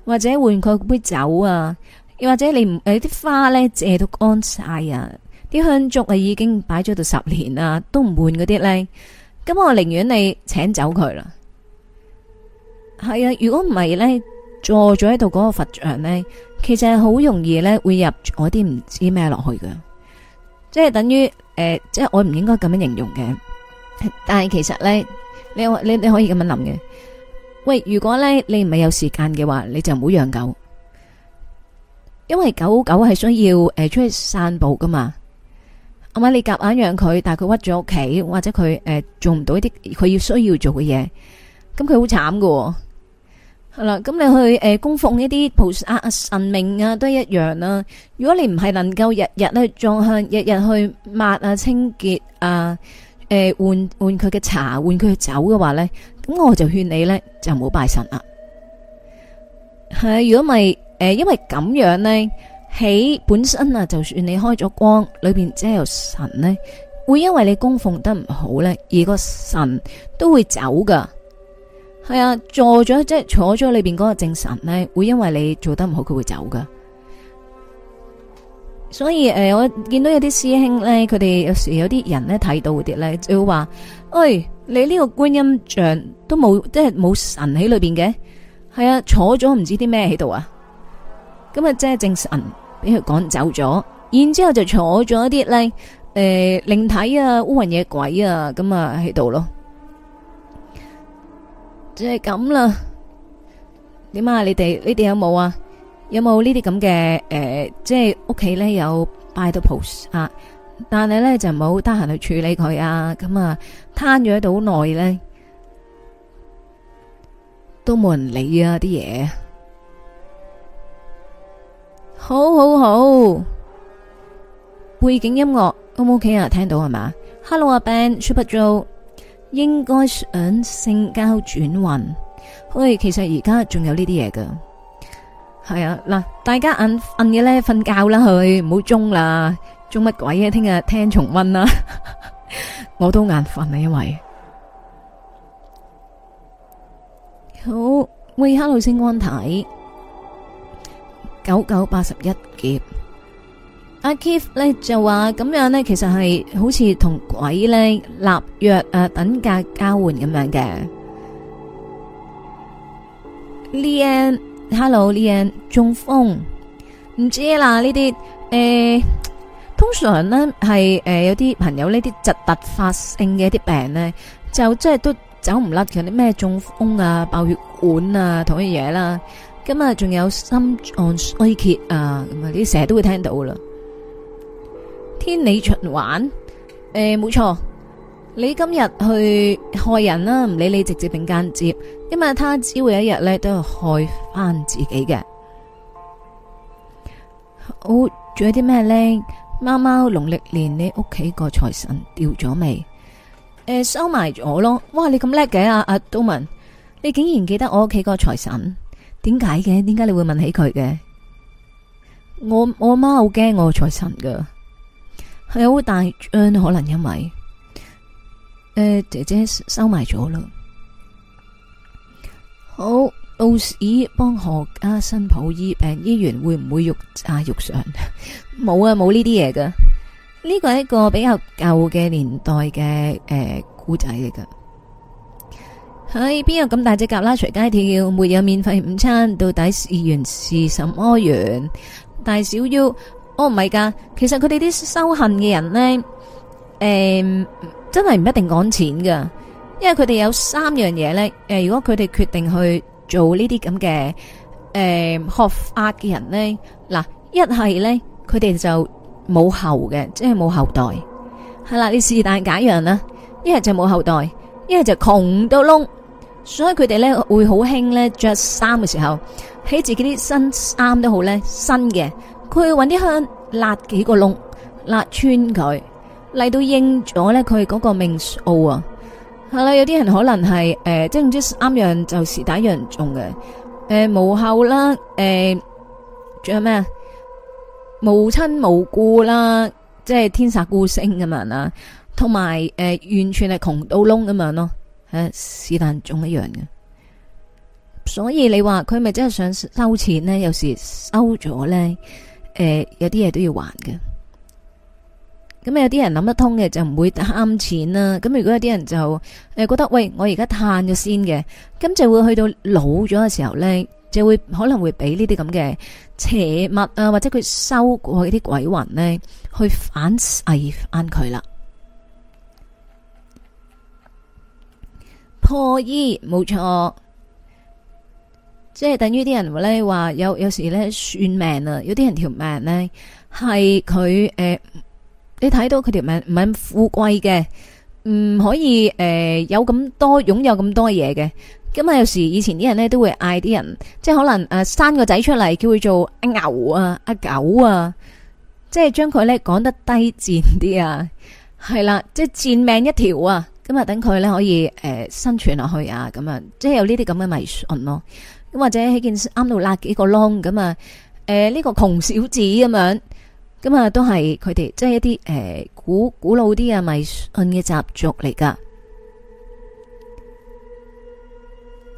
或者換佢杯酒啊。又或者你唔誒啲花咧借到乾晒啊，啲香燭啊已經擺咗度十年啦，都唔換嗰啲咧，咁我寧願你請走佢啦。係啊，如果唔係咧，坐咗喺度嗰個佛像咧，其實係好容易咧會入我啲唔知咩落去噶，即係等於誒、呃，即係我唔應該咁樣形容嘅。但係其實咧，你你你可以咁樣諗嘅。喂，如果咧你唔係有時間嘅話，你就唔好養狗。因為狗狗係需要誒出去散步噶嘛，阿媽你夾硬養佢，但係佢屈咗屋企，或者佢誒、呃、做唔到一啲佢要需要做嘅嘢，咁佢好慘噶。係啦，咁你去誒、呃、供奉一啲菩薩、啊、神明啊，都係一樣啦、啊。如果你唔係能夠日日咧，撞向日日去抹啊清潔啊，誒換換佢嘅茶，換佢嘅酒嘅話咧，咁我就勸你咧就唔好拜神啦、啊。係如果咪？誒，因為咁樣呢，起本身啊，就算你開咗光，裏邊即係有神呢，會因為你供奉得唔好呢，而個神都會走噶。係啊，坐咗即係坐咗裏邊嗰個正神呢，會因為你做得唔好，佢會走噶。所以誒，我見到有啲師兄呢，佢哋有時有啲人呢，睇到啲呢，就會話，喂，你呢個觀音像都冇，即係冇神喺裏邊嘅。係啊，坐咗唔知啲咩喺度啊。咁啊，即係正神俾佢趕走咗，然之後就坐咗一啲咧，誒，靈體啊，烏雲野鬼啊，咁啊喺度咯，就係咁啦。點啊？你哋你哋有冇啊？有冇呢啲咁嘅誒，即係屋企咧有拜到菩薩啊，但係咧就唔好得閒去處理佢啊，咁啊，攤咗喺度好耐咧，都冇人理啊啲嘢。好好好，背景音樂 O 唔 O K 啊？聽到係嘛？Hello 啊，Ben，Super Joe，應該想性交轉運。喂，其實而家仲有呢啲嘢噶，係啊嗱，大家眼瞓嘅咧，瞓覺啦去，唔好鐘啦，鐘乜鬼啊？聽日聽重溫啦，我都眼瞓啊，因為好喂，Hello，星安太。九九八十一劫，阿 Keith 咧就話咁樣咧，其實係好似同鬼咧立約誒等價交換咁樣嘅。Leon，Hello，Leon，中風，唔知啦呢啲誒，通常咧係誒有啲朋友呢啲疾突發性嘅一啲病咧，就即係都走唔甩嘅啲咩中風啊、爆血管啊同啲嘢啦。今日仲有心臟衰竭啊，咁啊，你成日都會聽到啦。天理循環，誒、欸，冇錯。你今日去害人啦，唔理你直接並間接，因為他只會一日咧，都係害返自己嘅。好、哦，仲有啲咩咧？貓貓，農曆年你屋企個財神掉咗未？誒、欸，收埋咗我咯。哇，你咁叻嘅啊！阿都文，Doman，你竟然記得我屋企個財神。點解嘅？點解你會問起佢嘅？我我媽好驚我財神噶，係好大張可能，因為誒、呃、姐姐收埋咗喇。好，道士幫何家新抱醫病，醫員會唔會玉啊玉上？冇 啊，冇呢啲嘢噶。呢個係一個比較舊嘅年代嘅誒古仔嚟噶。呃喺邊有咁大隻蛤乸，隨街跳，沒有免費午餐。到底是員是什麼員？大小腰？哦唔係噶。其實佢哋啲修行嘅人咧，誒，真係唔一定講錢噶。因為佢哋有三樣嘢咧。誒，如果佢哋決定去做呢啲咁嘅誒，學法嘅人咧，嗱，一係咧佢哋就冇後嘅，即係冇後代。係啦，你是但揀樣啦，一係就冇後代，一係就窮到燶。所以佢哋咧會好興咧着衫嘅時候，喺自己啲新衫都好咧新嘅，佢搵啲香辣幾個窿，辣穿佢嚟到應咗咧佢嗰個命數啊！係啦，有啲人可能係誒、呃，即係唔知啱樣就蝕打一樣中嘅，誒、呃、無後啦，誒、呃、仲有咩啊？無親無故啦，即係天煞孤星咁樣啦、啊，同埋誒完全係窮到窿咁樣咯、啊。誒，是但仲一樣嘅，所以你話佢咪真係想收錢呢？有時收咗呢，誒、呃，有啲嘢都要還嘅。咁有啲人諗得通嘅就唔會貪錢啦。咁如果有啲人就誒、呃、覺得喂，我而家嘆咗先嘅，咁就會去到老咗嘅時候呢，就會可能會俾呢啲咁嘅邪物啊，或者佢收過嗰啲鬼魂呢，去反噬翻佢啦。破衣，冇錯，即係等於啲人咧，話有有時咧算命啊，有啲人條命咧係佢誒，你睇到佢條命唔係咁富貴嘅，唔可以誒、呃、有咁多擁有咁多嘢嘅。咁啊有時以前啲人咧都會嗌啲人，即係可能誒生個仔出嚟，叫佢做阿牛啊阿、啊、狗啊，即係將佢咧講得低賤啲啊，係啦，即係賤命一條啊！咁啊，等佢咧可以誒生存落去啊！咁啊，即係有呢啲咁嘅迷信咯。咁或者喺件啱度甩幾個窿咁啊？誒呢個窮小子咁樣，咁啊都係佢哋即係一啲誒古古老啲嘅迷信嘅習俗嚟噶。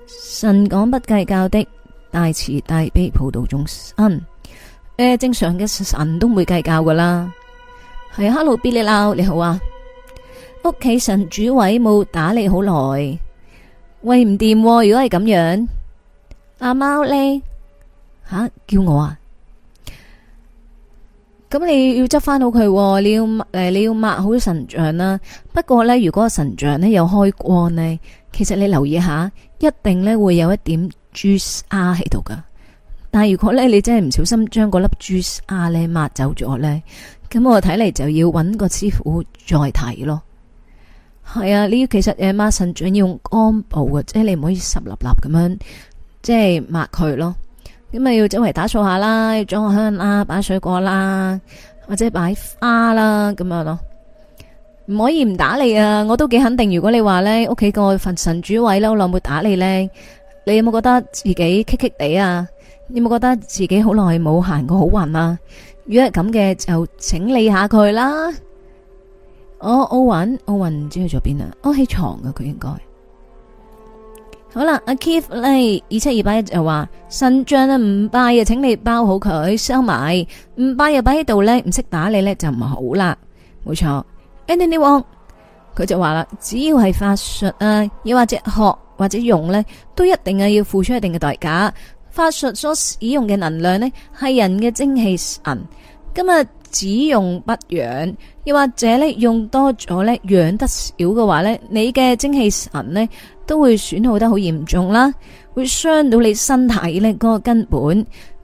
神講不計較的，大慈大悲普度眾生。誒正常嘅神都唔會計較噶啦。係，Hello Billy Lau，你好啊！屋企神主位冇打理好耐，喂唔掂、啊。如果係咁樣，阿貓呢？吓、啊、叫我啊，咁你要執翻好佢，你要誒你要抹好神像啦。不過呢，如果神像呢有開光呢，其實你留意下，一定呢會有一點硃砂喺度噶。但係如果呢，你真係唔小心將嗰粒硃砂呢抹走咗呢，咁我睇嚟，就要搵個師傅再睇咯。係啊，呢要其實誒，媽神主要用乾布嘅，即係你唔可以濕立立咁樣，即係抹佢咯。咁咪要周圍打掃下啦，要裝下香啦，擺水果啦，或者擺花啦咁樣咯。唔可以唔打你啊！我都幾肯定，如果你話呢屋企個佛神主位呢好耐冇打你呢，你有冇覺得自己棘棘地啊？你有冇覺得自己好耐冇行過好運啊？如果咁嘅就清理下佢啦。我奧運奧運唔知去咗邊啦？我、哦、起床噶佢應該好啦。阿 Keith 咧二七二八一就話，神像啊唔拜啊，請你包好佢收埋唔拜又擺喺度咧，唔識打理咧就唔好啦。冇錯。Anthony Wong 佢就話啦，只要係法術啊，又或者學或者用咧，都一定係要付出一定嘅代價。法術所使用嘅能量呢，係人嘅精氣神，今日只用不養。又或者咧用多咗咧養得少嘅話咧，你嘅精氣神呢都會損耗得好嚴重啦，會傷到你身體呢嗰個根本。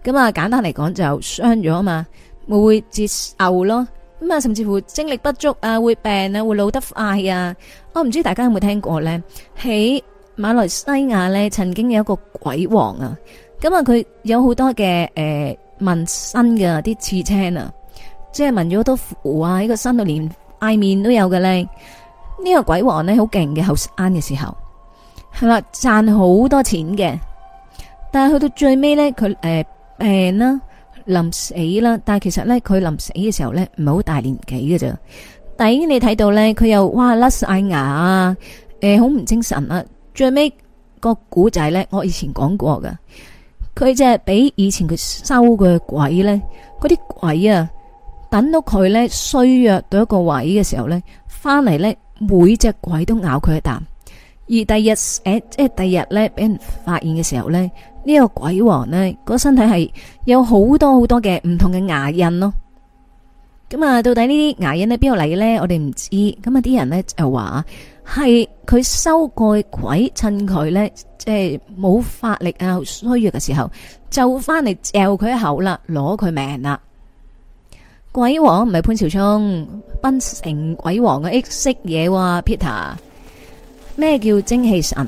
咁啊，簡單嚟講就傷咗啊嘛，會會折壽咯。咁啊，甚至乎精力不足啊，會病啊，會老得快啊。我唔知大家有冇聽過呢？喺馬來西亞呢曾經有一個鬼王啊，咁啊，佢有好多嘅誒紋身嘅啲刺青啊。即係紋咗好多符啊！喺個身度連嗌面都有嘅咧，呢個鬼王咧好勁嘅，後生嘅時候係啦，賺好多錢嘅，但係去到最尾咧，佢誒病啦，臨死啦。但係其實咧，佢臨死嘅時候咧唔係好大年紀嘅咋。但已經你睇到咧，佢又哇甩晒牙啊，誒好唔精神啊。最尾個古仔咧，我以前講過噶，佢即係俾以前佢收嘅鬼咧，嗰啲鬼啊。等到佢咧衰弱到一個位嘅時候咧，翻嚟咧每隻鬼都咬佢一啖。而第日誒，即係第日咧俾人發現嘅時候咧，呢、呢個鬼王咧個身體係有好多好多嘅唔同嘅牙印咯。咁啊，到底呢啲牙印喺邊度嚟咧？我哋唔知。咁啊，啲人咧就話係佢收過鬼趁佢咧，即係冇法力啊衰弱嘅時候，就翻嚟嚼佢一口啦，攞佢命啦。鬼王唔係潘朝聰，檳城鬼王嘅 X 色嘢喎，Peter。咩叫精氣神,、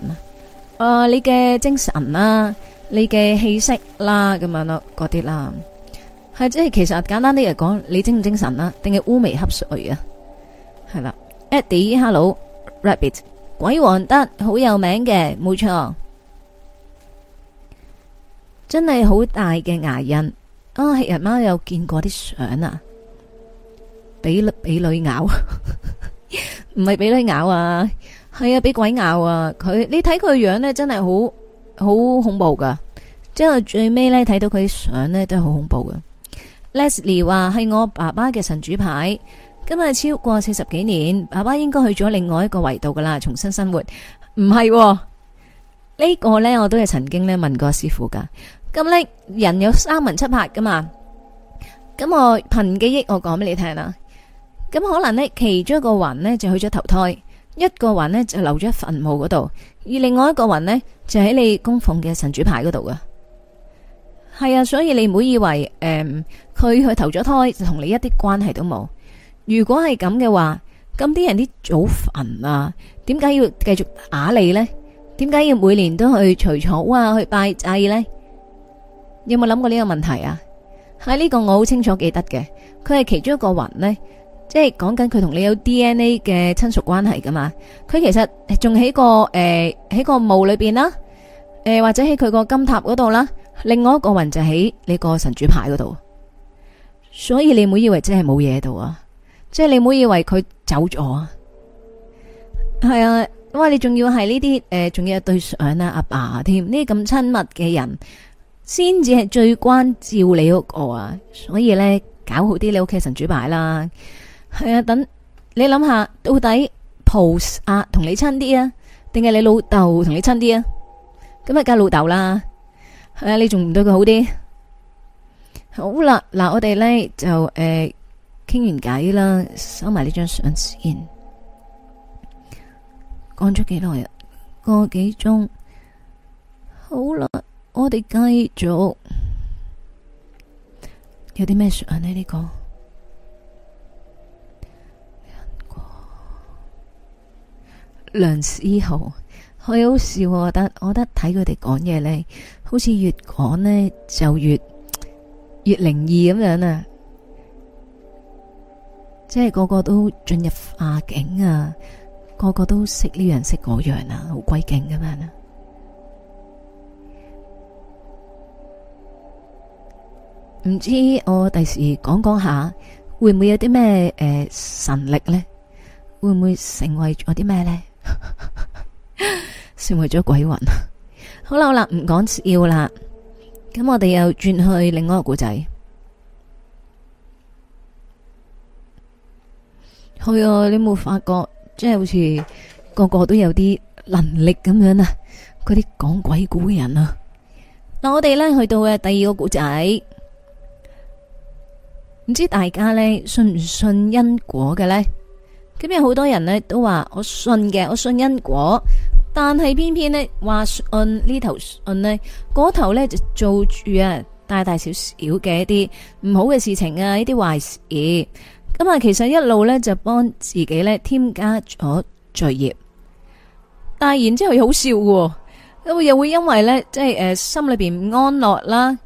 呃、神啊？你嘅精神啦，你嘅氣息啦，咁樣咯，嗰啲啦，係即係其實簡單啲嚟講，你精唔精神啦？定係烏眉瞌睡啊？係啦，Eddie，Hello，Rabbit，、啊、鬼王得好有名嘅，冇錯，真係好大嘅牙印啊！黑人貓有見過啲相啊？俾俾女咬，唔係俾女咬啊，係啊俾鬼咬啊！佢你睇佢樣咧，真係好好恐怖噶。之後最尾咧睇到佢啲相咧，都係好恐怖噶。Leslie 話係我爸爸嘅神主牌，今日超過四十幾年，爸爸應該去咗另外一個維度噶啦，重新生活。唔係呢個咧，我都係曾經咧問過師父噶。咁咧人有三文七拍噶嘛，咁我憑記憶我講俾你聽啦。咁可能咧，其中一個魂咧就去咗投胎，一個魂咧就留咗喺墳墓嗰度，而另外一個魂咧就喺你供奉嘅神主牌嗰度噶。係啊，所以你唔好以為誒，佢去投咗胎，就同你一啲關係都冇。如果係咁嘅話，咁啲人啲祖墳啊，點解要繼續打你咧？點解要每年都去除草啊，去拜祭咧？有冇諗過呢個問題啊？喺呢個我好清楚記得嘅，佢係其中一個魂咧。即係講緊佢同你有 D N A 嘅親屬關係噶嘛？佢其實仲喺個誒喺、欸、個墓裏邊啦，誒、欸、或者喺佢個金塔嗰度啦。另外一個魂就喺你個神主牌嗰度，所以你唔好以為真係冇嘢喺度啊！即係你唔好以為佢走咗啊！係啊，哇！你仲要係呢啲誒，仲、欸、要有對上啦阿爸添呢啲咁親密嘅人，先至係最關照你嗰、嗰個啊！所以呢，搞好啲你屋企神主牌啦。係啊，等你諗下，到底菩薩同你親啲啊，定係你老豆同你親啲啊？咁啊，梗老豆啦，係啊，你仲唔對佢好啲。好啦，嗱，我哋呢，就誒傾、呃、完偈啦，收埋呢張相先。講咗幾耐啊？個幾鐘？好啦，我哋繼續。有啲咩相咧？呢、這個。梁思浩，佢好笑，我覺得，我覺得睇佢哋講嘢呢，好似越講呢就越越靈異咁樣啊，即係個個都進入化境啊，個個都識呢、這個、樣識嗰樣啊，好鬼勁咁樣啊。唔知我第時講講下會唔會有啲咩誒神力呢？會唔會成為咗啲咩呢？ 成為咗了鬼魂 好了。好啦好啦，唔講笑啦。咁我哋又轉去另外一個故仔。係啊，你冇發覺，即係好似個個都有啲能力咁樣啊？嗰啲講鬼故嘅人啊。嗱， 我哋呢去到嘅第二個故仔，唔知大家呢信唔信因果嘅呢？咁有好多人呢都話我信嘅，我信因果，但係偏偏呢話按呢頭信呢嗰頭呢就做住啊大大小小嘅一啲唔好嘅事情啊，呢啲壞事，咁啊其實一路呢就幫自己呢添加咗罪業，但然之後又好笑喎，咁又會因為呢，即係誒心裏邊唔安樂啦，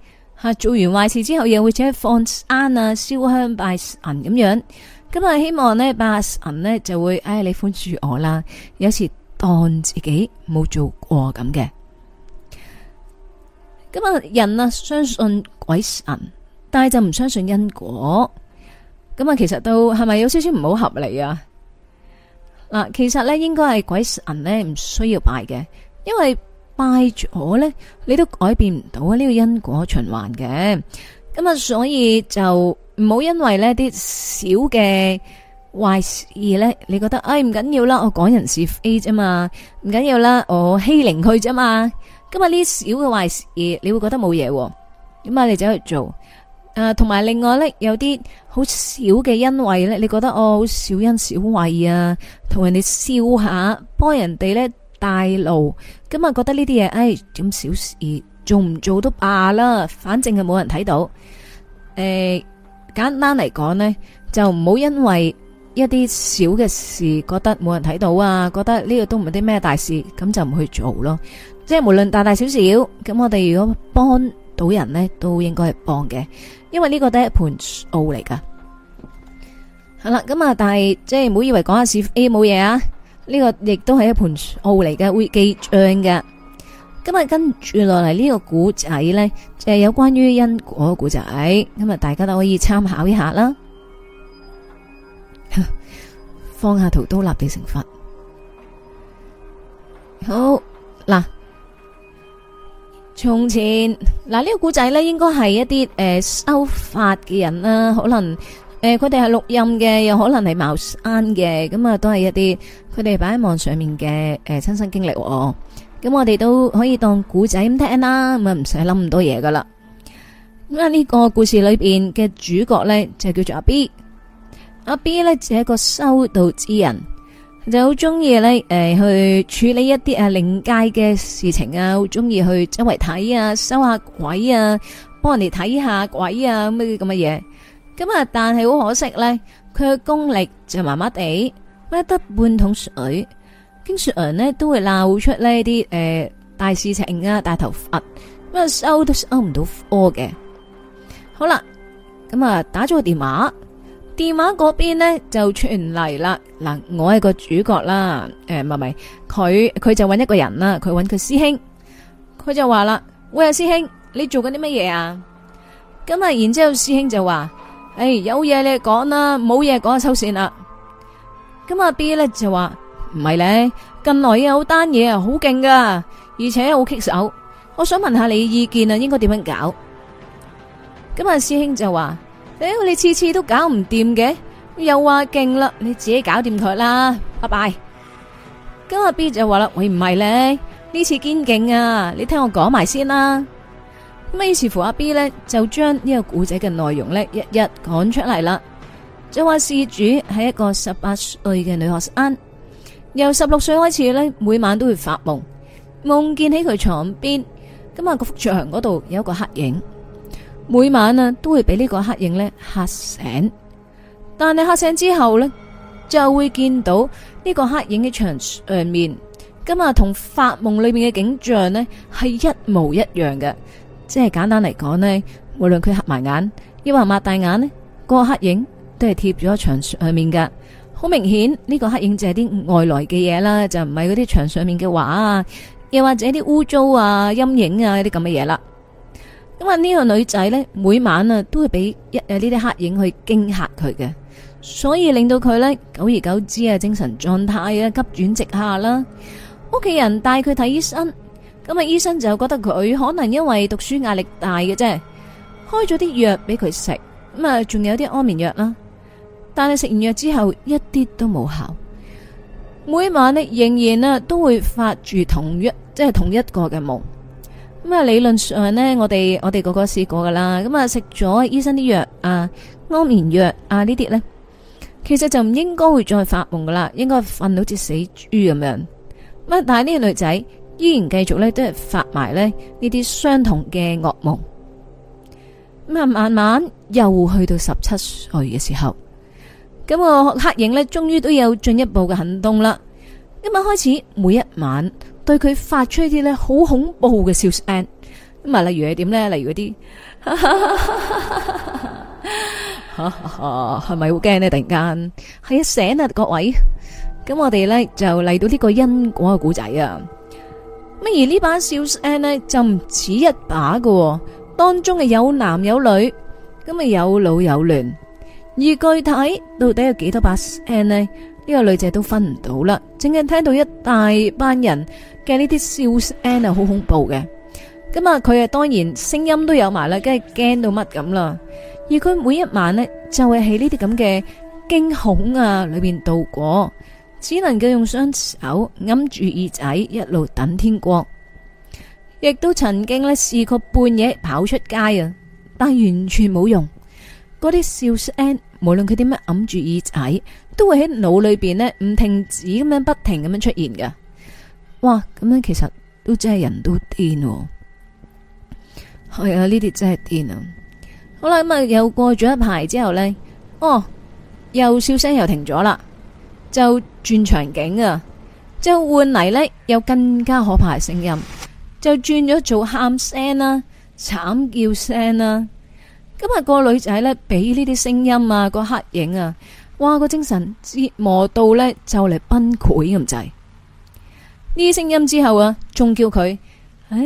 吓做完壞事之後又會請放生啊、燒香拜神咁樣。咁啊，希望呢拜神呢就會，哎，你寬恕我啦。有時當自己冇做過咁嘅。咁啊，人啊，相信鬼神，但係就唔相信因果。咁啊，其實都係咪有少少唔好合理啊？嗱，其實呢應該係鬼神呢唔需要拜嘅，因為拜咗呢，你都改變唔到呢個因果循環嘅。咁啊，所以就唔好因為呢啲小嘅壞事、哎，壞事，事啊呃、呢，呢。你覺得唉，唔緊要啦，我講人是非啫嘛，唔緊要啦，我欺凌佢啫嘛。咁啊呢小嘅壞事，你會覺得冇嘢，咁啊你就去做。誒，同埋另外呢，有啲好小嘅恩惠呢，你覺得哦好小恩小惠啊，同人哋笑下，幫人哋呢帶路，咁啊覺得呢啲嘢，唉、哎，點小事。做唔做都罷啦，反正係冇人睇到。誒，簡單嚟講咧，就唔好因為一啲小嘅事，覺得冇人睇到啊，覺得呢個都唔係啲咩大事，咁就唔去做咯。即係無論大大小小，咁我哋如果幫到人咧，都應該係幫嘅，因為呢個都係一盤奧嚟噶。係啦，咁啊，但係即係唔好以為講下事冇嘢啊，呢個亦都係一盤奧嚟嘅，會記賬嘅。今日跟住落嚟呢個古仔呢，就係有關於因果嘅古仔。今日大家都可以參考一下啦。放下屠刀，立地成佛。好嗱，從前嗱呢個古仔呢，應該係一啲誒修法嘅人啦，可能誒佢哋係錄音嘅，又可能係茅山嘅，咁啊都係一啲佢哋擺喺網上面嘅誒親身經歷喎。咁我哋都可以當古仔咁聽啦，咁啊唔使諗咁多嘢噶啦。咁啊呢個故事裏邊嘅主角咧就叫做阿 B，阿 B 咧就係一個修道之人，就好中意咧誒去處理一啲啊靈界嘅事情啊，好中意去周圍睇啊，收下鬼啊，幫人哋睇下鬼啊乜嘢咁嘅嘢。咁啊但係好可惜咧，佢嘅功力就麻麻地，乜得半桶水。經常人咧都會鬧出呢啲誒大事情啊，大頭佛咁，啊收都收唔到科嘅。好啦，咁、嗯、啊打咗個電話，電話嗰邊呢就傳嚟啦。嗱，我係個主角啦誒，唔係佢佢，就搵一個人啦，佢搵佢師兄，佢就話啦，喂啊師兄，你做緊啲乜嘢啊？咁、嗯、啊，然之後師兄就話，誒、哎、有嘢你講啦，冇嘢講啊，收線啦。咁、嗯、啊 B 咧就話。唔係咧，近來有單嘢啊，好勁噶，而且好棘手。我想問下你意見啊，應該點樣搞？咁啊，師兄就話，誒，你次次都搞唔掂嘅，又話勁啦，你自己搞掂佢啦，拜拜。咁啊，阿 B 就話啦，喂，唔係咧，呢次堅勁啊，你聽我講埋先啦。咁啊，於是乎阿 B 咧就將呢個古仔嘅內容咧，一一講出嚟啦。就話事主係一個十八歲嘅女學生。由十六歲開始咧，每晚都會發夢，夢見喺佢床邊，咁啊個幅牆嗰度有一個黑影，每晚啊都會俾呢個黑影咧嚇醒，但係嚇醒之後呢，就會見到呢個黑影嘅牆上面，咁啊同發夢裏面嘅景象呢係一模一樣嘅，即係簡單嚟講呢，無論佢合埋眼，抑或擘大眼呢，嗰個黑影都係貼咗牆上面噶。好明顯呢個黑影就係啲外來嘅嘢啦，就唔係嗰啲牆上面嘅畫啊，又或者啲污糟啊、陰影啊啲咁嘅嘢啦。咁啊呢個女仔呢，每晚啊都會俾一有呢啲黑影去驚嚇佢嘅，所以令到佢呢久而久之啊，精神狀態啊急轉直下啦。屋企人帶佢睇醫生，咁啊醫生就覺得佢可能因為讀書壓力大嘅啫，開咗啲藥俾佢食，咁啊仲有啲安眠藥啦。但係食完藥之後一啲都冇效，每晚呢仍然啊都會發住同一即係同一個嘅夢咁啊。理論上呢我哋我哋個個試過噶啦，咁啊食咗醫生啲藥啊安眠藥啊呢啲呢其實就唔應該會再發夢噶啦，應該瞓到似死豬咁樣乜。但係呢個女仔依然繼續呢都係發埋咧呢啲相同嘅噩夢咁啊。慢慢又去到十七歲嘅時候。咁個黑影咧，終於都有進一步嘅行動啦。今日開始，每一晚對佢發出一啲咧好恐怖嘅笑聲。咁啊，例如係點咧？例如嗰啲係咪好驚呢？突然間係一醒啊！各位，咁我哋咧就嚟到呢個因果嘅故仔啊。乜而呢把笑聲咧就唔止一把喎，當中係有男有女，咁啊有老有嫩。而具體到底有幾多把聲呢？呢、呢個女仔都分唔到啦，淨係聽到一大班人嘅呢啲笑聲啊，好恐怖嘅。咁、嗯、啊，佢啊當然聲音都有埋啦，梗係驚到乜咁啦。而佢每一晚呢，就會喺呢啲咁嘅驚恐啊裏面度過，只能夠用雙手揞住耳仔，一路等天光。亦都曾經呢試過半夜跑出街啊，但完全冇用。嗰啲笑聲，無論佢點樣揞住耳仔，都會喺腦裏邊呢唔停止咁樣，不停咁樣出現噶。哇，咁樣其實都真係人都癲，係、哎、啊，呢啲真係癲啊！好啦，咁啊又過咗一排之後呢，哦，又笑聲又停咗啦，就轉場景啊，就換嚟呢，有更加可怕嘅聲音，就轉咗做喊聲啦、慘叫聲啦。今、那、日個女仔咧，俾呢啲聲音啊，個黑影啊，哇、那個精神折磨到咧，就嚟崩潰咁滯。呢啲聲音之後啊，仲叫佢，唉，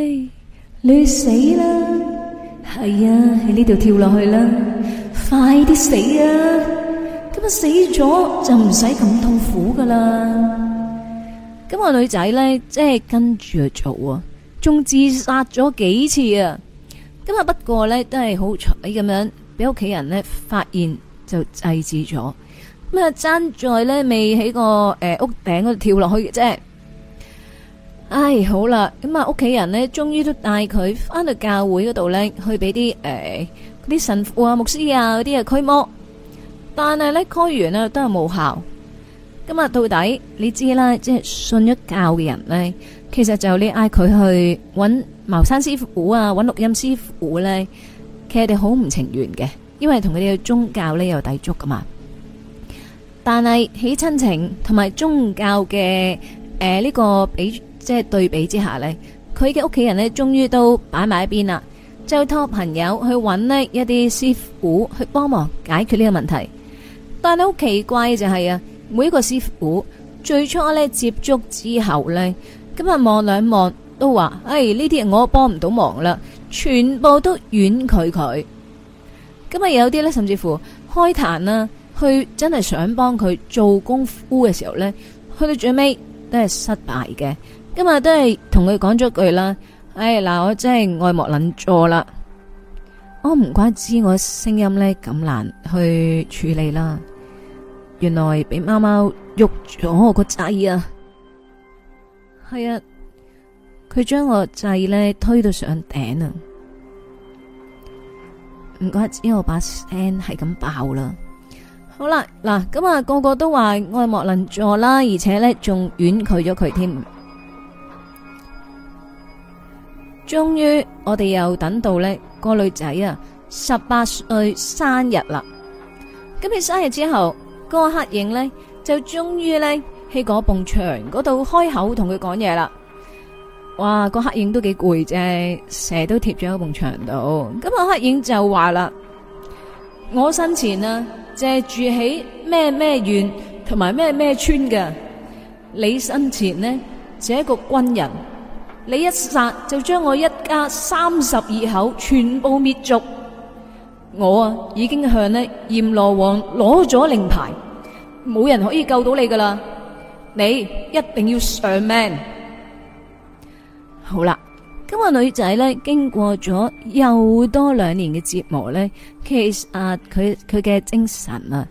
你死啦！係啊，喺呢度跳落去啦！快啲死啊！咁啊死咗就唔使咁痛苦噶啦。咁、那個女仔咧，即係跟住做啊，仲自殺咗幾次啊！咁啊！不過咧都係好彩咁樣，俾屋企人咧發現就制止咗。咁啊，爭在咧未喺個誒、呃、屋頂嗰度跳落去嘅啫。唉，好啦，咁啊，屋企人咧終於都帶佢翻到教會嗰度咧，去俾啲誒嗰啲神父啊、牧師啊嗰啲啊驅魔。但係咧，驅完呢都係冇效。咁啊到底你知啦，即係信咗教嘅人咧，其實就你嗌佢去搵茅山師傅啊，搵錄音師傅呢，其實佢哋好唔情願嘅，因為同佢哋嘅宗教呢有抵觸噶嘛。但係喺親情同埋宗教嘅誒呢個比，即係對比之下呢，佢嘅屋企人呢，終於都擺埋一邊啦，就託朋友去搵呢一啲師傅去幫忙解決呢個問題。但係好奇怪就係啊，每一個師傅最初呢，接觸之後呢，今日望兩望。都話誒呢啲我幫唔到忙啦，全部都婉拒佢。今日有啲呢，甚至乎開壇啦、啊，佢真係想幫佢做功夫嘅時候呢，去到最尾都係失敗嘅。今日都係同佢講咗句啦，誒、哎、嗱，我真係愛莫能助啦，哦、不我唔怪知我聲音呢咁難去處理啦。原來俾貓貓喐咗個掣啊，係啊。佢將個掣呢推到上頂啊！唔怪之我把聲係咁爆啦！好啦，嗱咁啊，個個都話愛莫能助啦，而且呢，仲婉拒咗佢添。終於，我哋又等到呢個女仔啊十八歲生日啦！咁佢生日之後，個黑影呢，就終於呢，喺嗰埲牆嗰度開口同佢講嘢啦。哇，那個黑影都幾攰，即係成日都貼咗喺埲牆度。咁啊，黑影就話啦：，我生前啊，即係住喺咩咩縣同埋咩咩村嘅。你生前呢，係一個軍人，你一殺就將我一家三十二口全部滅族。我啊，已經向呢閻羅王攞咗令牌，冇人可以救到你噶啦。你一定要上命。好啦，咁、嗰個女仔咧，經過咗又多兩年嘅折磨咧，其實佢佢嘅精神啊，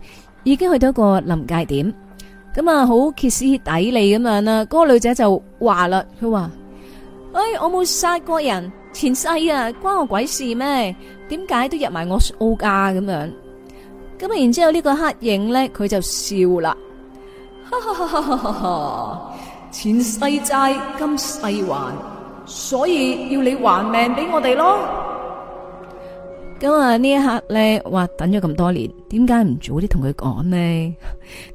已經去到一個臨界點，咁啊好歇斯底里咁樣啦。嗰個女仔就話啦，佢話：，哎、欸，我冇殺過人，前世啊關我鬼事咩？點解都入埋我數㗎咁樣？咁、嗯、啊，然之後呢個黑影咧，佢就笑啦哈哈哈哈，前世債今世還。所以要你還命俾我哋咯。咁啊，呢一刻咧，哇，等咗咁多年，點解唔早啲同佢講呢？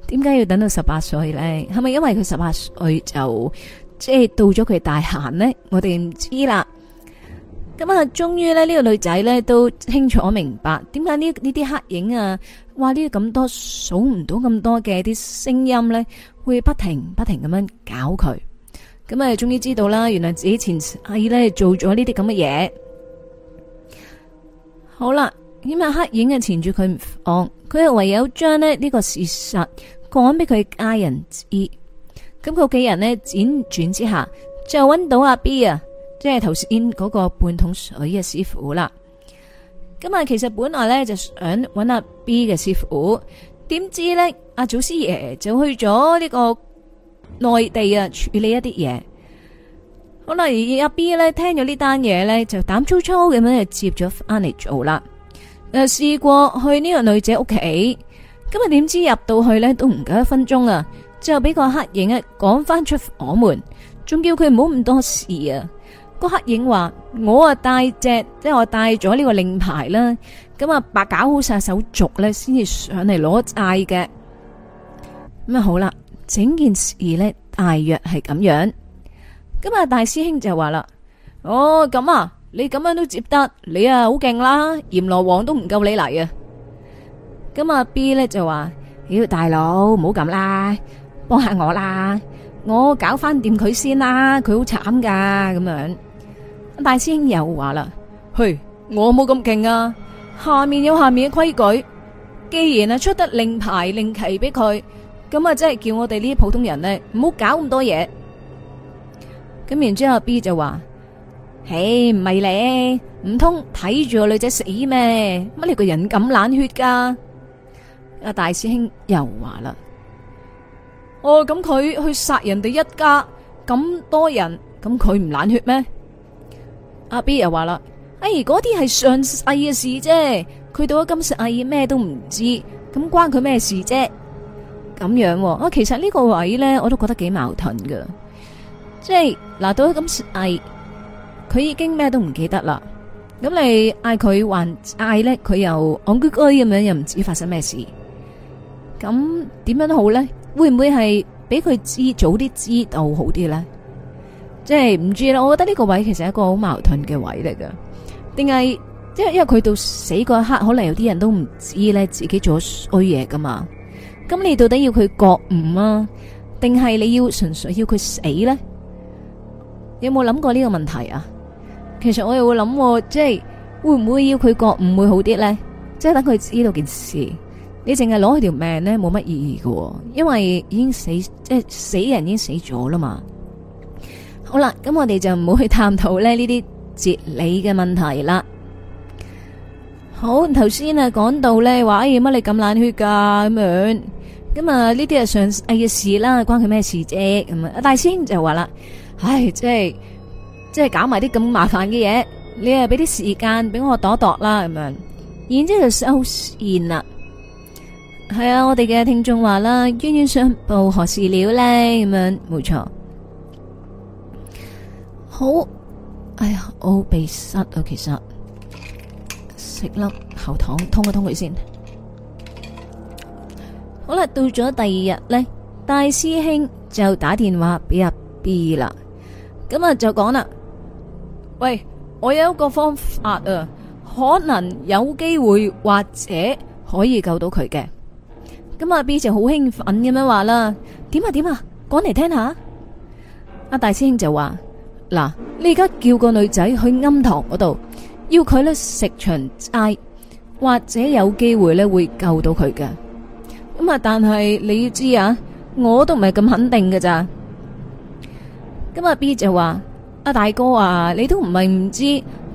點解要等到十八歲咧？係咪因為佢十八歲就即係到咗佢大限呢？我哋唔知啦。咁啊，終於咧，呢個女仔咧都清楚明白，點解呢呢啲黑影啊，哇，呢咁多數唔到咁多嘅啲聲音咧，會不停不停咁樣搞佢。咁啊，終於知道啦！原來自己前世咧做咗呢啲咁嘅嘢。好啦，今日黑影啊，纏住佢，唔放，佢又唯有將呢呢個事實講俾佢家人知。咁佢屋企人呢，輾轉之下，就揾到阿 B 啊，即係頭先嗰個半桶水嘅師傅啦。咁啊，其實本來咧就想揾阿 B 嘅師傅，點知呢，阿祖師爺就去咗呢、這個。內地啊，處理一啲嘢。好啦，而阿 B 呢聽咗呢單嘢呢，就膽粗粗咁樣去接咗翻嚟做啦。誒、呃，試過去呢個女仔屋企，今日點知入到去呢都唔夠一分鐘啊，之後俾個黑影啊趕翻出房門，仲叫佢唔好咁多事啊。個黑影話：我啊帶只，即係我帶咗呢個令牌啦。咁、嗯、啊，白搞好晒手續呢，先至上嚟攞債嘅。咁啊，好啦。整件事咧，大約係咁樣。咁啊，大師兄就話啦：，哦，咁啊，你咁樣都接得，你啊好勁啦！閻羅王都唔夠你嚟啊！咁啊，B 咧就話：，妖大佬，唔好咁啦，幫下我啦，我搞翻掂佢先啦，佢好慘噶。咁樣，大師兄又話啦：，去，我冇咁勁啊，下面有下面嘅規矩，既然啊出得令牌令旗俾佢。咁啊，即係叫我哋呢啲普通人呢，唔好搞咁多嘢。咁然之後，B 就話：，嘿，唔係你，唔通睇住個女仔死咩？乜你個人咁冷血噶？阿大師兄又話啦：，哦，咁佢去殺人哋一家咁多人，咁佢唔冷血咩？阿 B 又話啦：，哎，嗰啲係上世嘅事啫，佢到咗今世阿姨咩都唔知，咁關佢咩事啫？咁樣，喎、啊，其實呢個位咧，我都覺得幾矛盾噶。即係嗱，到咁嗌，佢已經咩都唔記得啦。咁你嗌佢還嗌咧，佢又戇居居咁樣，又唔知發生咩事。咁點樣都好咧，會唔會係俾佢知早啲知道好啲咧？即係唔知啦。我覺得呢個位其實係一個好矛盾嘅位嚟噶，定係即係因為佢到死嗰一刻，可能有啲人都唔知咧自己做咗衰嘢噶嘛。咁你到底要佢覺悟啊，定係你要純粹要佢死咧？有冇諗過呢個問題啊？其實我又會諗，即係會唔會要佢覺悟會好啲咧？即係等佢知道件事，你淨係攞佢條命咧，冇乜意義噶，因為已經死，即係死人已經死咗啦嘛。好啦，咁我哋就唔好去探討咧呢啲哲理嘅問題啦。好，頭先啊講到咧，話哎呀，乜你咁冷血噶？咁樣，咁啊呢啲係上世嘅事啦，關佢咩事啫咁啊！阿大仙就話啦，唉，即係即係搞埋啲咁麻煩嘅嘢，你啊俾啲時間俾我度度啦咁樣，然之後就收線啦。係啊，我哋嘅聽眾話啦，冤冤相報何事了咧咁樣，冇錯。好，哎呀，我鼻塞啊，其實。粒喉糖通一通佢先，好啦，到咗第二日呢，大師兄就打電話俾阿 B 啦，咁啊就講啦，喂，我有一個方法啊，可能有機會或者可以救到佢嘅。咁啊 B 就好興奮咁樣話啦，點啊點啊，講嚟聽下，阿大師兄就話嗱，你而家叫個女仔去庵堂嗰度。要佢咧食長齋，或者有機會咧會救到佢嘅。咁啊，但係你要知啊，我都唔係咁肯定嘅咋。咁阿 B 就話：阿、 啊、大哥啊，你都唔係唔知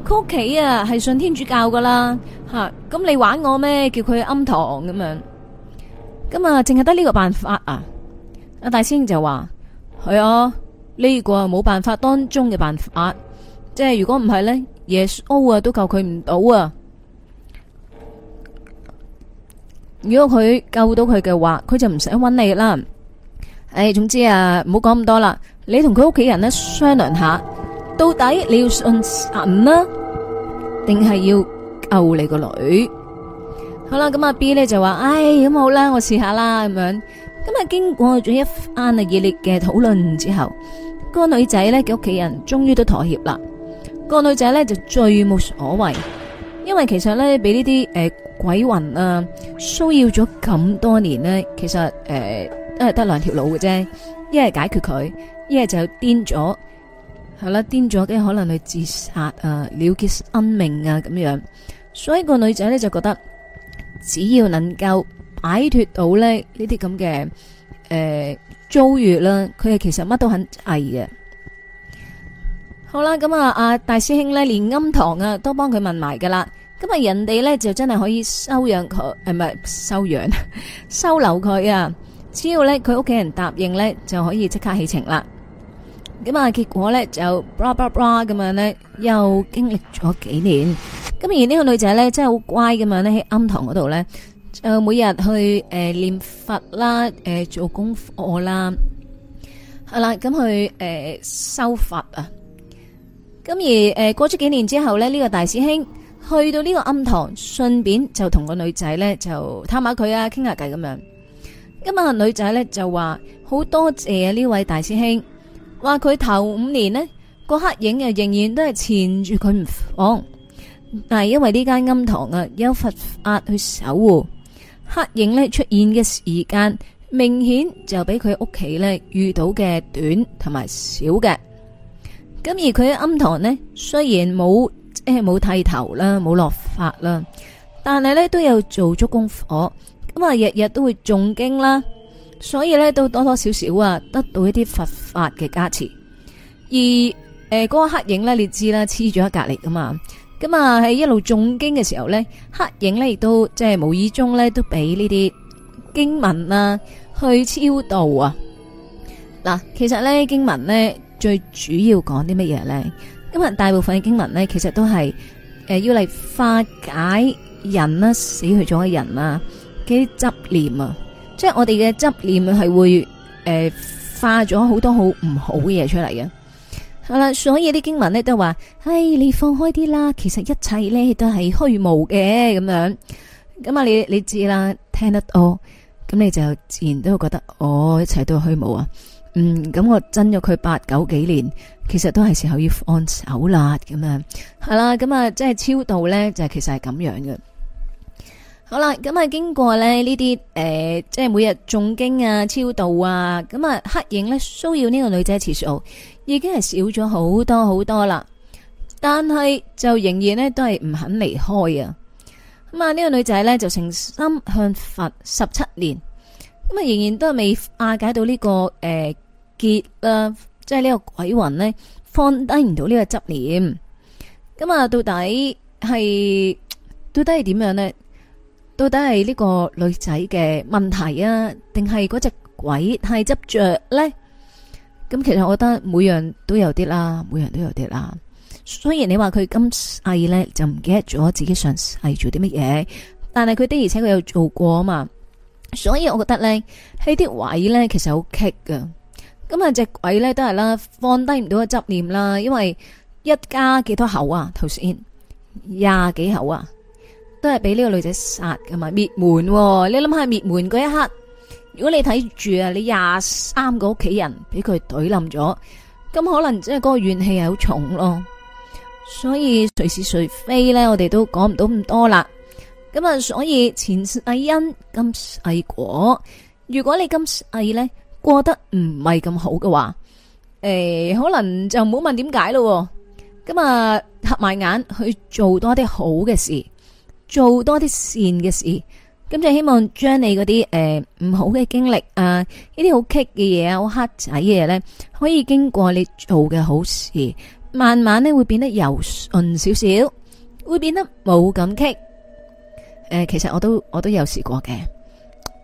佢屋企啊係信天主教噶啦吓。咁、啊、你玩我咩？叫佢庵堂咁樣。咁啊，淨係得呢個辦法啊。阿大仙就話：係啊，呢、這個係冇辦法當中嘅辦法，即係如果唔係咧。耶穌啊，都救佢唔到啊！如果佢救到佢嘅話，佢就唔想搵你啦。誒，總之啊，唔好講咁多啦。你同佢屋企人咧商量下，到底你要信神啦，定係要救你個女？好啦，咁啊 B 咧就話：誒，咁好啦，我試下啦。咁樣，咁啊經過咗一番啊熱烈嘅討論之後，個女仔咧嘅屋企人終於都妥協啦。個女仔咧就最冇所謂，因為其實咧俾呢啲誒鬼魂啊騷擾咗咁多年咧，其實誒都係得兩條路嘅啫，一係解決佢，一係就癲咗，係啦癲咗，嘅可能去自殺啊，了結生命啊咁樣。所以個女仔咧就覺得，只要能夠擺脱到咧呢啲咁嘅誒遭遇啦，佢係其實乜都很易嘅。好啦，咁啊，大師兄咧，連庵堂啊都幫佢問埋噶啦。咁啊，人哋咧就真係可以收養佢，誒，唔係收養 收留佢啊。只要咧佢屋企人答應咧，就可以即刻起程啦。咁啊，結果咧就，bra bra bra，咁樣咧，又經歷咗幾年。咁而呢個女仔咧，真係好乖咁樣咧，喺庵堂嗰度咧，誒，每日去誒念佛啦，誒做功課啦，係啦，咁去誒修佛啊。咁而誒，過咗幾年之後呢，呢個大師兄去到呢個庵堂，順便就同個女仔呢，就探下佢啊，傾下偈咁樣。今日女仔呢，就話好多謝呢位大師兄，話佢頭五年呢個黑影啊仍然都係纏住佢唔放，但係因為呢間庵堂啊有佛法去守護，黑影呢出現嘅時間明顯就比佢屋企呢遇到嘅短，同埋少嘅。咁而佢喺庵堂呢，雖然冇，即係冇剃頭啦，冇落髮啦，但係咧都有做足功課。咁啊，日日都會誦經啦，所以咧都多多少少啊，得到一啲佛法嘅加持。而誒嗰、呃那個黑影咧，你知啦，黐住喺隔離㗎嘛。咁啊喺一路誦經嘅時候咧，黑影咧亦都即係無意中咧都俾呢啲經文啦、啊、去超度啊。嗱，其實咧經文咧。最主要講啲乜嘢呢？今日大部分嘅經文呢，其實都係誒、呃、要嚟化解人啦、死去咗嘅人啊，啲執念啊，即係我哋嘅執念係會誒、呃、化咗好多好唔好嘅嘢出嚟嘅。係、嗯、啦，所以啲經文呢，都話：唉，你放開啲啦，其實一切呢都係虛無嘅咁樣。咁啊，你你知啦，聽得多咁你就自然都會覺得哦，一切都係虛無啊。嗯，咁我真咗佢八九幾年，其實都係時候要放手啦，咁樣係啦，咁啊，即係超度呢，就其實係咁樣嘅。好啦，咁啊，經過呢呢啲誒，即係每日誦經啊、超度啊，咁啊，黑影呢，騷擾呢個女仔次數，已經係少咗好多好多啦。但係就仍然呢，都係唔肯離開啊。咁啊，呢個女仔呢，就誠心向佛十七年。咁啊，仍然都係未化解到呢、這個誒、呃、結啦、啊，即係呢個鬼魂呢，放低唔到呢個執念。咁啊，到底係到底係點樣呢？到底係呢個女仔嘅問題啊，定係嗰隻鬼太執着呢？咁、啊、其實我覺得每樣都有啲啦，每樣都有啲啦。雖然你話佢今世呢就唔記得咗自己上世做啲乜嘢，但係佢的而且確有做過嘛。所以我覺得呢，呢啲位呢，其實好棘噶。咁啊，隻鬼呢，都係啦，放低唔到個執念啦。因為一家幾多口啊，頭先廿幾口啊，都係俾呢個女仔殺噶嘛，滅門啊。你諗下滅門嗰一刻，如果你睇住啊，你廿三個屋企人俾佢懟冧咗，咁可能即係嗰個怨氣係好重咯。所以誰是誰非呢，我哋都講唔到咁多啦。咁、嗯、啊，所以前世係因，今世果。如果你今世咧過得唔係咁好嘅話，誒、欸，可能就唔好問點解咯。咁、嗯、啊，合埋眼去做多啲好嘅事，做多啲善嘅事，咁、嗯、就希望將你嗰啲誒唔好嘅經歷啊，呢啲好棘嘅嘢啊，好黑仔嘅嘢咧，可以經過你做嘅好事，慢慢咧會變得柔順少少，會變得冇咁棘。誒，其實我都我都有試過嘅，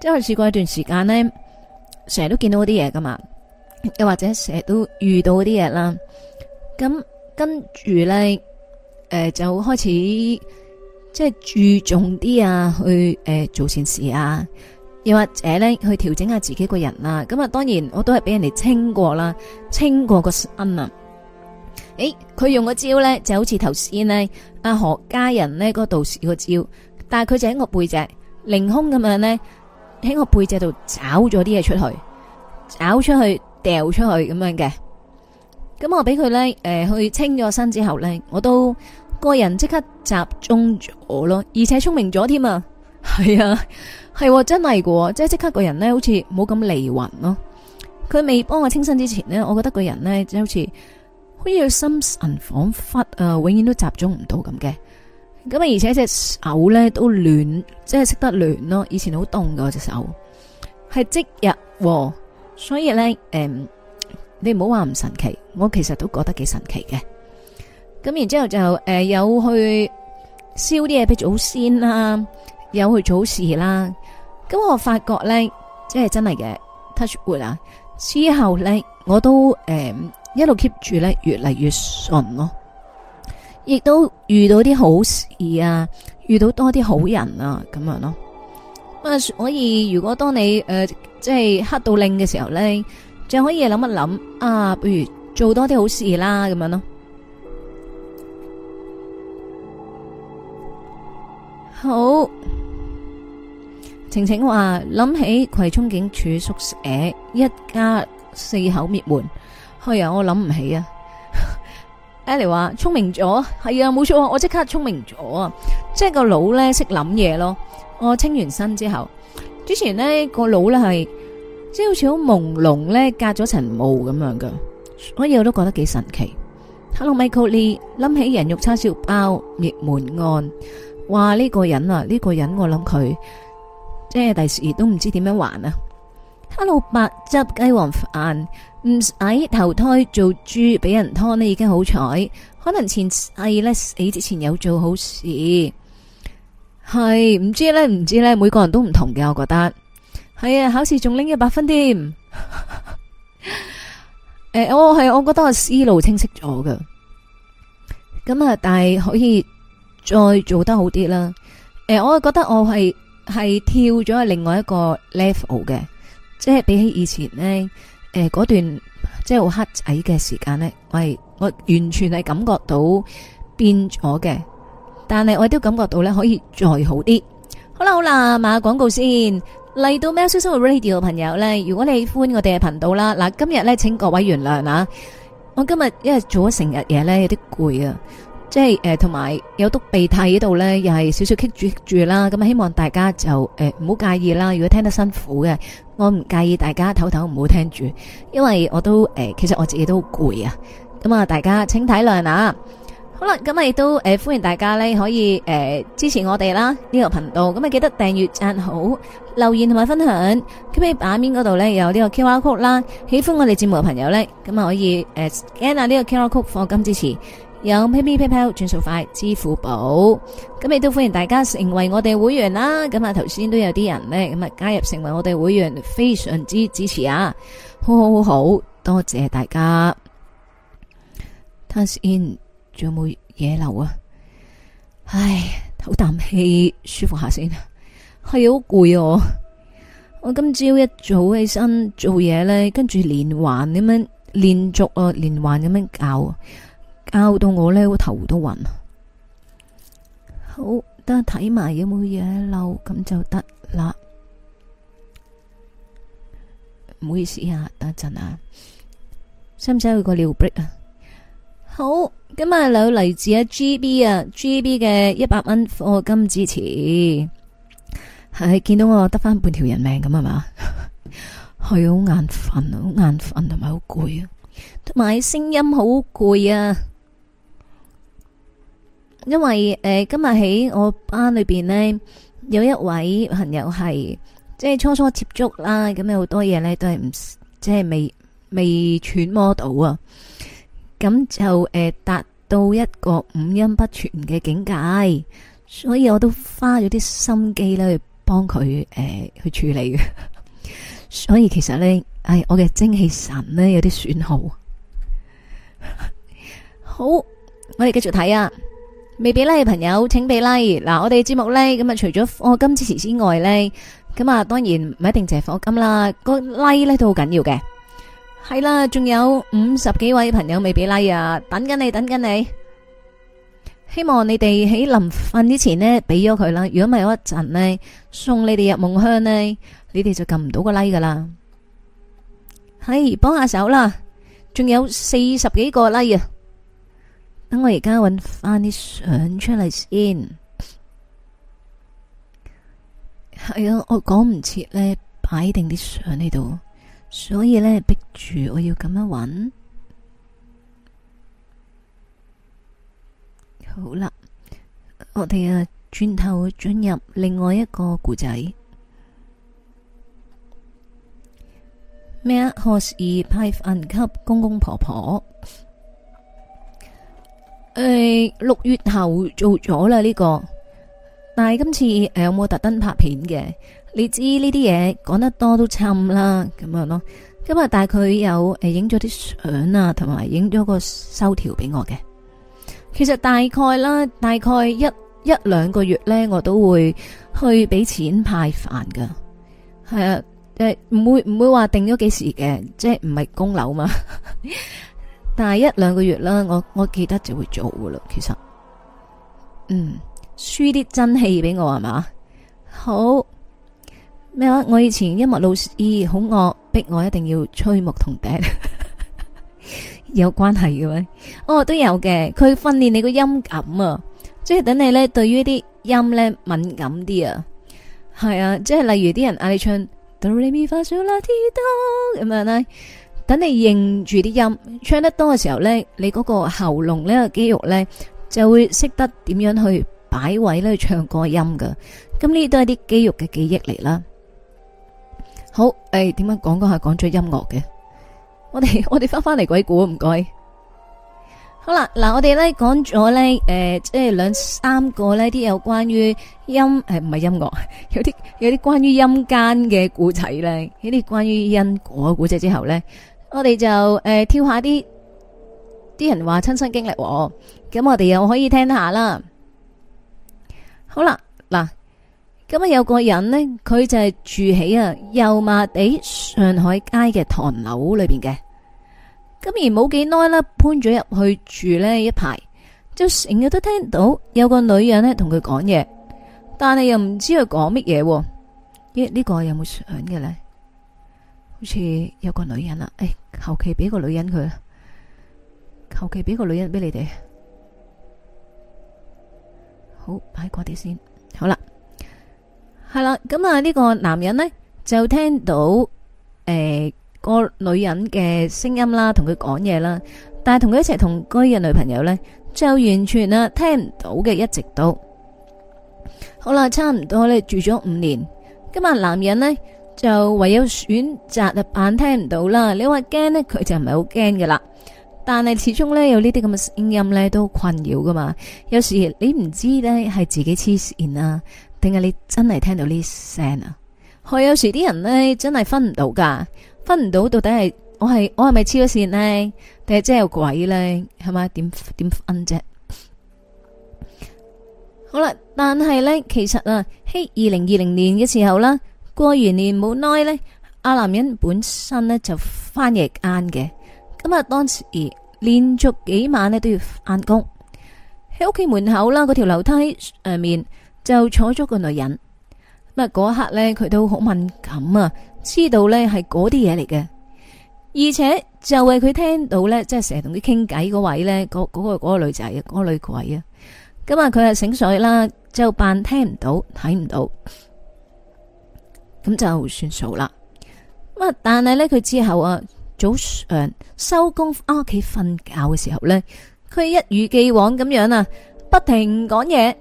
即係我試過一段時間咧，成日都見到嗰啲嘢噶嘛，又或者成日都遇到嗰啲嘢啦，咁跟住咧，誒就開始即係注重啲啊，去誒做善事啊，又或者咧去調整下自己個人啦，咁啊，當然我都係俾人哋清過啦，清過個身啊，誒，佢用個招咧就好似頭先呢，阿何家人呢個道士個招。但係佢就喺我背脊凌空咁樣呢，喺我背脊度找咗啲嘢出去，找出去掉出去咁樣嘅。咁我俾佢呢，誒、呃、去清咗身之後呢，我都個人即刻集中咗咯，而且聰明咗添啊！係啊，係真係噶，即係即刻個人呢，好似冇咁離魂咯。佢未幫我清身之前呢，我覺得個人呢，即係好似好似要心神恍惚啊，永遠都集中唔到咁嘅。咁啊，而且隻手咧都暖，即係識得暖咯。以前好凍噶，隻手係即日喎。所以咧，誒、嗯，你唔好話唔神奇，我其實都覺得幾神奇嘅。咁然之後就誒、嗯、有去燒啲嘢俾祖先啦，有去祖祠啦。咁我發覺咧，即係真係嘅 touch wood 啊。之後咧，我都誒、嗯、一路 keep 住咧，越嚟越順咯。亦都遇到啲好事啊，遇到多啲好人啊，咁樣咯。咁啊，所以如果當你誒、呃、即係黑到令嘅時候咧，就可以諗一諗啊，不如做多啲好事啦，咁樣咯，啊。好，晴晴話諗起葵涌警署宿舍一家四口滅門，係啊，我諗唔起啊。艾莉話聰明咗，係啊，冇錯，我即刻聰明咗啊，即係個腦咧識諗嘢咯。我清完身之後，之前咧個腦咧係即係好似好朦朧咧，隔咗層霧咁樣噶，所以我都覺得幾神奇。Hello，Michael，你諗起人肉叉燒包滅門案，話呢、這個人啊，呢、這個人我諗佢即係第時都唔知點樣還啊。Hello 白汁雞王飯，唔、嗯、使投胎做豬俾人劏呢，已經好彩。可能前世呢，死之前有做好事，係唔知呢，唔知呢，每個人都唔同嘅。我覺得係啊，考試仲拎一百分添。誒、 欸，我係我覺得我思路清晰咗㗎。咁啊，但係可以再做得好啲啦。誒、欸，我覺得我係係跳咗去另外一個 level 嘅。即係比起以前呢，誒、呃、嗰段即係好黑仔嘅時間呢，我係我完全係感覺到變咗嘅，但係我都感覺到呢，可以再好啲。好啦好啦，馬下廣告先嚟到《Medical n s Radio》嘅朋友呢，如果你喜歡我哋嘅頻道啦，嗱今日呢，請各位原諒啊，我今日因為做咗成日嘢呢，有啲攰啊。即係誒，同、呃、埋有督鼻涕喺度呢，又係少少棘住住啦。咁希望大家就誒唔好介意啦。如果聽得辛苦嘅，我唔介意大家唞唞唔好聽住，因為我都誒、呃，其實我自己都攰啊。咁啊，大家請體諒啊。好啦，咁啊亦都誒、呃，歡迎大家呢，可以誒、呃、支持我哋啦呢、這個頻道。咁啊記得訂閱、讚好、留言同埋分享。咁喺版面嗰度呢，有呢個 o d 曲啦。喜歡我哋節目嘅朋友呢，咁啊可以誒、呃、s a n 下呢個 o d 曲，放金支持。有 PayMe PayPal 轉數快，支付寶。咁亦都歡迎大家成為我哋會員啦。咁啊，頭先都有啲人呢，咁啊加入成為我哋會員，非常之支持啊，好好好，好多謝大家。睇下先，仲有冇嘢留啊？唉，唞啖氣舒服下先啊，係好攰喎！我今朝一早起身做嘢呢，跟住連環咁樣連續啊，連環咁樣搞。搞到我呢，我頭都暈啊！好，等下睇埋有冇嘢漏，咁就得啦。唔好意思啊，等一陣啊，使唔使去個尿壁啊？好，今日兩嚟自、Gb、啊 G B 啊 G B 嘅一百蚊課金支持，係見到我得返半條人命咁係嘛？係好眼瞓啊，好眼瞓同埋好攰啊，同埋聲音好攰啊！因為誒、呃，今日喺我班裏邊呢，有一位朋友係即係初初接觸啦，咁有好多嘢呢都係唔即係未未揣摩到啊。咁就誒、呃、達到一個五音不全嘅境界，所以我都花咗啲心機咧去幫佢誒、呃、去處理嘅。 所以其實呢，哎、我嘅精氣神呢有啲損耗。 好，我哋繼續睇啊。未俾 like 嘅朋友，請俾 like。嗱，我哋節目咧，咁啊，除咗課金支持之外咧，咁啊，當然唔一定淨係課金啦。個 like 咧都好緊要嘅。係啦，仲有五十幾位朋友未俾 like 啊，等緊你，等緊你。希望你哋喺臨瞓之前咧，俾咗佢啦。如果唔係，有一陣咧，送你哋入夢鄉咧，你哋就撳唔到個 like 噶啦。係，幫下手啦，仲有四十幾個 like 啊！等我而家揾翻啲相出嚟先，係啊，我講唔切咧，擺定啲相喺度，所以咧逼住我要咁樣揾。好啦，我哋啊轉頭進入另外一個故仔，咩啊？何時派飯給公公婆婆。誒、呃，六月後做咗啦呢個，但係今次誒、呃、有冇特登拍片嘅？你知呢啲嘢講得多都沉啦，咁樣咯。今日大概有誒影咗啲相啊，同埋影咗個收條俾我嘅。其實大概啦，大概一一兩個月呢，我都會去俾錢派飯噶。係啊，誒、呃、唔會唔會話定咗幾時嘅？即係唔係供樓嘛？呵呵但一兩個月啦，我我記得就會做噶啦。其實，嗯，輸啲真氣俾我係嘛，好咩話、啊？我以前音樂老師好惡，逼我一定要吹牧童笛， 有關係嘅咩？哦，都有嘅。佢訓練你個音感，音感，感啊，即係等你咧對於啲音咧敏感啲啊。係啊，即係例如啲人嗌你唱哆唻咪發嗦啦提哆咁樣啦等你認住啲音，唱得多嘅時候咧，你嗰個喉嚨咧個肌肉咧就會識得點樣去擺位咧去唱個音噶。咁呢都係啲肌肉嘅記憶嚟啦。好，誒，點樣講？嗰下講咗音樂嘅，我哋我哋翻翻嚟鬼故唔該。好啦，嗱，我哋咧講咗咧，誒，即係兩三個咧啲有關於音誒，唔係音樂，有啲有啲關於陰間嘅古仔咧，呢啲關於陰果嘅古仔之後咧。我哋就誒、呃、挑一下啲，啲人話親身經歷喎，咁我哋又可以聽下啦。好啦，嗱，咁啊有個人呢，佢就係住喺啊油麻地上海街嘅唐樓裏邊嘅。咁而冇幾耐，啦，搬咗入去住呢一排，就成日都聽到有個女人呢同佢講嘢，但係又唔知佢講乜嘢。咦，呢、呢個有冇相嘅呢？好似有個女人啦，誒，求其俾個女人佢，求其俾個女人俾你哋，好擺過啲先，好啦，係啦，咁啊呢個男人呢，就聽到誒、欸那個女人嘅聲音啦，同佢講嘢啦，但係同佢一齊同居嘅女朋友呢，就完全啊聽唔到嘅，一直都，好啦，差唔多呢住咗五年，今日男人呢。就唯有選擇啊，扮聽唔到啦。你話驚呢，佢就唔係好驚噶啦。但係始終呢，有呢啲咁嘅聲音呢，都困擾噶嘛。有時你唔知呢係自己黐線啊，定係你真係聽到呢聲啊？係有時啲人呢，真係分唔到噶，分唔到到底係我係我係咪黐咗線呢，定係真係有鬼呢，係咪？點點分啫？好啦，但係呢，其實啊，喺二零二零年嘅時候啦。過完年冇耐呢，阿男人本身呢就翻夜晏嘅咁啊，當時連續幾晚呢都要翻工，喺屋企門口啦，嗰條樓梯上面就坐咗個女人。咁啊，嗰刻呢，佢都好敏感啊，知道呢係嗰啲嘢嚟嘅。而且就係佢聽到呢，即係成日同佢傾偈嗰位呢，嗰個嗰個嗰個女仔，嗰個女鬼啊。咁、嗯、啊，佢係醒水啦，就扮聽唔到，睇唔到。咁就算數啦，咁但係呢，佢之後啊，早上收工翻屋企瞓覺嘅時候呢，佢一如既往咁樣啊，啊，不停講嘢，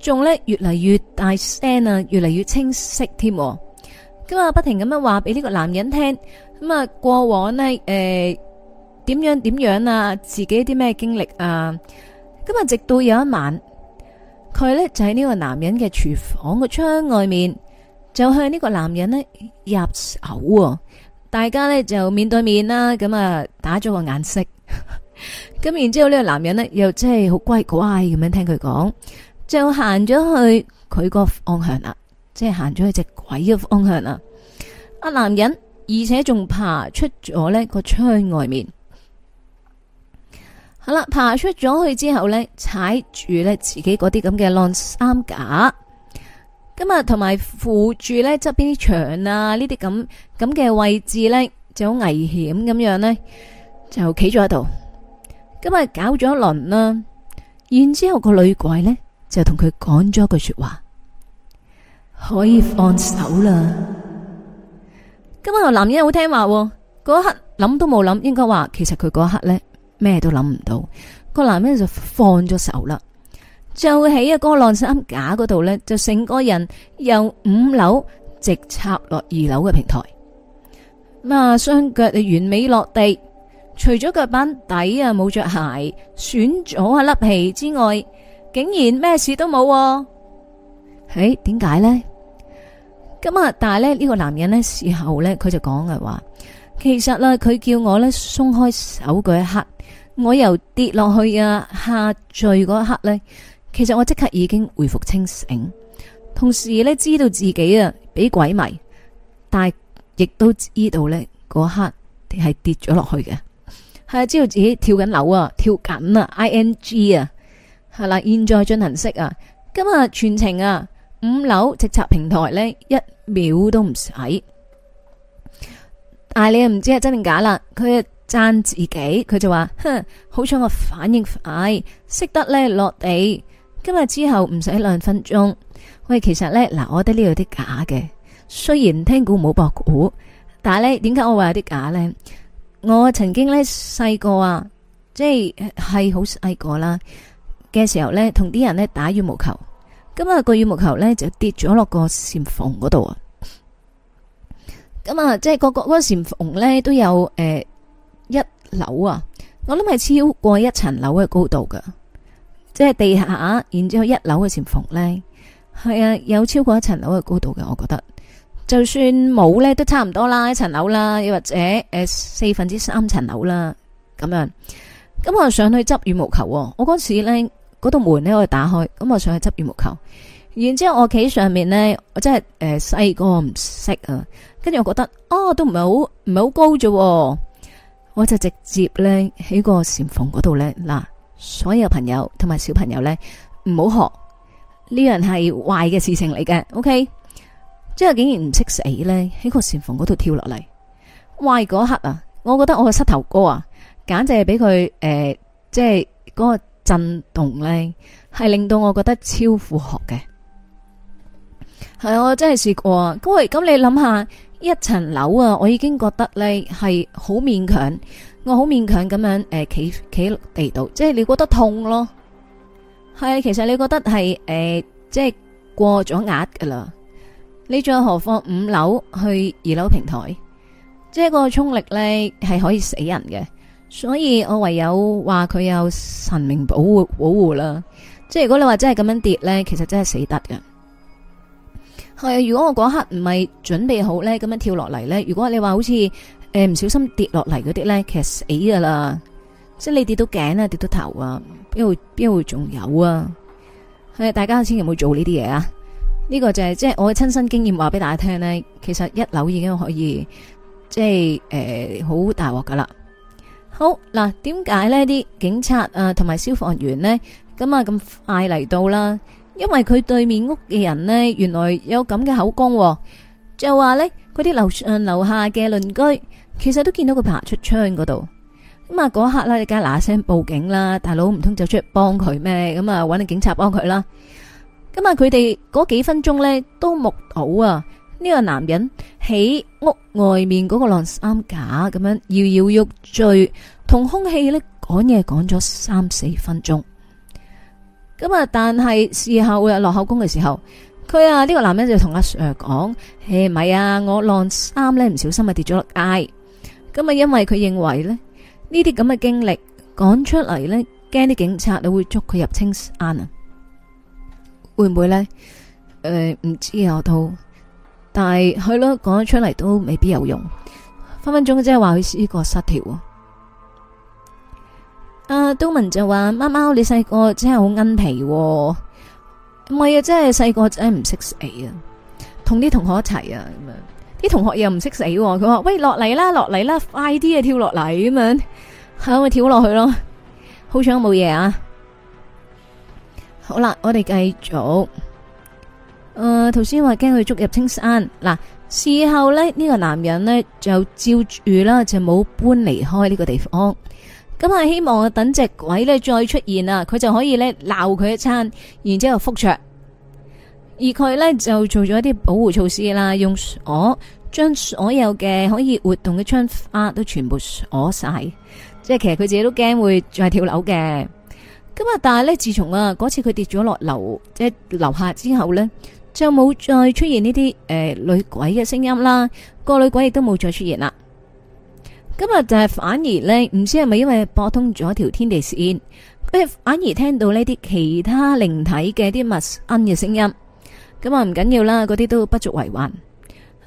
仲呢越嚟越大聲啊，越嚟越清晰添。咁啊，不停咁樣話俾呢個男人聽。咁啊，過往呢，誒、呃，點樣點樣啊，自己啲咩經歷啊？咁啊，直到有一晚，佢呢就喺呢個男人嘅廚房嘅窗外面。就向呢個男人呢入手，大家呢就面對面啦，咁啊，打咗個眼色，咁 然之後呢個男人呢，又真係好乖乖咁樣聽佢講，就行咗去佢個方向啦，即係行咗去隻鬼嘅方向啦。阿男人而且仲爬出咗呢個窗外面，好啦，爬出咗去之後呢，踩住呢自己嗰啲咁嘅晾衫架。咁啊，同埋扶住呢側邊啲牆啊，呢啲咁咁嘅位置呢，就好危險咁樣呢，就企咗喺度。咁啊搞咗一輪啦，然之後個女鬼呢，就同佢講咗句說話，可以放手啦。咁啊， 個男人好聽話啊，嗰刻諗都冇諗，應該話其實佢嗰刻呢，咩都諗唔到，個男人就放咗手啦。就喺啊，嗰個晾衫架嗰度呢，就成個人由五樓直插落二樓嘅平台咁啊，雙腳完美落地，除咗腳板底啊冇着鞋損咗啊粒皮之外，竟然咩事都冇。誒、哎，點解呢？咁啊，但係呢個男人呢，事後呢，佢就講嘅話，其實啦，佢叫我呢鬆開手嗰一刻，我又跌落去啊下墜嗰一刻呢。」其實我即刻已經回復清醒，同時呢知道自己啊俾鬼迷，但係亦都知道呢嗰刻係跌咗落去嘅，係知道自己跳緊樓啊，跳緊啊，ing 啊，係啦，現在進行式啊，今日全程啊五樓直插平台呢一秒都唔使，但係你又唔知係真定假啦，佢讚自己，佢就話哼，好彩我反應快，識得呢落地。今日之後唔使兩分鐘。喂，其實呢，嗱，我覺得呢度有啲假嘅。雖然聽古冇博古，但係呢點解我話有啲假呢？我曾經呢細個啊，即係係好細個啦嘅時候呢，同啲人呢打羽毛球。咁、那、啊個羽毛球呢，就跌咗落個扇縫嗰度啊。咁、嗯、啊，即係個個嗰個縫呢都有誒、呃、一樓啊，我諗係超過一層樓嘅高度噶。即係地下，然之後一樓嘅簷篷呢，係啊，有超過一層樓嘅高度嘅，我覺得，就算冇呢都差唔多啦，一層樓啦，又或者誒、呃、四分之三層樓啦，咁樣。咁我就上去執羽毛球，我嗰時呢，嗰道門咧我就打開，咁我上去執羽毛球，然之後我企上面呢，我真係誒細個唔識啊，跟、呃、住我覺得，哦，都唔係好唔係好高啫，我就直接呢，喺個簷篷嗰度呢。嗱。所有朋友同埋小朋友呢，唔好學呢樣係壞嘅事情嚟嘅。O K，之後竟然唔識死呢，喺個扇風嗰度跳落嚟，壞嗰刻啊，我覺得我個膝頭哥啊，簡直係俾佢誒，即係嗰個震動呢，係令到我覺得超負荷嘅。係啊，我真係試過，啊，咁我咁你諗下一層樓啊，我已經覺得呢，係好勉強。我好勉強咁樣誒，企、呃、企地度，即係你覺得痛咯，係其實你覺得係誒、呃，即係過咗壓噶啦，你仲有何況五樓去二樓平台，即係個衝力呢係可以死人嘅，所以我唯有話佢有神明保護保護啦，即係如果你話真係咁樣跌呢，其實真係死得嘅，係如果我嗰刻唔係準備好呢，咁樣跳落嚟，呢，如果你話好似。誒，唔小心跌落嚟嗰啲咧，其實死噶啦！即係你跌到頸啊，跌到頭啊，邊會邊會仲有啊？係大家千祈唔好做呢啲嘢啊！呢個就係即係我嘅親身經驗，話俾大家聽咧。其實一樓已經可以即係誒好大鑊噶啦。好嗱，點解咧啲警察啊同埋消防員咧咁啊咁快嚟到啦？因為佢對面屋嘅人咧，原來有咁嘅口供，就話咧佢啲樓上樓下嘅鄰居。其實都見到佢爬出窗嗰度，咁啊嗰刻啦，你梗係嗱聲報警啦，大佬唔通走出去幫佢咩？咁啊，搵啲警察幫佢啦。咁啊，佢哋嗰幾分鐘呢，都目睹啊，呢個男人喺屋外面嗰個晾衫架，咁樣搖搖欲墜，同空氣呢講嘢講咗三四分鐘。咁啊，但係事後落口供嘅時候，佢啊呢個男人就同阿 Sir 講：誒，係咪啊，我晾衫呢，唔小心啊跌咗落街。咁啊，因為佢認為咧，呢啲咁嘅經歷講出嚟呢，驚啲警察啊會捉佢入青山啊，會唔會呢？誒、呃，唔知啊，我都，但係佢咯，講出嚟都未必有用，分分鐘即係話佢呢個失調啊，都文就話貓貓你細個真係好奀皮。啊，唔係啊，真係細個真係唔識死啊，同啲同學一齊啊咁啲同學又唔識死，佢話：喂，落嚟啦，落嚟啦，快啲啊，跳落嚟咁樣，係咪跳落去咯。好彩冇嘢啊！好啦，我哋繼續。誒、呃，頭先話驚佢捉入青山嗱，事後呢，呢、呢個男人呢，就照住啦，就冇搬離開呢個地方。咁啊，希望等隻鬼呢再出現啊，佢就可以呢鬧佢一餐，然之後覆桌。而佢呢，就做咗一啲保護措施啦，用鎖將所有嘅可以活動嘅窗花都全部鎖晒。即係其實佢自己都驚會再跳樓嘅。咁啊，但係呢，自從啊嗰次佢跌咗落樓即係樓下之後呢，就冇再出現呢啲誒女鬼嘅聲音啦。個女鬼亦都冇再出現啦。今日就係反而呢，唔知係咪因為駁通咗條天地線，佢反而聽到呢啲其他靈體嘅啲密恩嘅聲音。咁啊，唔緊要啦，嗰啲都不足為患。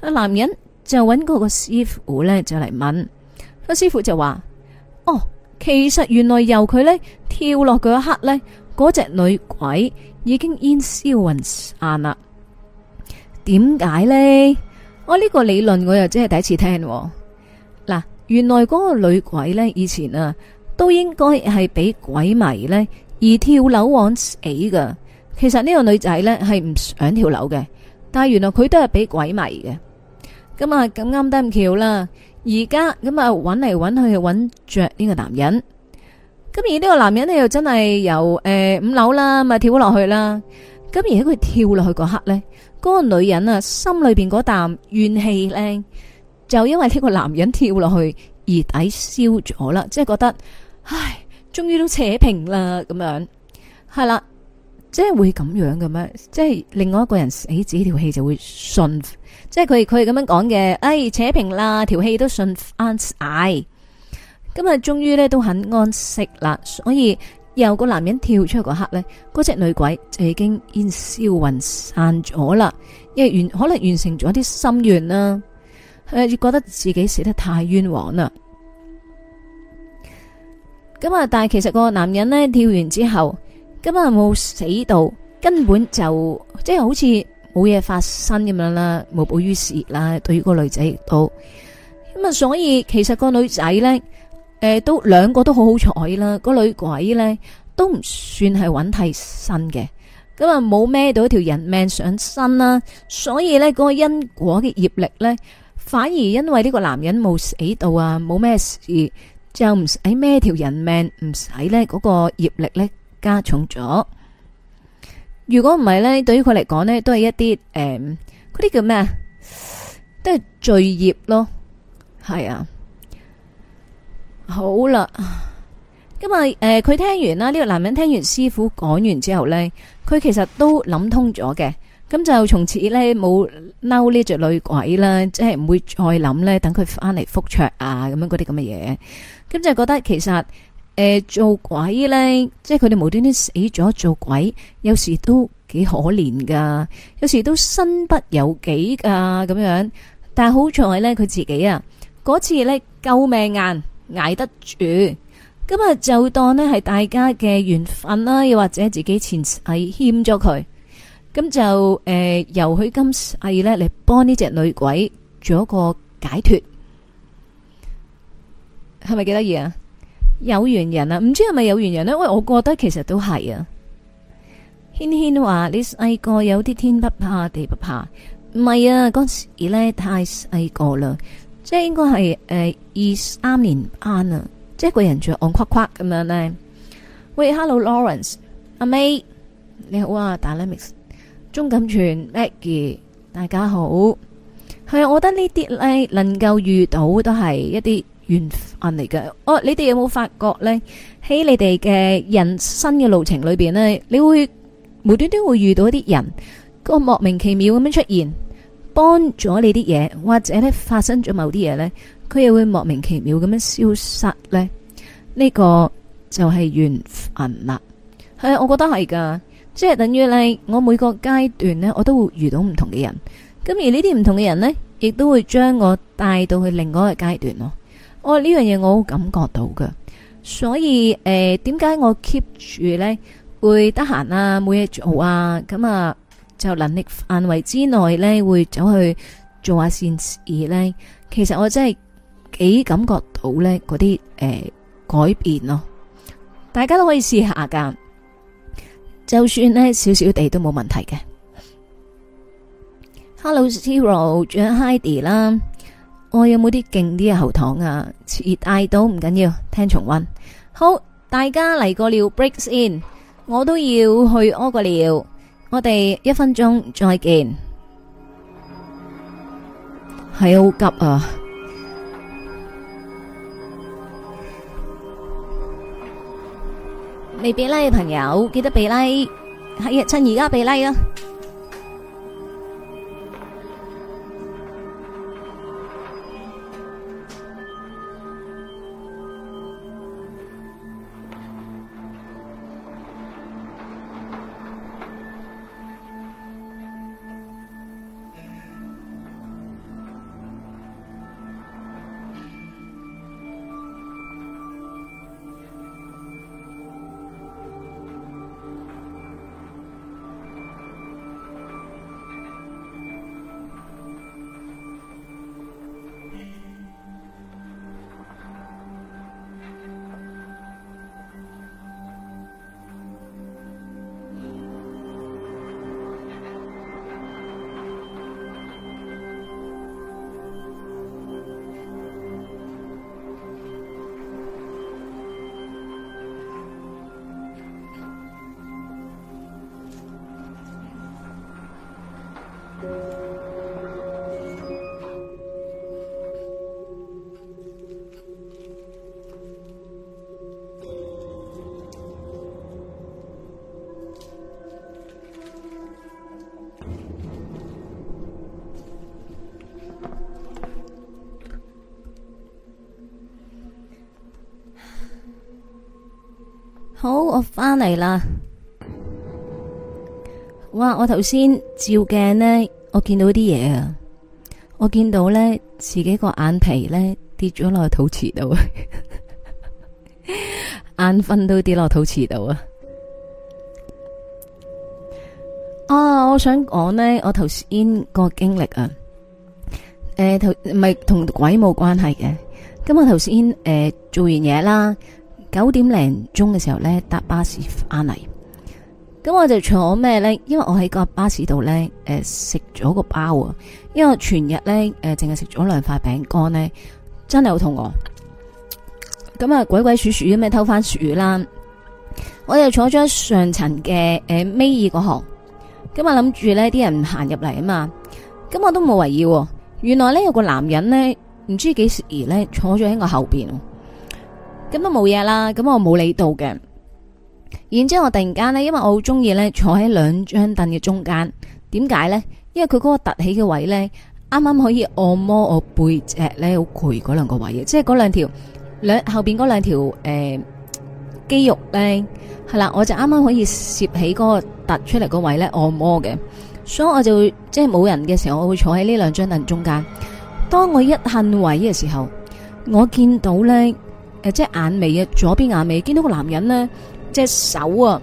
啊，男人就揾嗰個師傅咧，就嚟問，個師傅就話，哦，其實原來由佢咧跳落嗰一刻咧，嗰隻女鬼已經煙消雲散啦。點解咧？我呢個理論我又真係第一次聽。嗱，原來嗰個女鬼咧，以前啊都應該係俾鬼迷咧，而跳樓枉死噶。其實呢個女仔呢係唔想跳樓嘅，但係原來佢都係俾鬼迷嘅。咁啊咁啱得咁巧啦，而家咁啊揾嚟揾去揾着呢個男人。咁而呢個男人呢，又真係由誒五、呃、樓啦，咪跳落去啦。咁而喺佢跳落去嗰刻呢，嗰、嗰個女人啊心裏邊嗰啖怨氣呢，就因為呢個男人跳落去而抵消咗啦，即係覺得唉，終於都扯平啦咁樣，係、嗯、啦。嗯嗯嗯即係會咁樣嘅咩？即係另外一個人死，自己條氣就會順，即係佢佢咁樣講嘅，哎扯平啦，條氣都順翻晒。咁咪終於呢，都很安息啦，所以由個男人跳出嚟嗰刻呢，嗰隻女鬼就已經煙消雲散咗啦，因為完可能完成咗啲心願啦，佢覺得自己死得太冤枉啦。咁啊，但係其實個男人呢，跳完之後。根本冇死到，根本就即係好似冇嘢發生咁樣啦，無補於事啦。對於個女仔亦都咁啊，所以其實個女仔咧，誒，都兩個都好好彩啦。個女鬼咧都唔算係揾替身嘅，咁啊冇孭到一條人命上身啦。所以咧，嗰個因果嘅業力咧，反而因為呢個男人冇死到啊，冇咩事，就唔使孭條人命，唔使咧嗰個業力咧。加重咗，如果唔係呢，對於佢嚟講呢，都係一啲誒，嗰、呃、啲叫咩啊？都係罪業咯，係啊。好啦，咁誒，佢、呃、聽完啦，呢、這個男人聽完師傅講完之後呢，佢其實都諗通咗嘅，咁就從此呢，冇嬲呢隻女鬼啦，即係唔會再諗呢，等佢翻嚟復卓啊，咁樣嗰啲咁嘅嘢，咁就覺得其實。誒、呃，做鬼咧，即係佢哋無端端死咗做鬼，有時都幾可憐噶，有時都身不由己噶咁樣。但係好彩咧，佢自己啊，嗰次咧救命硬捱得住，咁啊就當呢係大家嘅緣分啦，又或者自己前世欠咗佢，咁就誒、呃、由佢今世咧嚟幫呢隻女鬼做一個解脫，係咪幾得意啊？有緣人啊，唔知係咪有緣人呢？喂，我覺得其實都係啊。軒軒話你細個有啲天不怕地不怕，唔係啊，嗰時咧太細個啦，即係應該係誒二三年班啊，即係個人仲係戇夸夸咁樣咧。喂，Hello，Lawrence，阿 May，你好啊，Dynamics，鍾錦泉，Maggie，大家好。係啊，我覺得呢啲咧能夠遇到都係一啲緣。嚟嘅，哦，你哋有冇發覺呢？喺你哋嘅人生嘅路程裏邊咧，你會無端端會遇到一啲人，個莫名其妙咁樣出現，幫咗你啲嘢，或者咧發生咗某啲嘢呢，佢又會莫名其妙咁樣消失呢？呢、呢個就係緣分啦。係，我覺得係噶，即係等於你，我每個階段呢，我都會遇到唔同嘅人，咁而呢啲唔同嘅人呢，亦都會將我帶到去另外一個階段咯。哦、我呢樣嘢我好感覺到㗎。所以誒點解我 keep 住呢？會得閒啊冇嘢做啊咁啊就能力範圍之內呢，會走去做下善事呢，其實我真係幾感覺到呢嗰啲誒改變咯，大家都可以試下噶，就算呢少少地都冇問題嘅。 Hello Zero John Heidi 啦。我有冇啲勁啲喉糖啊？熱嗌到唔緊要，聽重温。好，大家嚟個尿 break 先，我都要去屙個尿。我哋一分鐘再見。係好急啊！未俾拉嘅朋友記得俾拉，係啊，趁而家啊，俾拉啊！返嚟啦！哇，我頭先照鏡呢，我見到啲嘢啊，我見到呢，自己個眼皮呢跌咗落肚臍度，啊。 眼瞓都跌落肚臍度啊！啊，我想講呢，欸、的我頭先個經歷啊，誒、欸，頭唔係同鬼冇關係嘅。咁我頭先誒做完嘢啦。九點零鐘嘅時候咧搭巴士翻嚟，咁我就坐咩咧？因為我喺個巴士度咧，誒食咗個包啊！因為我全日咧，誒淨係食咗兩塊餅乾咧，真係好肚餓。咁啊鬼鬼祟祟咁樣偷翻薯啦！我就坐咗上層嘅誒尾二個行，咁啊諗住咧啲人行入嚟啊嘛，咁、嗯、我都冇為意喎。原來咧有個男人咧，唔知幾時咧坐咗喺我後邊。咁都冇嘢啦，咁我冇理到嘅。然之後我突然間呢，因為我好中意呢坐喺兩張凳嘅中間。點解呢？因為佢嗰個凸起嘅位呢，啱啱可以按摩我背脊呢，好攰嗰兩個位嘅，即係嗰兩條兩後邊嗰兩條誒肌肉呢，係啦，我就啱啱可以攝起嗰個凸出嚟個位呢按摩嘅。所以我就即係冇人嘅時候，我會坐喺呢兩張凳中間。當我一恨位嘅時候，我見到呢。誒，即係眼尾啊，左邊眼尾，見到個男人呢隻手啊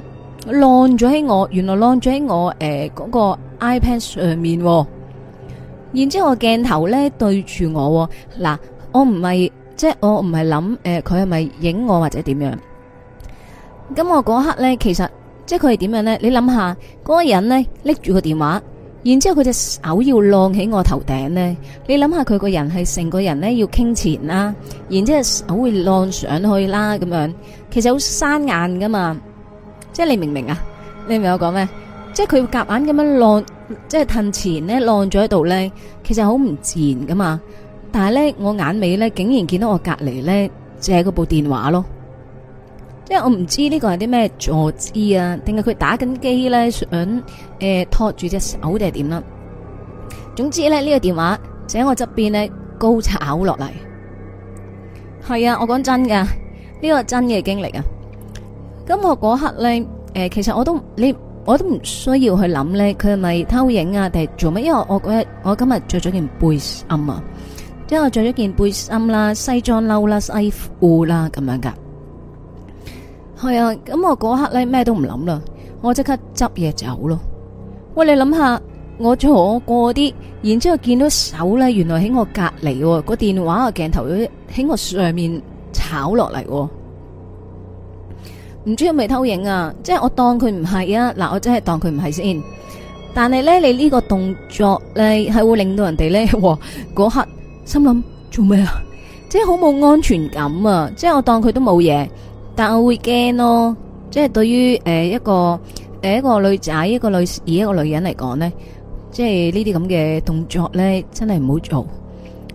晾咗喺我，原來晾咗喺我誒嗰、呃嗰個 iPad 上面，然之後鏡頭咧對住我，嗱，我唔係即係我唔係諗誒，佢係咪影我或者點樣？咁我嗰刻咧，其實即係佢係點樣咧？你諗下，嗰、嗰個人呢，拎住個電話。然之後佢隻手要晾喺我頭頂呢。你諗下佢個人係成個人呢，要傾前啦，然之後手會晾上去啦咁樣，其實好生硬噶嘛，即係你明唔明啊？你明唔明我講咩？即係佢夾硬咁樣晾，即係褪前呢晾咗喺度呢，其實好唔自然噶嘛。但係呢，我眼尾呢，竟然見到我隔離呢就係嗰部電話咯。因為我唔知呢個係啲咩坐姿啊，定係佢打緊機咧想誒、呃、拖住隻手定係點啦？總之咧呢、呢個電話喺我側邊咧高炒落嚟。係啊，我講真噶，這是真的那那呢個真嘅經歷啊。咁我嗰刻咧誒，其實我都你我都唔需要去諗咧，佢係咪偷影啊，定係做乜？因為我我我今日着咗件背心啊，即係我着咗件背心啦、西裝褸啦、西褲啦咁樣噶。係啊，咁我嗰刻咧咩都唔諗啦，我即刻執嘢走咯。喂，你諗下，我坐過啲，然之後見到手咧，原來喺我隔籬、個電話、個鏡頭喺我上面炒落嚟，唔知係咪偷影啊？即係我當佢唔係啊，嗱，我真係當佢唔係先。但係咧，你呢個動作咧，係會令到人哋咧嗰刻心諗做咩啊？即係好冇安全感啊！即係我當佢都冇嘢。但我會驚咯，即係對於誒一個誒一個女仔一個女士一個女人嚟講咧，即係呢啲咁嘅動作咧，真係唔好做，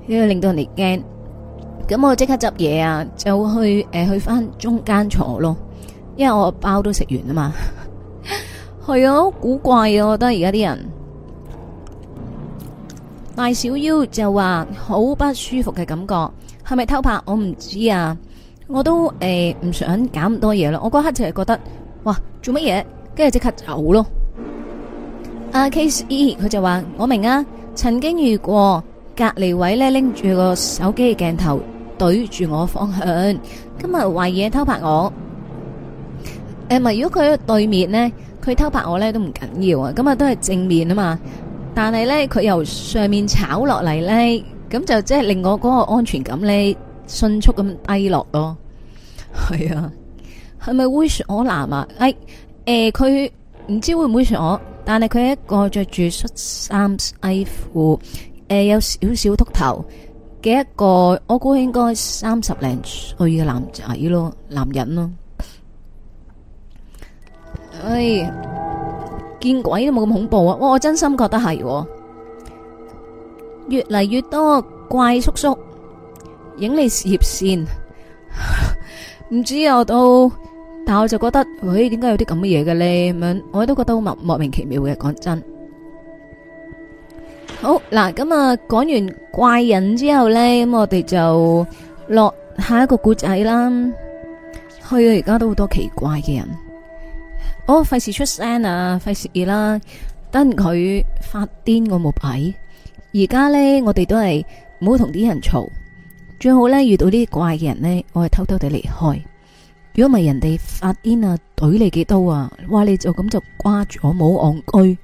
因為令到人哋驚。咁我即刻執嘢啊，就去誒去翻中間坐咯，因為我包都食完啊嘛。係啊，好古怪啊！我覺得而家啲人，大小腰就話好不舒服嘅感覺，係咪偷拍？我唔知啊。我都誒唔想搞咁多嘢咯，我嗰刻就係覺得，哇做乜嘢？跟住即刻走咯。阿 Case E 佢就話我明啊，曾經遇過隔籬位咧，拎住個手機鏡頭對住我方向，今日懷疑偷拍我。誒唔係，如果佢喺對面咧，佢偷拍我咧都唔緊要啊，咁咪都係正面啊嘛。但係咧佢由上面炒落嚟咧，咁就即係令我嗰個安全感咧。迅速咁低落咯，係啊，係咪猥瑣我男啊？誒、哎，誒、呃，佢唔知道會唔會猥瑣我？但係佢一個着住恤衫、衣褲，誒，有少少禿頭嘅一個，我估應該三十零歲嘅男仔咯，男人咯，唉、哎，見鬼都冇咁恐怖啊！我、哦、我真心覺得係、哦，越嚟越多怪叔叔。影你攝線，唔知啊。到但我就覺得，喂，點解有啲咁嘅嘢嘅咧？咁樣我都覺得莫莫名其妙嘅。講真的，好嗱咁啊。講完怪人之後咧，咁我哋就落下一個故仔啦。去到而家都好多奇怪嘅人，我費事出聲啊，費事啦。等佢發癲，我冇睇。而家咧，我哋都係唔好同啲人嘈。最好咧，遇到啲怪嘅人呢，我係偷偷地離開。如果唔係人哋發癲啊，懟你幾刀啊，哇！你就咁就掛住，我冇戇居。誒、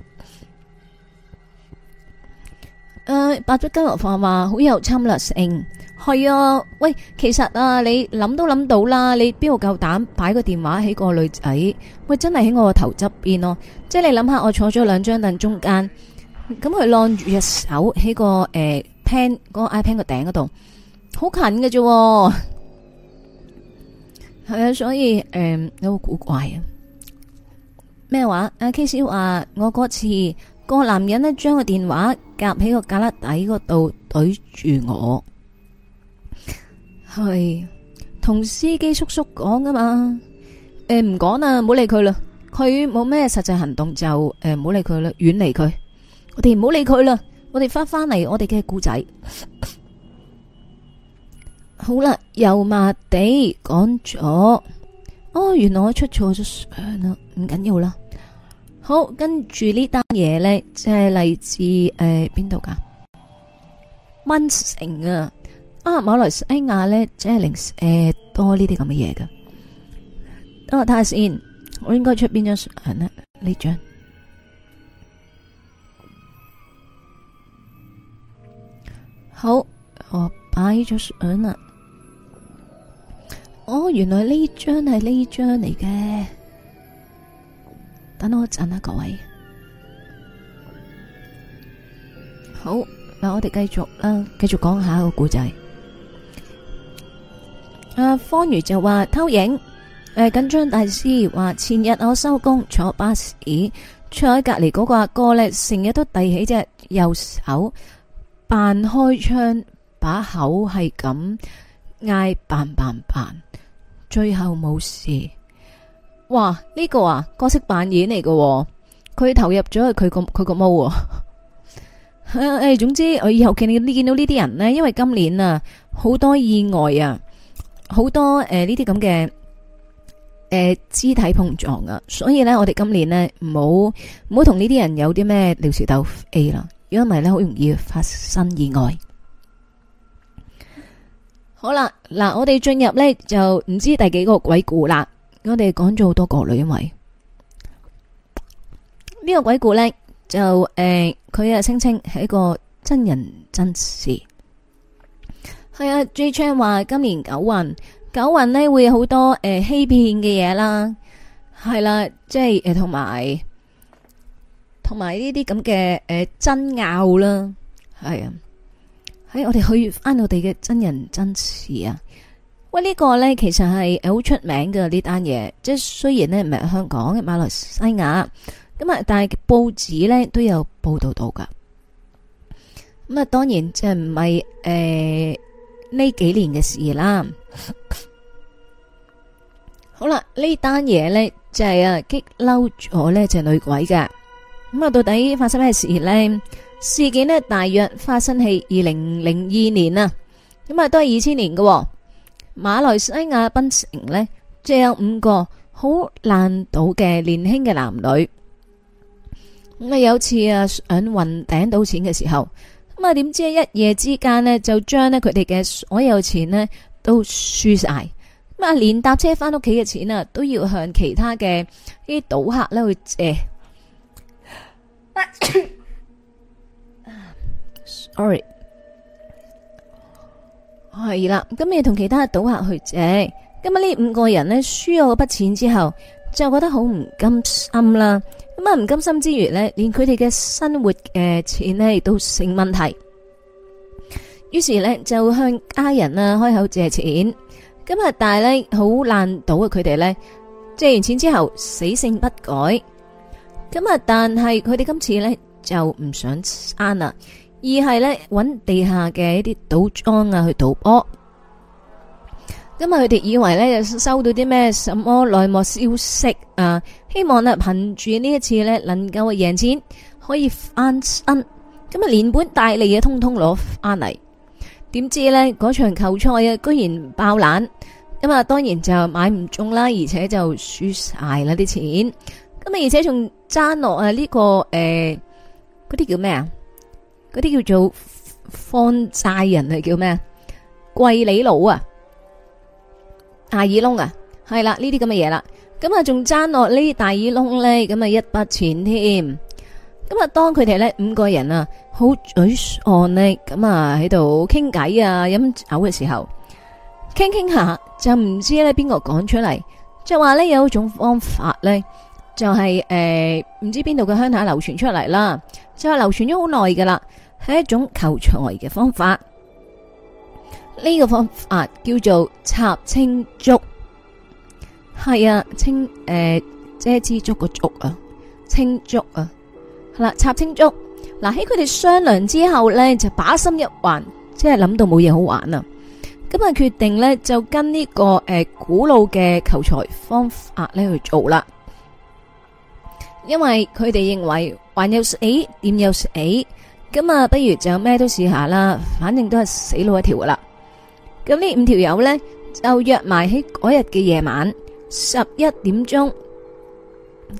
呃，白竹金牛話話好有侵略性，係啊。喂，其實啊，你諗都諗到啦。你邊度夠膽擺個電話喺個女仔？喂，真係喺我個頭側邊咯。即係你諗下，我坐咗兩張凳中間，咁佢晾住隻手喺個誒、呃、pen 嗰個 ipen 個頂嗰度。好近嘅啫，係、嗯、啊，所以誒、嗯、有個古怪啊，咩話？阿 K C 話我嗰次個男人呢將個電話夾喺個架拉底嗰度對住我，係、嗯、同司機叔叔講㗎嘛。誒唔講啦，唔好理佢啦，佢冇咩實際行動就誒唔好理佢啦，遠離佢。我哋唔好理佢啦，我哋翻返嚟，我哋嘅故仔。好啦，油麻地講咗，哦，原來我出錯咗相啦，唔緊要啦。好，跟住呢單嘢咧，即係嚟自誒邊度噶？蚊、呃、城啊，啊，馬來西亞咧即係零誒多呢啲咁嘅嘢噶。等我睇下先，我應該出邊張相咧？呢張好，我擺咗相啦。哦，原來呢張係呢張嚟嘅。等我一陣啊，各位。好，嗱，我哋繼續啦，呃，繼續講下個故仔。阿、啊、方如就話偷影。誒、呃，緊張大師話前日我收工坐巴士，坐喺隔籬嗰個阿哥咧，成日都遞起隻右手，扮開窗，把口係咁嗌，扮扮扮。最後冇事，哇！呢個啊，角色扮演嚟噶，佢投入咗係佢個佢個毛啊！誒， 總之我以後見你見到呢啲人呢，因為今年啊好多意外啊，好多誒呢啲咁嘅肢體碰撞啊，所以呢，我哋今年呢，唔好唔好同呢啲人有啲咩聊舌鬥 A 啦，因為呢，好容易發生意外。好啦，嗱，我哋進入呢就唔知第幾個鬼故啦。我哋講咗好多個啦，因為呢個鬼故呢就、誒，佢啊聲稱係一個真人真事。係啊，J 昌話今年九運，九運呢會有好多誒欺騙嘅嘢啦，係啦，即係誒同埋同埋呢啲咁嘅誒爭拗啦，係啊。喺、哎、我哋去翻我哋嘅真人真事啊！喂，這個、呢個咧其實係好出名嘅呢單嘢，即係雖然咧唔係香港嘅，馬來西亞咁啊，但係報紙咧都有報道到噶。咁啊，當然即係唔係誒呢幾年嘅事啦。 好啦，呢單嘢咧就係、是、啊激嬲咗呢隻女鬼嘅。咁啊，到底發生咩事咧？事件呢，大約發生喺二零零二年啊，咁啊都係二千年嘅馬來西亞檳城呢，即有五個好爛賭嘅年輕嘅男女，咁啊有次啊想運頂到錢嘅時候，咁啊點知一夜之間呢，就將呢佢哋嘅所有錢呢都輸晒，咁啊連搭車翻屋企嘅錢啊都要向其他嘅啲賭客呢去借。 O，係啦，咁你同其他賭客去借，咁啊呢五個人呢，輸咗嗰筆錢之後，就覺得好唔甘心啦。咁啊唔甘心之餘呢，連佢哋嘅生活嘅，呃、錢咧，亦都成問題。於是呢，就向家人啊開口借錢。咁啊，但係咧好爛賭啊，佢哋呢借完錢之後死性不改。咁啊，但係佢哋今次呢，就唔想慳啦。二係呢，揾地下嘅一啲賭莊啊去賭波。咁啊佢哋以為呢又收到啲咩什麼內幕消息啊，希望呢憑住呢一次呢能夠贏錢，可以翻身，咁啊連本帶利嘅通通攞翻嚟。點知呢嗰場球賽啊居然爆冷，咁啊當然就買唔中啦，而且就輸晒啦啲錢，咁啊而且仲爭落啊呢個誒嗰啲叫咩啊？嗰啲叫做放債人係叫咩？貴利佬啊，大耳窿啊，係啦，這些東西這些呢啲咁嘅嘢啦。咁啊，仲爭落呢大耳窿咧，咁啊一筆錢添。咁啊，當佢哋咧五個人啊，好沮喪咧，咁啊喺度傾偈啊，飲、啊、酒嘅時候，傾傾下就唔知咧邊個講出嚟，就話咧有一種方法咧，就係誒唔知邊度嘅鄉下流傳出嚟啦，就話流傳咗好耐噶啦。係一種求財嘅方法，呢個方法叫做插青竹，係啊，青誒，遮枝竹個竹啊，青竹啊，係啦，插青竹。嗱，喺佢哋商量之後咧，就把心一橫，即係諗到冇嘢好玩啊，咁啊，決定咧就跟呢個誒古老嘅求財方法咧去做啦，因為佢哋認為還有死點有死。咁啊，不如就咩都試下啦，反正都係死路一條啦。咁呢五條友呢，就約埋喺嗰日嘅夜晚十一點鐘。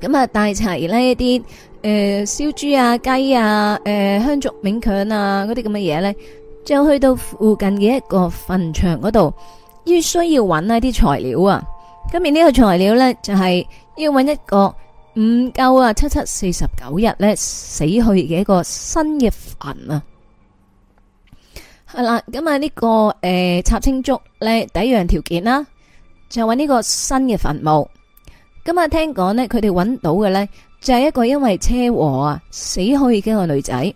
咁、呃、啊，帶齊呢一啲誒燒豬啊、雞、呃、啊、誒香燭冥鏹啊嗰啲咁嘅嘢呢，就去到附近嘅一個墳場嗰度，於需要揾一啲材料啊。咁而呢個材料呢，就係、是、要揾一個。唔夠啊！七七四十九日咧死去嘅一個新嘅墳啊，係啦，咁啊呢個誒插青竹咧，第一樣條件啦，就揾呢個新嘅墳墓。咁啊聽講咧，佢哋揾到嘅咧就係一個因為車禍啊死去嘅一個女仔。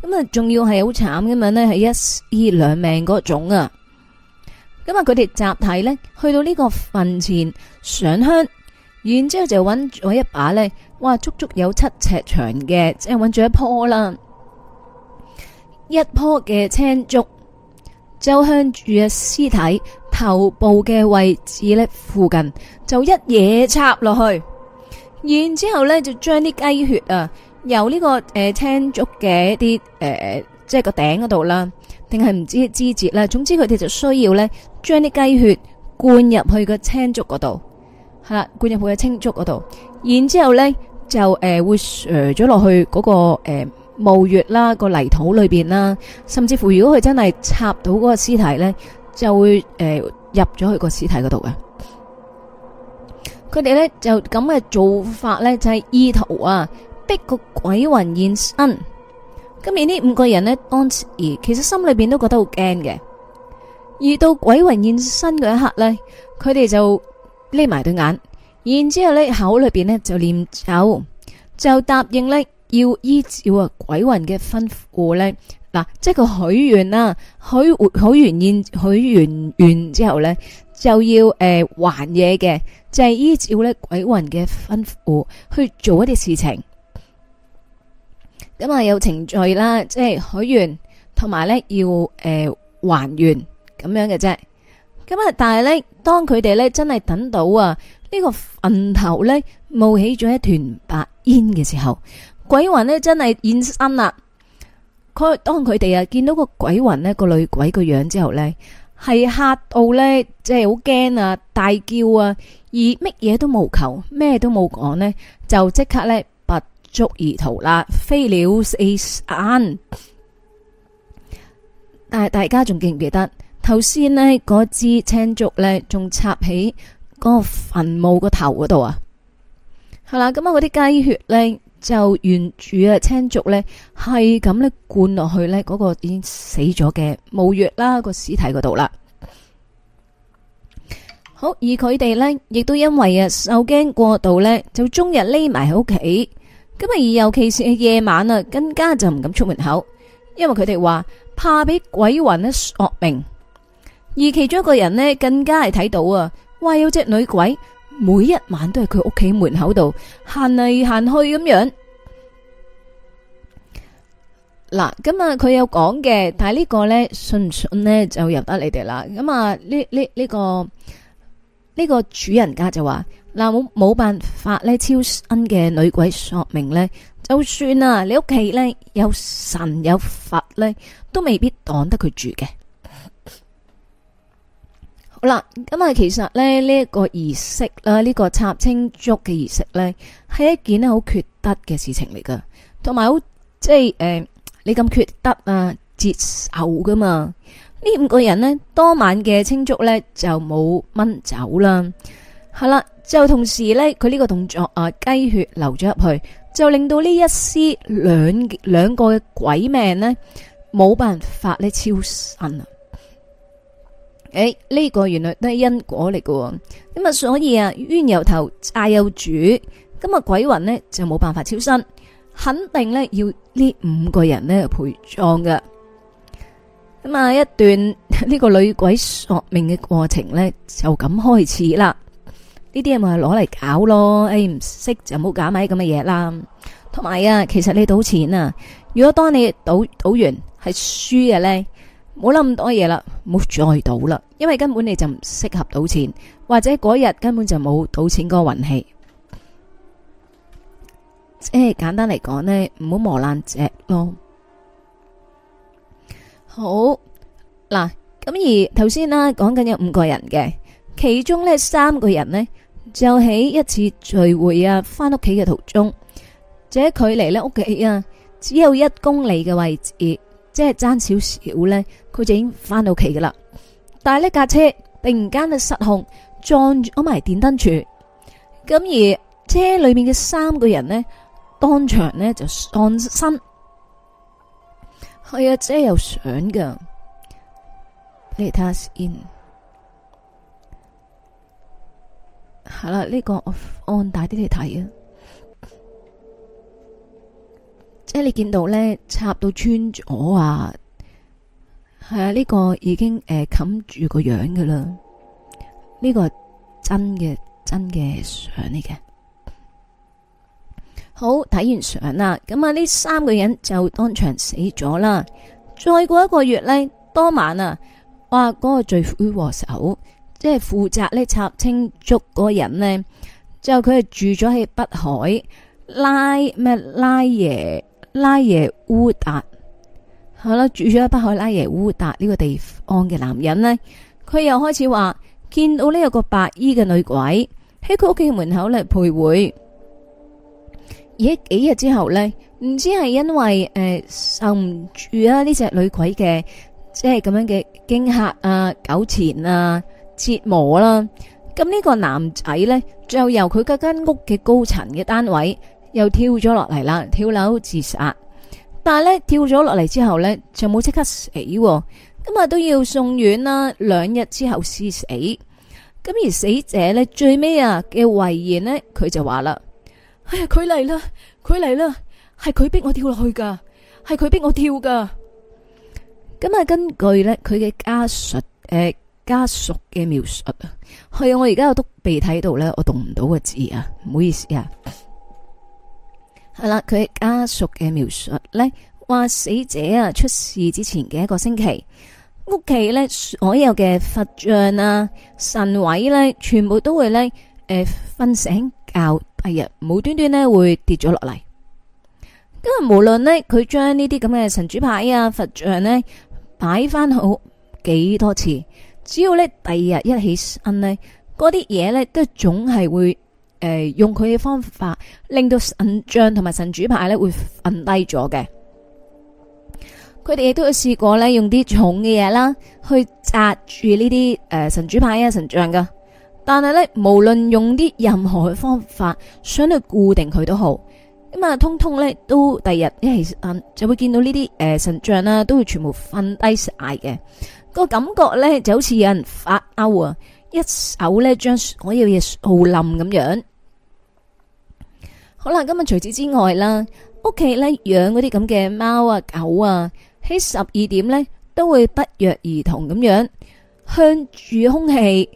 咁啊，仲要係好慘咁樣咧，係一屍兩命嗰種啊。咁啊，佢哋集體咧去到呢個墳前上香。然之後就揾咗一把呢，哇，足足有七尺長嘅，即係揾咗一棵啦，一棵嘅青竹，就向住嘅屍體頭部嘅位置呢附近，就一嘢插落去。然之後呢就將啲雞血啊、這個，由呢個誒青竹嘅一啲誒即係個頂嗰度啦，定係唔知枝節啦，總之佢哋就需要呢，將啲雞血灌入去個青竹嗰度。係啦，灌入去個青竹嗰度，然之後咧就誒、呃、會瀡咗落去嗰、那個誒墓穴啦個泥土裏邊啦，甚至乎如果佢真係插到嗰個屍體咧，就會誒入咗去個屍體嗰度嘅。佢哋咧就咁嘅做法咧，就係、是、意圖啊逼個鬼魂現身。今而呢五個人呢，當時其實心裏邊都覺得好驚嘅。遇到鬼魂現身嘅一刻咧，佢哋就匿埋對眼。然之後咧，口裏邊咧就念咒，就答應咧要依照啊鬼魂嘅吩咐咧嗱，即係佢許願啦，許許完願許完願之後咧就要誒還嘢嘅，就係、是、依照咧鬼魂嘅吩咐去做一啲事情。咁啊，有程序啦，即係許願同埋咧要誒還願咁樣嘅啫。咁啊，但係咧當佢哋咧真係等到啊。呢、這個墳頭呢，冒起咗一團白煙嘅時候，鬼魂呢真係現身啦。佢當佢哋啊見到個鬼魂呢個女鬼個樣之後呢，係嚇到呢，即係好驚啊，大叫啊，而乜嘢都冇求，咩都冇講呢，就即刻呢，拔足而逃啦，飛鳥四散。但係大家仲記唔記得頭先呢，嗰支青竹呢，仲插起？嗰、嗰個墳墓個頭嗰度啊，係啦。咁啊，嗰啲雞血呢，就沿住啊青竹呢，係咁呢灌落去呢嗰個已經死咗嘅墓穴啦，嗰個屍體嗰度啦。好而佢哋呢，亦都因為啊受驚過度呢，就終日匿埋喺屋企。咁啊，尤其是夜晚啊，更加就唔敢出門口，因為佢哋話怕俾鬼魂呢索命。而其中一個人呢，更加係睇到啊。話有隻女鬼，每一晚都係佢屋企門口度行嚟行去咁樣。嗱，咁啊，佢有講嘅，但係呢個咧信唔信咧就由得你哋啦。咁啊，呢呢呢個呢個主人家就話嗱，冇冇辦法咧，超新嘅女鬼索命咧，就算啊，你屋企咧有神有佛咧，都未必擋得佢住嘅。好啦，咁啊，其實咧呢一個儀式啦，呢、這個插青竹嘅儀式呢，係一件呢好缺德嘅事情嚟噶，同埋好即係誒、呃，你咁缺德啊，接壽噶嘛。呢五個人呢，當晚嘅青竹呢就冇掹走啦，係啦，就同時呢，佢呢個動作啊，雞血流咗入去，就令到呢一屍兩兩個嘅鬼命呢，冇辦法呢，超生啊。誒、哎、呢、這個原來都係因果嚟噶，咁啊，所以啊，冤有頭，債有主，咁啊，鬼魂呢就冇辦法超生，肯定呢要呢五個人呢陪葬噶。咁啊，一段呢、這個女鬼索命嘅過程呢就咁開始啦。呢啲啊咪攞嚟搞咯，誒唔識就唔好搞埋啲咁嘅嘢啦。同埋啊，其實你賭錢啊，如果當你賭賭完係輸嘅呢。冇諗咁多嘢啦，唔好再賭啦，因為根本你就唔適合賭錢，或者嗰日根本就冇賭錢嗰個運氣。即係簡單嚟講咧，唔好磨爛只咯。好嗱，咁而頭先啦，講緊有五個人嘅，其中咧三個人咧就喺一次聚會啊，翻屋企嘅途中，即係距離咧屋企啊，只有一公里嘅位置。即係爭少少呢，佢就已經翻到屋企噶啦。但係呢架車突然間就失控，撞住哦埋電燈柱。咁而車裏面嘅三個人呢，當場呢就喪生。係、哎、啊，即係有相嘅。畀你睇下先。係、嗯、啦，呢、這個我按大啲嚟睇啊。即係你見到呢，插到穿咗啊，係啊，呢、這個已經誒冚、呃、住個樣噶啦。呢、這個真嘅真嘅相嚟嘅。好，睇完相啦，咁啊，呢三個人就當場死咗啦。再過一個月呢，當晚啊，哇，嗰、那個罪魁禍首，即係負責呢插青竹嗰個人咧，就佢係住咗喺北海拉咩拉爺，拉耶烏達，好啦，住咗喺北海拉耶烏達呢個地方嘅男人呢，佢又開始話見到呢有個白衣嘅女鬼喺佢屋企門口嚟徘徊。而喺幾日之後呢，唔知係因為誒受唔住啊呢隻女鬼嘅即係咁樣嘅驚嚇啊、糾纏啊、折磨啦，咁呢個男仔呢，就由佢嗰間屋嘅高層嘅單位。又跳咗落嚟啦，跳樓自殺。但係咧跳咗落嚟之後咧，就冇即刻死，今日都要送院啦。兩日之後先死。咁而死者咧最尾啊嘅遺言呢，佢就話啦：，哎呀，佢嚟啦，佢嚟啦，係佢逼我跳落去噶，係佢逼我跳噶。咁啊，根據咧佢嘅家屬誒、呃、家屬嘅描述啊，係我而家我都鼻睇到咧，我讀唔到個字啊，唔好意思啊。係啦，佢家屬嘅描述呢，話死者啊出事之前嘅一個星期，屋企呢所有嘅佛像啊神位呢，全部都會呢誒瞓、呃、醒覺第二日無端端呢會跌咗落嚟。因為無論呢，佢將呢啲咁嘅神主牌啊佛像呢擺翻好幾多次，只要呢第二日一起身呢，嗰啲嘢呢都總係會。誒、呃，用佢嘅方法令到神像同埋神主牌咧會瞓低咗嘅。佢哋亦都有試過咧，用啲重嘅嘢啦，去紮住呢啲誒神主牌啊、神像噶。但係咧，無論用啲任何嘅方法，想去固定佢都好，咁啊，通通咧都第日一齊瞓就會見到呢啲誒神像啦，都會全部瞓低晒嘅。個感覺咧就好似有人發嬲啊，一手咧將所有嘢掃冧咁樣。好啦，今日除此之外啦，屋企咧養嗰啲咁嘅貓啊、狗啊，喺十二點咧都會不約而同咁樣向住空氣，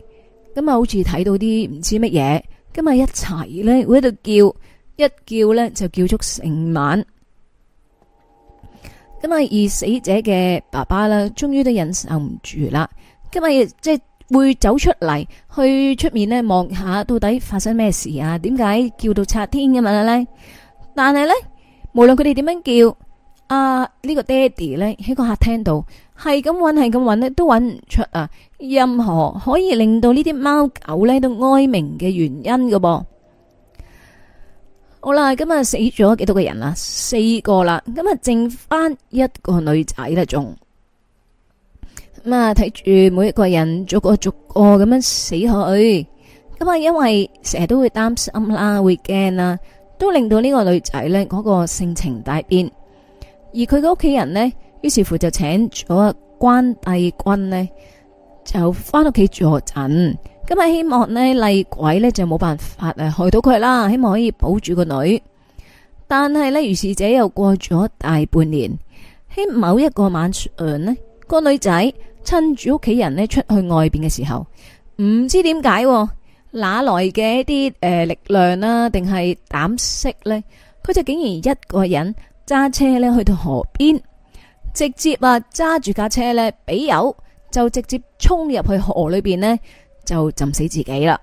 咁啊好似睇到啲唔知乜嘢，咁啊一齊咧會喺度叫，一叫咧就叫足成晚。咁啊，而死者嘅爸爸啦，終於都忍受唔住啦，今日即係。會走出嚟去出面呢，望下到底發生咩事啊？點解叫到拆天咁樣咧？但係呢，無論佢哋點樣叫啊，呢、這個爹哋呢喺個客廳度係咁揾，係咁揾呢都揾唔出啊任何可以令到呢啲貓狗呢都哀鳴嘅原因㗎。噃。好啦，咁、嗯、啊死咗幾多個人啊？四個啦，咁、嗯、啊剩翻一個女仔啦仲。咁啊，睇住每一個人逐個逐個咁樣死去，咁啊，因為成日都會擔心啦，會驚啦，都令到呢個女仔呢嗰個性情大變。而佢嘅屋企人呢，於是乎就請咗關帝君呢，就返屋企坐鎮。咁啊，希望呢，厲鬼呢就冇辦法誒害到佢啦，希望可以保住個女。但係呢，如是者又過咗大半年，喺某一個晚上呢個女仔。趁住屋企人咧，出去外邊嘅時候，唔知點解，哪來嘅一啲誒、呃、力量啦、啊，定係膽色呢？佢就竟然一個人揸車咧去到河邊，直接啊揸住架車咧，俾油就直接衝入去河裏邊呢就浸死自己啦。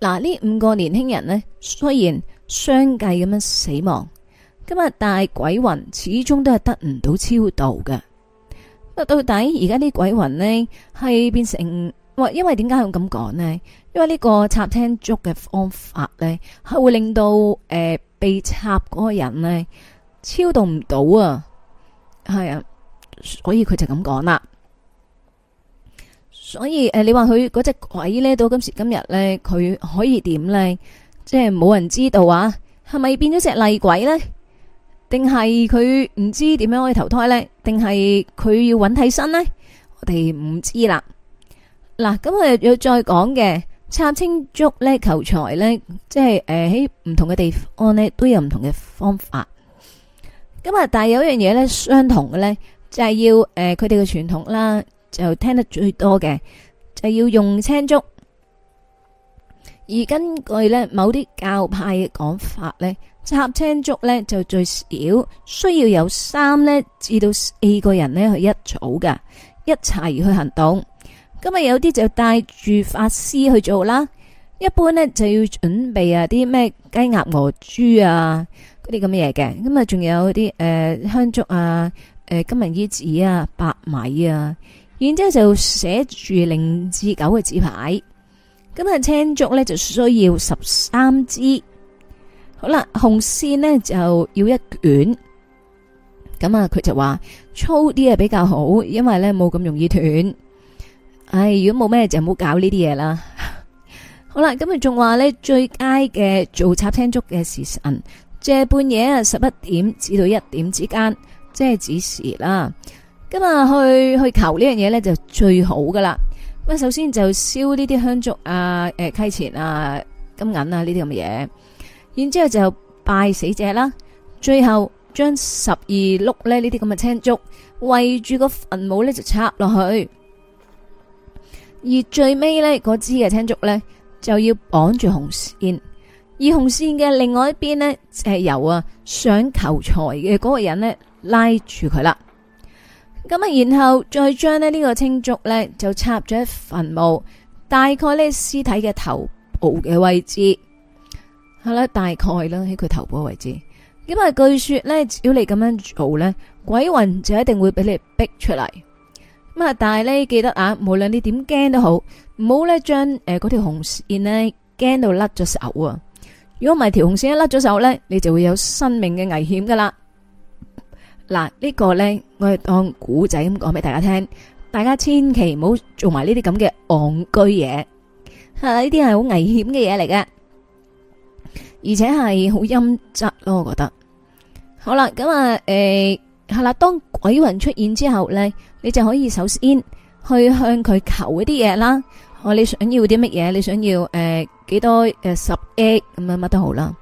嗱，呢五個年輕人呢，雖然相繼咁樣死亡，今日但係鬼魂始終都係得唔到超度嘅。到底而家啲鬼魂呢，係變成，因為點解要咁講呢？因為呢個插青竹嘅方法呢，係會令到誒、呃、被插嗰個人呢，超度唔到啊，係啊，所以佢就咁講啦。所以誒，你話佢嗰隻鬼呢，到今時今日呢，佢可以點呢？即係冇人知道啊，係咪變咗隻厲鬼呢？定係佢唔知點樣可以投胎呢？定係佢要搵替身呢？我哋唔知啦。嗱，咁我要再講嘅插青竹呢，求財呢，即係誒喺唔同嘅地方呢都有唔同嘅方法。咁啊，但係有一樣嘢呢，相同嘅呢，就係要誒佢哋嘅傳統啦，就聽得最多嘅，就要用青竹。而根據呢某啲教派嘅講法呢，插青竹咧就最少需要有三咧至到四個人咧去一組㗎，一齊去行動。咁啊有啲就帶住法師去做啦。一般咧就要準備啊啲咩雞鴨鵝豬啊嗰啲咁嘅嘢嘅。咁啊仲有啲誒香燭啊、誒、呃啊呃、金銀衣紙啊、白米啊，然之後就寫住零至九嘅紙牌。咁啊青竹咧就需要十三支。好啦，紅線呢就要一卷，咁啊，佢就話粗啲啊比較好，因為呢冇咁容易斷。唉，如果冇咩就唔好搞呢啲嘢啦。 好啦，咁佢仲話呢，最佳嘅做插青竹嘅時辰，借半夜啊，十一點至到一點之間，即係子時啦。咁啊，去去求呢樣嘢呢就最好噶啦。咁啊，首先就燒呢啲香燭啊、誒、呃、溪錢啊、金銀啊呢啲咁嘅嘢。然之後就拜死者啦，最後將十二碌呢呢啲咁嘅青竹圍住個墳墓呢，就插落去，而最尾呢，嗰支嘅青竹呢，就要綁住紅線，而紅線嘅另外一邊呢，係由啊想求財嘅嗰個人呢拉住佢啦，咁啊然後再將呢個青竹呢，就插咗喺墳墓大概呢屍體嘅頭部嘅位置。係啦，大概啦，喺佢頭部位置。因為據說咧，只要你咁樣做咧，鬼魂就一定會俾你逼出嚟。咁啊，但係咧，記得啊，無論你點驚都好，唔好咧將誒嗰條紅線呢驚到甩咗手啊！如果唔係條紅線一甩咗手咧，你就會有生命嘅危險噶啦。嗱，這個，呢個咧我係當古仔咁講俾大家聽，大家千祈唔好做埋呢啲咁嘅戇居嘢。啊，呢啲係好危險嘅嘢嚟嘅。而且係好陰質咯，我覺得好啦。咁啊，誒係啦。當鬼魂出現之後呢，你就可以首先去向佢求一啲嘢啦。我你想要啲乜嘢？你想要誒幾、呃、多誒十 A 咁樣乜都好啦。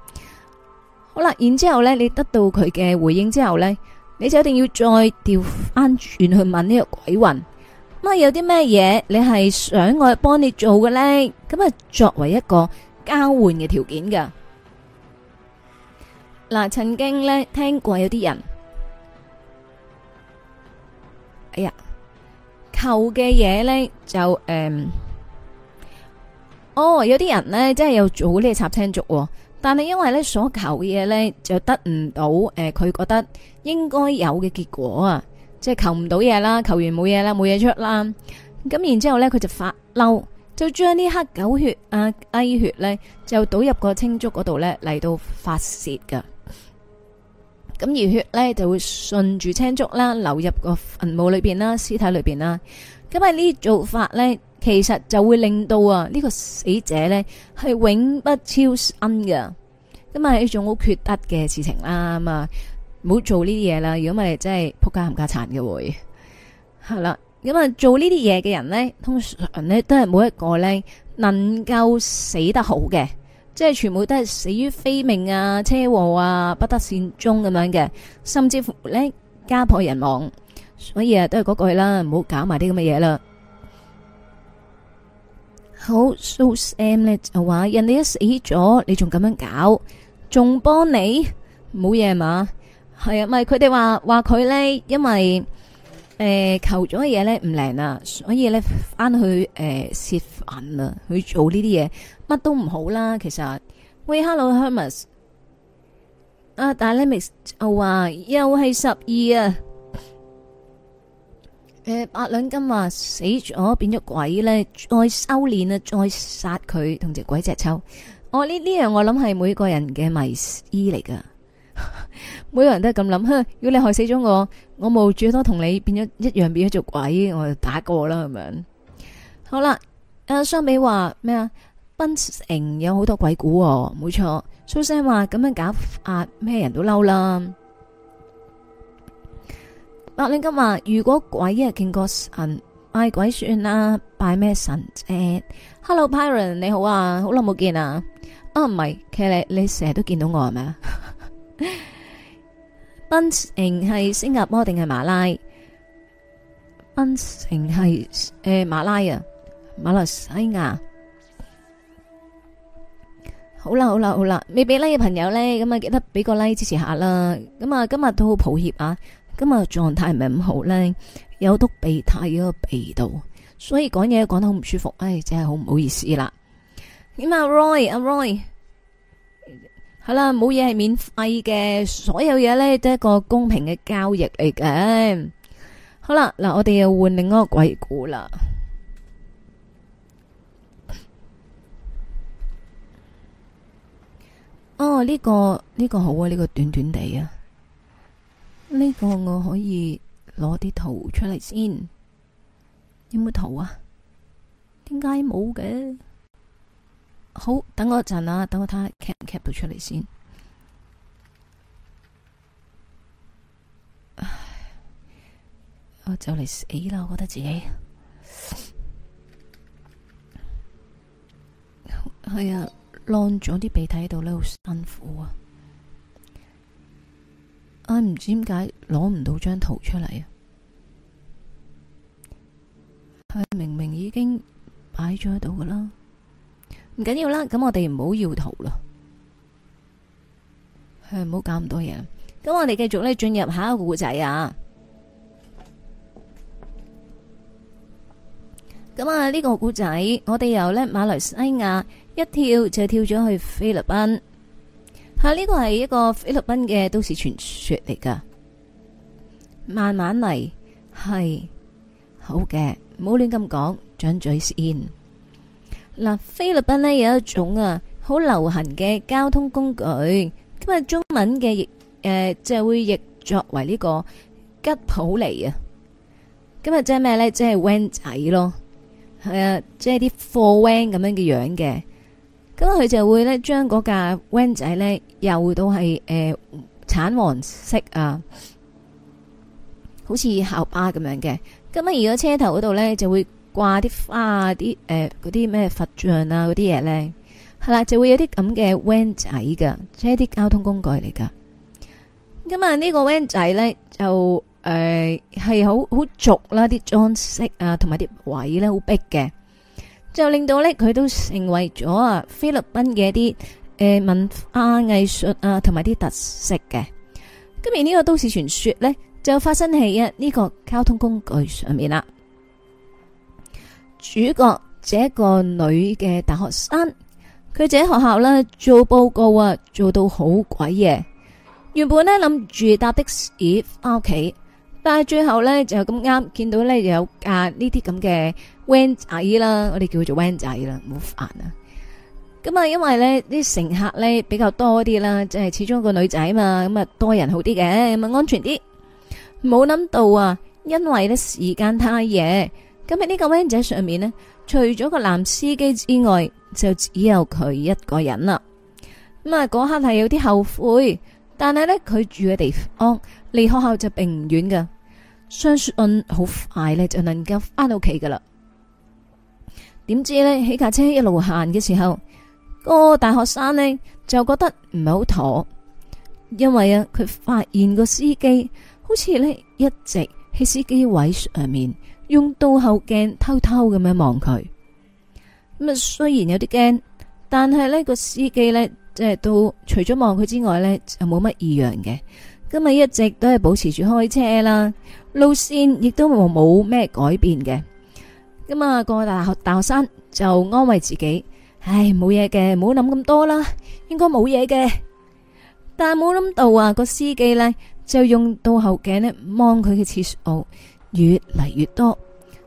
好啦，然之後呢，你得到佢嘅回應之後呢，你就一定要再調翻轉去問呢個鬼魂，咁有啲咩嘢你係想我幫你做嘅呢？」咁啊，作為一個交換嘅條件㗎。嗱、啊，曾經咧聽過有啲人，哎呀，求嘅嘢呢，就誒、嗯，哦，有啲人呢真係有做呢插青竹、哦，但係因為呢所求嘅嘢呢，就得唔到，誒、呃，佢覺得應該有嘅結果啊，即係求唔到嘢啦，求完冇嘢啦，冇嘢出啦，咁然之後咧佢就發嬲，就將啲黑狗血啊、雞血呢，就倒入個青竹嗰度呢，嚟到發洩噶。咁熱血咧就會順住青竹啦，流入個墳墓裏邊啦，屍體裏邊啦。咁啊呢做法咧，其實就會令到啊呢個死者咧係永不超生嘅。咁啊係一種好缺德嘅事情啦。咁啊唔好做呢啲嘢啦。如果咪真係扑街冚家鏟嘅會，係啦。咁啊做呢啲嘢嘅人咧，通常咧都係冇一個咧能夠死得好嘅。即係全部都係死於非命啊、車禍啊、不得善終咁樣嘅，甚至乎呢家破人亡，所以啊，都係嗰句啦，唔好搞埋啲咁嘅嘢啦。好，So Sam 咧就話人哋一死咗，你仲咁樣搞，仲幫你冇嘢嘛？係啊，咪佢哋話話佢咧，因為。誒、呃，求咗嘢咧唔靈啦，所以咧翻去誒蝕粉啦，去做呢啲嘢，乜都唔好啦。其實喂，Hello，Hermes，啊，大 l i m i s 就話又係十二啊，誒、呃，八兩金啊，死咗變咗鬼咧，再修煉啊，再殺佢同隻鬼隻抽。 哦、我呢呢樣我諗係每個人嘅迷思嚟噶， 每個人都係咁諗。如果你害死咗我。我冇最多同你變咗一樣變咗做鬼，我就打過啦，係咪？好啦，誒、呃，相比話咩啊，檳城有好多鬼古，冇錯。蘇生話咁樣搞法咩人都嬲啦。白領金話如果鬼一日見過神，拜鬼算啦，拜咩神？誒、欸，Hello，Piran，你好啊，好耐冇見啊。啊唔係，其實你成日都見到我係咪啊？是 檳城係新加坡定係馬拉？檳城係誒馬拉啊，馬來西亞。好啦好啦好啦，未俾 like 嘅朋友咧，咁啊記得俾個 like 支持下啦。咁啊今日都好抱歉啊，今日狀態唔係咁好呢，有督鼻涕嗰個鼻度，所以講嘢講得好唔舒服，唉，真係好唔好意思啦。咁啊，Roy，Roy。好啦，冇嘢係免費嘅，所有嘢呢都係一個公平嘅交易嚟嘅。好啦，嗱，我哋又換另一個鬼故啦。哦，呢個呢個好啊，呢個短短地啊。呢個我可以攞啲圖出嚟先。有冇圖啊？點解冇嘅？好，等我一陣啊，等我睇下 cap 唔 cap 到出嚟先。唉，我就嚟死啦，我覺得自己係啊，晾咗啲鼻涕喺度咧，好辛苦啊！唉、哎，唔知點解攞唔到張圖出嚟啊！佢明明已經擺咗喺度㗎啦。唔緊要啦，咁我哋唔好要頭咯，係唔好搞咁多嘢。咁我哋繼續咧進入下一個故仔啊！咁啊呢個故仔，我哋由呢馬來西亞一跳就跳咗去菲律賓。吓、啊，呢、這個係一個菲律賓嘅都市傳說嚟噶。慢慢嚟，係好嘅，唔好亂咁講，掌嘴先。嗱，菲律賓呢有一種啊，好流行嘅交通工具，今日中文嘅譯誒就會譯作為呢個吉普尼啊。今、呃、日即係咩呢？即係 van 仔咯，係、呃、啊，即係啲貨 van 咁樣嘅樣嘅。咁、呃、佢就會咧將嗰架 van 仔呢又到係誒、呃、橙黃色啊，好似校巴咁樣嘅。咁、呃、啊，如果車頭嗰度呢，就會掛啲花啊，啲誒嗰啲咩佛像啊，嗰啲嘢咧，係啦，就會有啲咁嘅 van 仔噶，即係啲交通工具嚟噶。咁啊，呢個 van 仔咧就誒係好好俗啦，啲裝飾啊同埋啲位咧好逼，嘅，就令到咧佢都成為咗啊菲律賓嘅啲誒文化藝術啊同埋啲特色嘅。今日呢個都市傳說咧就發生喺呢個交通工具上面啦。主角這一個女嘅大學生，佢喺學校呢做報告啊，做到好鬼夜。原本呢諗住搭的士返屋企，但係最後呢就咁啱見到呢有架呢啲咁嘅 van 仔姨啦，我哋叫佢做 van 仔啦，唔好煩啊。咁、嗯、啊，因為呢啲乘客呢比較多啲啦，即係始終個女仔嘛，咁啊多人好啲嘅，咁啊安全啲。冇諗到啊，因為呢時間太夜。咁喺呢個 van 仔上面呢，除咗個男司機之外，就只有佢一個人啦。咁啊，嗰刻係有啲後悔，但係呢，佢住嘅地方離學校就並唔遠嘅，相信好快呢，就能夠翻到屋企噶啦。點知呢，喺架車一路行嘅時候，個大學生呢就覺得唔係好妥，因為啊，佢發現個司機好似呢一直喺司機位上面，用倒後鏡偷偷咁樣望佢。咁啊雖然有啲驚，但係咧個司機咧即係都除咗望佢之外咧，就冇乜異樣嘅。咁啊一直都係保持住開車啦，路線亦都冇冇咩改變嘅。咁啊個大大學生就安慰自己，唉，冇嘢嘅，唔好諗咁多啦，應該冇嘢嘅。但係冇諗到啊，個司機咧就用倒後鏡咧望佢嘅廁所。越嚟越多，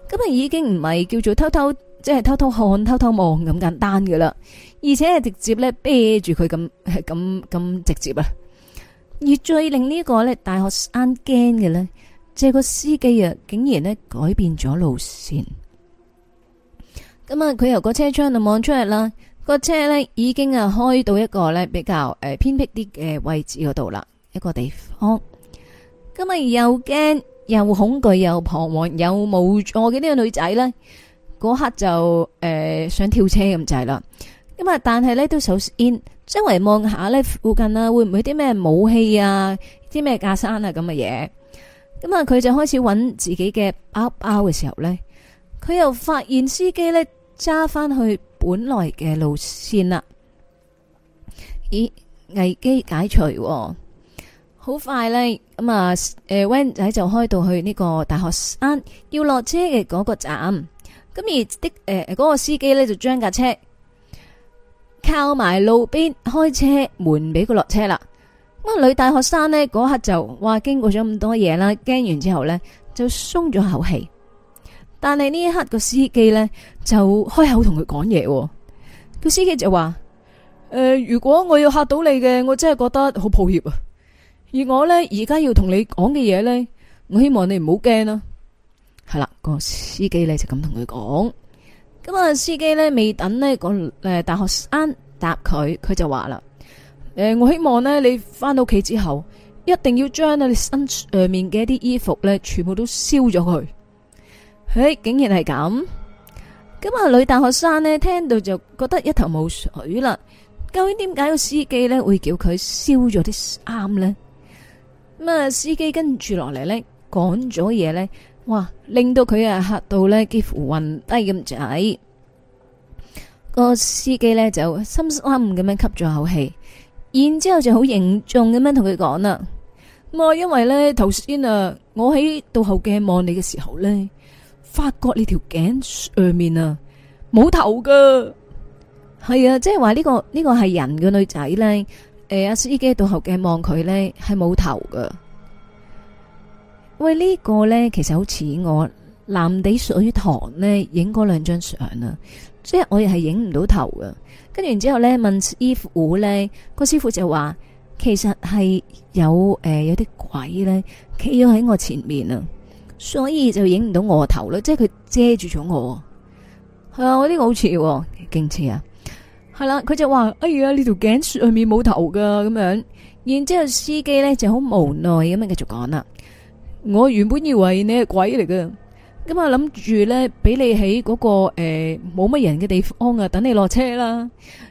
今日已經唔係叫做偷偷，即係偷偷看、偷偷望咁簡單㗎啦，而且係直接呢，啤住佢咁咁咁直接啦。而最令呢個呢大學生驚嘅呢，即係個司機啊，竟然呢改變咗路線。噉咪佢由個車窗度望出嚟啦，個車呢已經啊開到一個呢比較誒偏僻啲嘅位置嗰度啦，一個地方。噉咪又驚。又恐懼又彷徨，又冇助嘅呢個女仔呢，嗰刻就誒、呃、想跳車咁滯啦。咁啊，但係呢，都首先周圍望下呢附近啊會唔會啲咩武器啊，啲咩架生啊咁嘅嘢？咁啊，佢、啊、就開始揾自己嘅包包嘅時候呢，佢又發現司機呢揸翻去本來嘅路線啦。咦，危機解除，啊。好快呢。咁啊，誒，van 仔就開到去呢個大學生要落車嘅嗰個站。咁而的誒，嗰個司機呢，就將架車靠埋路邊，開車門俾佢落車啦。咁、那個、女大學生呢，嗰刻就哇，經過咗咁多嘢啦，驚完之後呢，就鬆咗口氣。但係呢一刻個司機呢，就開口同佢講嘢。個司機就話：誒、呃，如果我要嚇到你嘅，我真係覺得好抱歉啊。而我呢，而家要同你講嘅嘢呢，我希望你唔好驚啦。係啦，個司機呢就咁同佢講。咁啊，司機呢，未、那個、等呢、那個誒大學生答佢，佢就話啦：誒、呃，我希望呢，你翻到屋企之後，一定要將你身上面嘅一啲衣服呢全部都燒咗佢。嘿，竟然係咁！咁啊，女大學生呢，聽到就覺得一頭霧水啦。究竟點解個司機呢會叫佢燒咗啲衫呢？咁啊！司機跟住落嚟呢，講咗嘢呢，哇！令到佢啊嚇到呢，幾乎暈低咁滯。個司機呢，就深深咁樣吸咗口氣，然之後就好凝重咁樣同佢講啦。我、啊、因為呢，頭先啊，我喺倒後鏡望你嘅時候呢，發覺你條頸上面啊冇頭噶，係啊，即係話呢個呢、呢個係人嘅女仔呢。誒、啊，阿司機到後鏡望佢咧係冇頭噶，喂、這個、呢個咧其實好似我藍地水塘咧影嗰兩張相啦，即係我又係影唔到頭噶，跟住然之後咧問師傅咧，個師傅就話其實係有誒、呃、有啲鬼咧企咗喺我前面啊，所以就影唔到我的頭啦，即係佢遮住咗我，係啊，我、這、呢個好似勁似啊！係啦，佢就話：哎呀，呢條頸上面冇頭噶咁樣。然之後司機咧就好無奈咁樣繼續講啦。我原本以為你係鬼嚟噶，咁啊諗住咧俾你喺嗰個誒冇乜人嘅地方啊等你落車啦。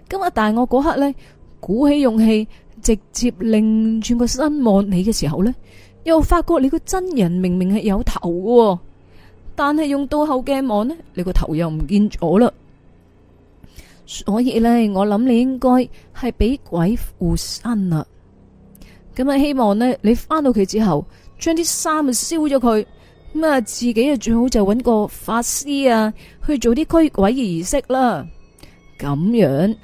咁啊，但係我嗰刻咧鼓起勇氣直接擰轉個身望你嘅時候咧，又發覺你個真人明明係有頭嘅，但係用倒後鏡望咧，你個頭又唔見咗啦。所以咧，我諗你應該係俾鬼附身啦。咁啊，希望呢，你翻到屋企之後，將啲衫啊燒咗佢。咁啊，自己啊最好就揾個法師啊去做啲驅鬼儀式啦。咁樣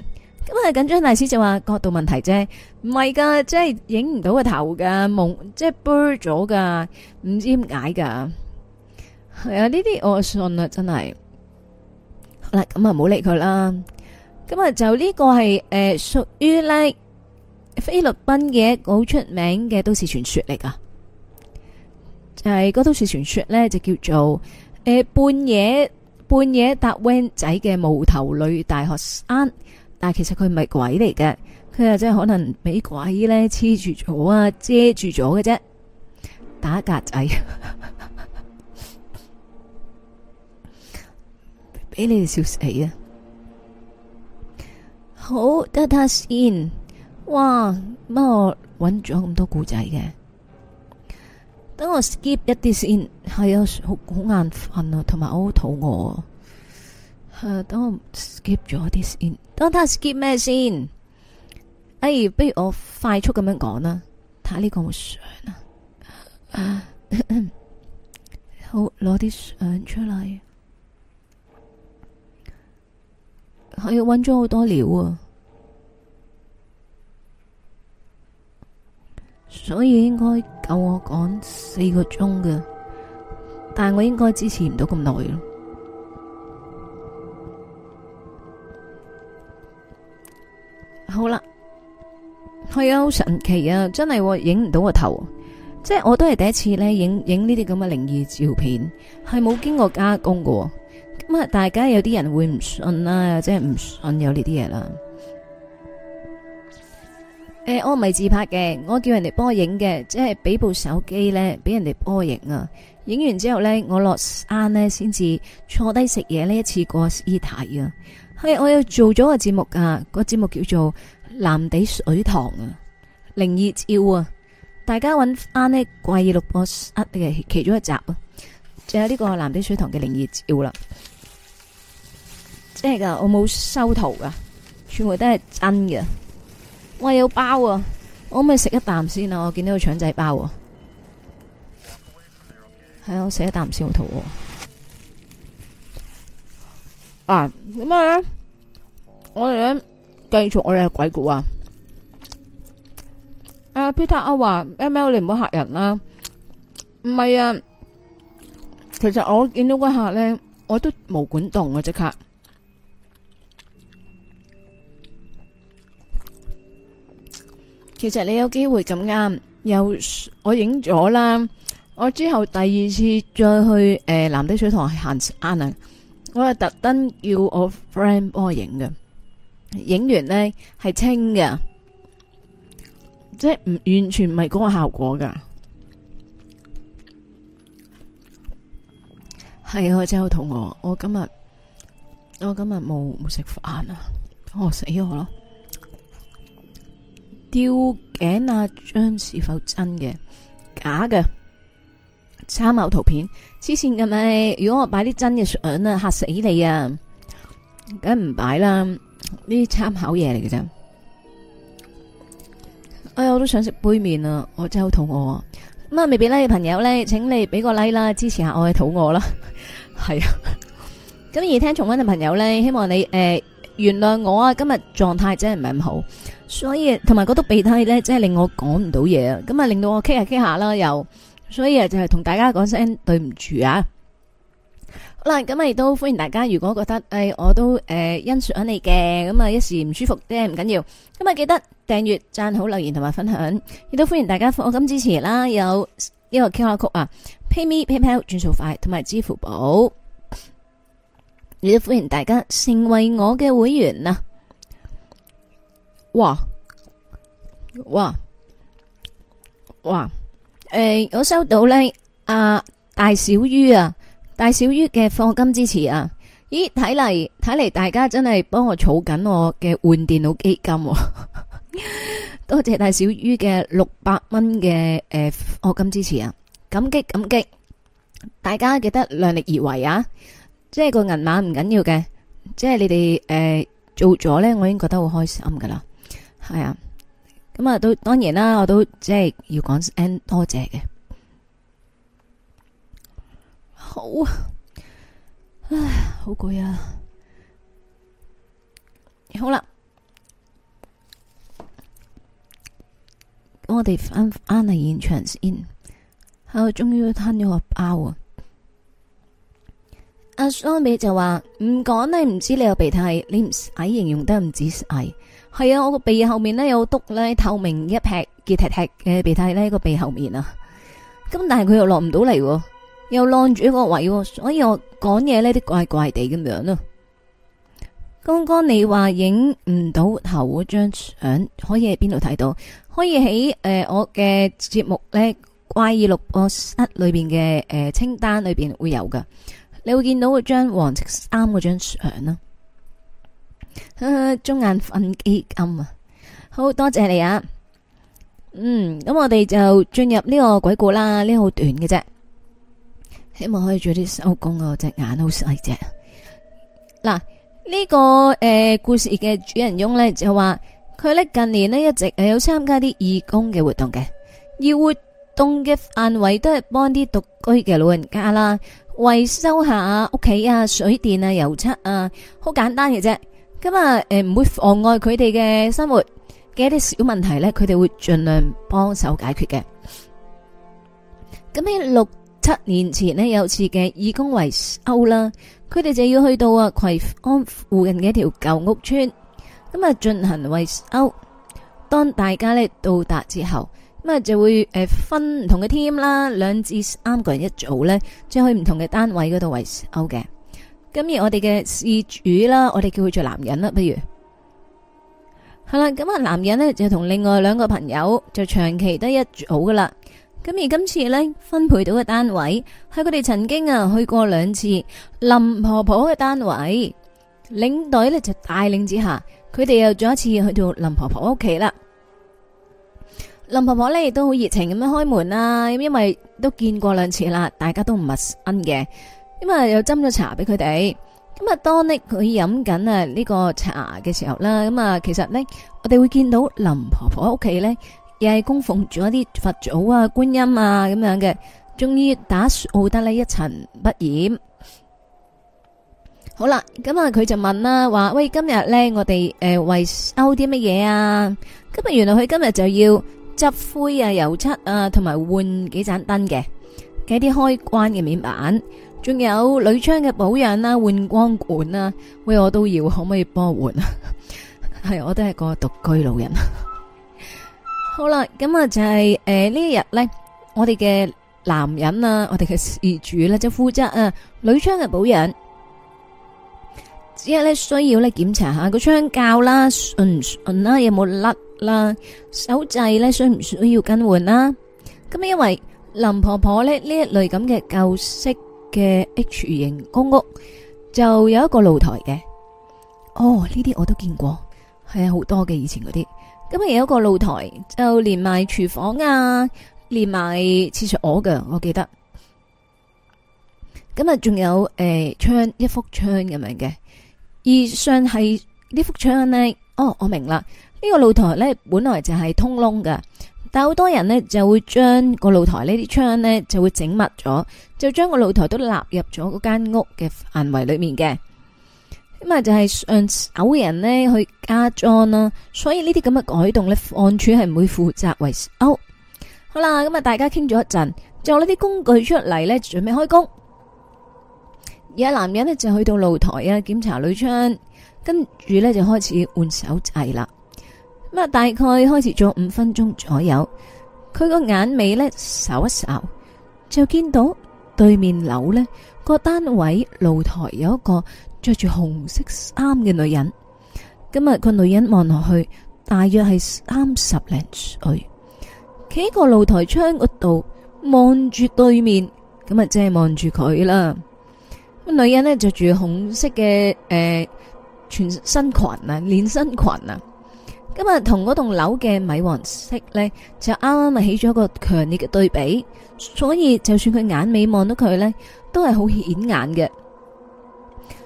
咁啊，緊張大師就話角度問題啫，唔係噶，即係影唔到個頭噶，蒙即係 blur 咗噶，唔知點解噶。係啊，呢啲我信啦，真係。好啦，咁啊，唔好理佢啦。咁啊，就呢個係誒屬於咧菲律賓嘅一個好出名嘅都市傳說嚟噶，就係嗰都市傳說呢，就叫做誒、呃、半夜半夜搭 van 仔嘅無頭女大學生，但係其實佢唔係鬼嚟嘅，佢啊真係可能俾鬼呢黐住咗啊，遮住咗嘅啫，打格仔， 俾你哋笑死啊！好，dot us in。哇，乜我揾咗咁多古仔嘅？等我 skip 一啲先。係啊，好好眼瞓啊，同埋好肚餓。啊。等我 skip 咗啲先。等我 skip 咩先？哎，不如我快速咁樣講啦。睇下呢個冇相啊。 好，攞啲相出嚟。佢要搵咗好多料啊，所以應該夠我講四個鐘嘅，但係我應該支持唔到咁耐咯。好啦，係啊，好神奇啊，真係影唔到個頭啊，即係我都係第一次咧，影影呢啲咁嘅靈異照片，係冇經過加工噶啊。咁、欸欸那個、啊！大家有啲人會唔信啦，即係唔信有呢啲嘢啦。誒，我唔係自拍嘅，我叫人哋幫我影嘅，即係俾部手機咧，俾人哋幫我影啊。影完之後咧，我落山咧先至坐低食嘢呢一次過睇啊。係，我又做咗個節目噶，個節目叫做《藍地水塘》啊，靈異照啊。大家揾翻呢怪異錄播室》嘅其中一集啊，仲有呢個《藍地水塘的靈異、啊》嘅靈異照啦。真係噶，我冇收圖噶，全部都係真嘅。我有包啊，我咪食一啖先啦。我見到個腸仔包啊，係我食一啖先，好肚餓啊。點啊？我哋咧繼續我哋嘅鬼故啊。阿 Peter 阿華，M L 你唔好嚇人啦。唔係啊，其實我見到個客咧，我都冇管動啊，即刻。其實你有機會咁啱，又我影咗啦。我之後第二次再去誒，藍地水塘行啱啦，我係特登要我 friend 幫我影嘅，影完咧，係清嘅，即係唔完全唔係嗰個效果噶。係啊，我真係好肚餓，我今日我今日冇冇食飯啊，餓死我咯。吊頸那張是否真嘅？假嘅參考圖片。黐線嘅咪，如果我擺啲真嘅相啊，嚇死你啊！梗唔擺啦，呢啲參考嘢嚟嘅啫。哎呀，我都想食杯麵啊！我真係好肚餓。咁啊，未俾 like 嘅朋友咧，請你俾個 like 啦，支持下我嘅肚餓啦。係 啊，咁而聽重溫嘅朋友咧，希望你誒。呃原諒我啊，今日狀態真係唔係咁好，所以同埋嗰督鼻涕咧，真係令我講唔到嘢啊，咁啊令到我傾下傾下啦又，所以就係、是、同大家講聲對唔住啊！好啦，咁啊亦都歡迎大家，如果覺得誒、欸、我都誒、呃、欣賞你嘅，咁啊一時唔舒服係唔緊要，咁啊記得訂閱、讚好、留言同埋分享，亦都歡迎大家課金支持啦！有呢個 Q 下曲啊，PayMe PayPal 轉數快同埋支付寶。亦都歡迎大家成為我嘅會員啊哇哇哇！誒、欸，我收到咧，阿大小于啊，大小于嘅課金支持啊！咦，睇嚟睇嚟，大家真係幫我儲緊我嘅換電腦基金，啊， 多謝大小于嘅六百蚊嘅誒課金支持啊！感激感激，大家記得量力而為啊！即係個銀碼唔緊要嘅，即係你哋誒、呃、做咗咧，我已經覺得好開心噶啦，係啊，咁啊，都當然啦，我都即係要講聲多謝嘅，好啊，唉，好攰啊，好啦，咁我哋翻翻嚟現場先啊我終於攤咗個包啊阿雙美就話唔講你唔知你個鼻涕，你唔使形容得唔止係。係啊，我鼻帖帖鼻、那個鼻後面咧有督咧，透明一劈結踢踢嘅鼻涕咧，個鼻後面啊。咁但係佢又落唔到嚟，又晾住一個位，所以我講嘢呢啲怪怪地咁樣咯。剛剛你話影唔到頭嗰張相，可以喺邊度睇到？可以喺誒、呃、我嘅節目咧，怪異錄播室裏邊嘅誒清單裏邊會有噶。你會見到嗰張黃色衫嗰張相啦， 中眼瞓基暗。啊，好多謝你啊！嗯，咁我哋就進入呢個鬼故啦，呢個好短嘅啫，希望可以早啲收工啊！我隻眼好細隻。嗱，呢、這個誒、呃、故事嘅主人翁呢，就話，佢咧近年呢一直誒有參加啲義工嘅活動嘅，而活動嘅範圍都係幫啲獨居嘅老人家啦。維修下屋企啊、水電啊、油漆啊，好簡單嘅啫。咁啊，誒唔會妨礙佢哋嘅生活。嘅一啲小問題咧，佢哋會盡量幫手解決嘅。咁喺六七年前呢，有次嘅義工維修啦，佢哋就要去到啊葵安附近嘅一條舊屋村，咁啊進行維修。當大家咧到達之後，咁啊，就會誒分唔同嘅 team 啦，兩至三個人一組咧，將去唔同嘅單位嗰度維修嘅。咁而我哋嘅事主啦，我哋叫佢做男人啦，不如係啦。咁啊，男人呢，就同另外兩個朋友就長期得一組噶啦。咁而今次呢分配到嘅單位係佢哋曾經啊去過兩次林婆婆嘅單位，領隊咧就帶領之下，佢哋又再一次去到林婆婆屋企啦。林婆婆咧亦都好熱情咁樣開門啦。咁因為都見過兩次啦，大家都唔陌生嘅。咁啊又斟咗茶俾佢哋。咁啊，當呢佢飲緊啊呢個茶嘅時候啦，咁啊其實呢，我哋會見到林婆婆屋企呢，又係供奉住一啲佛祖啊、觀音啊咁樣嘅。終於打掃得呢一塵不染。好啦，咁啊佢就問啦，話喂，今日呢，我哋誒為收啲乜嘢啊？今日原來佢今日就要。執灰啊、油漆啊，同埋換幾盞燈嘅，嘅啲開關嘅面板，仲有鋁窗嘅保養啦、啊、換光管啦、啊，喂，我都要，可唔可以幫我換啊？係， 我都係個獨居老人。 好啦，咁啊就係誒呢一日呢，我哋嘅男人啊，我哋嘅事主呢、啊，就係負責啊鋁窗嘅保養。只係咧需要咧檢查下個窗鉸啦，順唔順啦，有冇甩啦，手掣咧需唔需要更換啦？咁啊，因為林婆婆咧呢一類咁嘅舊式嘅 H 型公屋就有一個露台嘅。哦，呢啲我都見過，係啊，好多嘅以前嗰啲。咁啊，有一個露台就連埋廚房啊，連埋廁所嘅，我記得。咁啊，仲有誒窗一幅窗咁樣嘅。而上係呢幅窗呢？哦，我明啦。呢個露台呢，本來就係通窿嘅，但好多人呢，就會將個露台呢啲窗呢，就會整密咗，就將個露台都納入咗嗰間屋嘅範圍裏面嘅。咁啊就係上手人呢去加裝啦，所以呢啲咁嘅改動呢，按處係唔會負責為哦。好啦，咁啊大家傾咗一陣，就攞啲工具出嚟呢，準備開工。而一男人就去到露台啊檢查女窗，跟住呢就開始換手掣啦。咁啊，大概開始咗五分鐘左右，佢個眼尾呢，掃一掃，就見到對面樓呢個單位露台有一個着住紅色衫嘅女人。咁啊，個女人望落去，大約係三十零歲，企個露台窗嗰度望住對面，咁啊，即係望住佢啦。女人呢着住紅色嘅，誒、呃、全身裙啊連身裙啊，今日同嗰棟樓嘅米黃色呢，就啱啱咪起咗一個強烈嘅對比，所以就算佢眼尾望到佢呢，都係好顯眼嘅。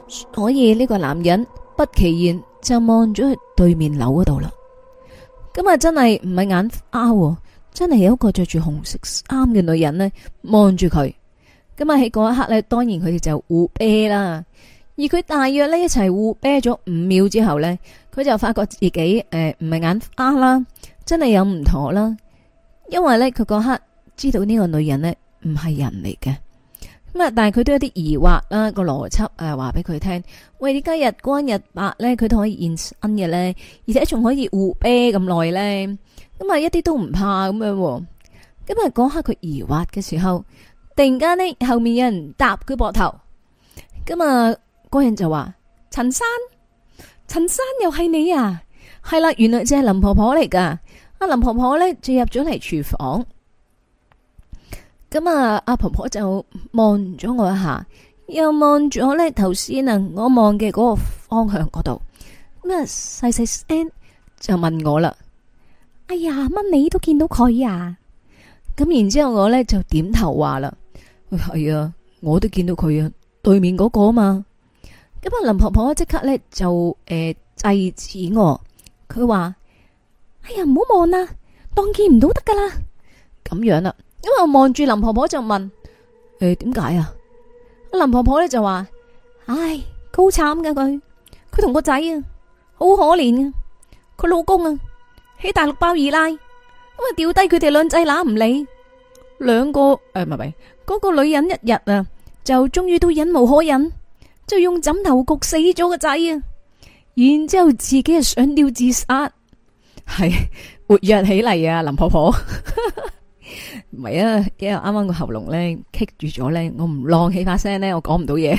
所以呢個男人不其然就望咗去對面樓嗰度啦。今日真係唔係眼花喎，真係有、啊、一個着住紅色衫嘅女人呢，望住佢。咁啊喺嗰一刻呢，當然佢哋就互啤啦。而佢大約呢，一齊互啤咗五秒之後呢，佢就發覺自己誒唔係眼花啦，真係有唔妥啦。因為呢，佢嗰刻知道呢個女人呢唔係人嚟嘅。咁啊，但係佢都有啲疑惑啦。個邏輯啊話俾佢聽：喂，點解日光日白呢？佢都可以現身嘅呢？而且仲可以互啤咁耐呢？」「咁啊，一啲都唔怕咁樣。咁啊，嗰刻佢疑惑嘅時候。突然間呢，後面有人搭佢膊頭，咁啊，嗰人就話：陳生，陳生又係你啊！係啦，原來只係林婆婆嚟噶。阿林婆婆咧就入咗嚟廚房，咁啊，阿婆婆就望咗我一下，又望住我咧頭先啊我望嘅嗰個方向嗰度，咁啊細細聲就問我啦：哎呀，乜你都見到佢啊？咁然之後我咧就點頭話啦。係啊，我都見到佢啊，對面嗰個啊嘛。咁啊，林婆婆即刻咧就誒、呃、制止我，佢話：哎呀，唔好望啦，當見唔到得噶啦。咁樣啦、啊，因為我望住林婆婆就問：誒、呃，點解啊？林婆婆咧就話：唉，佢好慘噶，佢佢同個仔啊，好可憐啊。佢老公啊，喺大陸包二奶，咁啊，掉低佢哋兩仔乸唔理兩個誒，唔係，唔係嗰、那個女人一日啊，就終於都忍無可忍，就用枕頭焗死咗個仔啊！然之後自己係上吊自殺，係活躍起嚟啊！林婆婆，唔係啊，因為啱啱個喉嚨咧棘住咗咧，我唔浪起把聲咧，我講唔到嘢。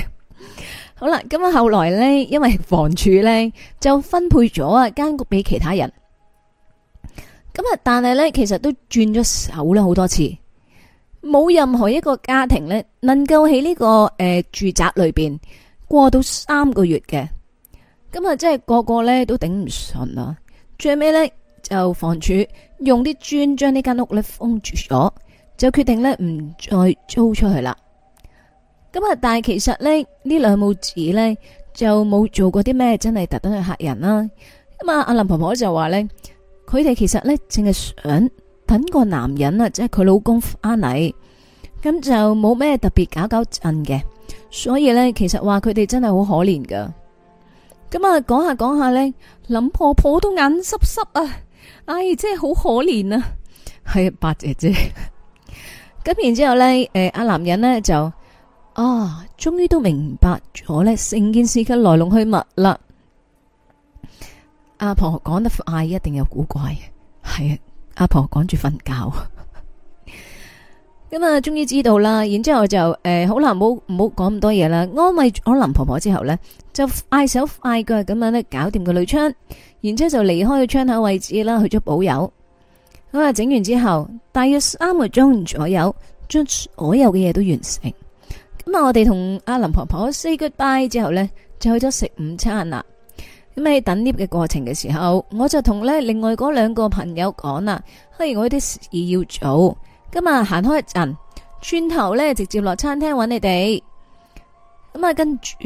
好啦，咁啊，後來咧，因為房署咧就分配咗啊間屋俾其他人，咁啊，但係咧，其實都轉咗手呢好多次。冇任何一個家庭呢能夠喺呢、這個誒、呃、住宅裏邊過到三個月嘅。咁啊，真係個個呢都頂唔順啦。最尾呢，就房署用啲磚將呢間屋呢封住咗，就決定呢唔再租出去啦。咁啊，但係其實呢呢兩母子呢，就冇做過啲咩，真係特登去吓人啦。咁啊，阿林婆婆就話呢，佢哋其實呢，淨係想。等個男人啊，即係佢老公返嚟，咁就冇咩特別搞搞震嘅，所以呢，其實話佢哋真係好可憐噶咁啊，講下講下呢，林婆婆都眼濕濕啊，啊，哎呀，真係好可憐啊。係啊，八姐姐。咁然之後呢誒阿、呃、男人呢，就，啊，終於都明白咗呢，成件事嘅來龍去脈啦。阿、啊、婆講得快，一定有古怪係啊。阿婆趕住瞓覺，咁啊，終於知道啦。然之後就誒、呃，好難冇唔好講咁多嘢啦。安慰我林婆婆之後呢，就快手快腳咁樣搞掂個鋁窗，然之後就離開個窗口位置啦，去咗保友。咁啊，整完之後，大約三個鐘左右，將所有嘅嘢都完成。咁啊，我哋同阿林婆婆 say goodbye 之後呢，就去咗食午餐啦。咁喺等 lift 嘅過程嘅時候，我就同咧另外嗰兩個朋友講啦：，嘿，我啲事要做，咁行開一陣，轉頭咧直接落餐廳揾你哋。咁啊，跟住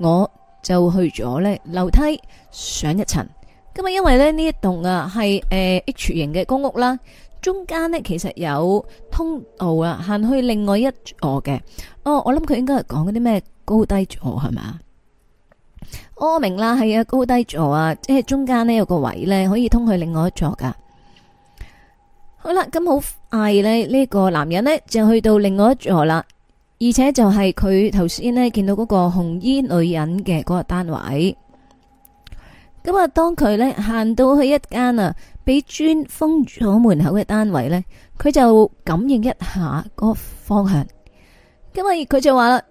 我就去咗咧樓梯上一層。咁啊，因為咧呢一棟啊係誒 H 型嘅公屋啦，中間呢其實有通道啊，行去另外一座嘅。哦，我諗佢應該係講嗰啲咩高低座係咪？阿明啦，係啊高低座啊，即係中間呢有個位呢，可以通去另外一座噶。好啦，咁好快呢呢個男人呢，就去到另外一座啦，而且就係佢頭先呢見到嗰個紅衣女人嘅嗰個單位。咁啊，當佢呢行到去一間啊，俾磚封咗門口嘅單位呢，佢就感應一下個方向，咁啊，佢就話，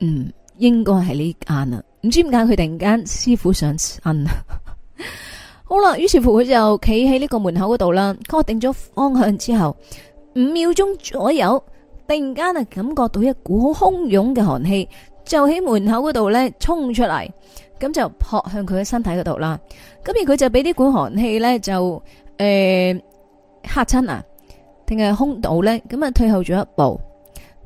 嗯，應該係呢間啦。唔知點解佢突然間師傅上身 好啦，於是乎佢就企喺呢個門口嗰度啦。確定咗方向之後，五秒鐘左右，突然間啊感覺到一股好洶湧嘅寒氣就喺門口嗰度咧衝出嚟，咁就撲向佢嘅身體嗰度啦。咁而佢就俾呢股寒氣咧就誒吓親啊，定、呃、係空到咧？咁啊退後咗一步。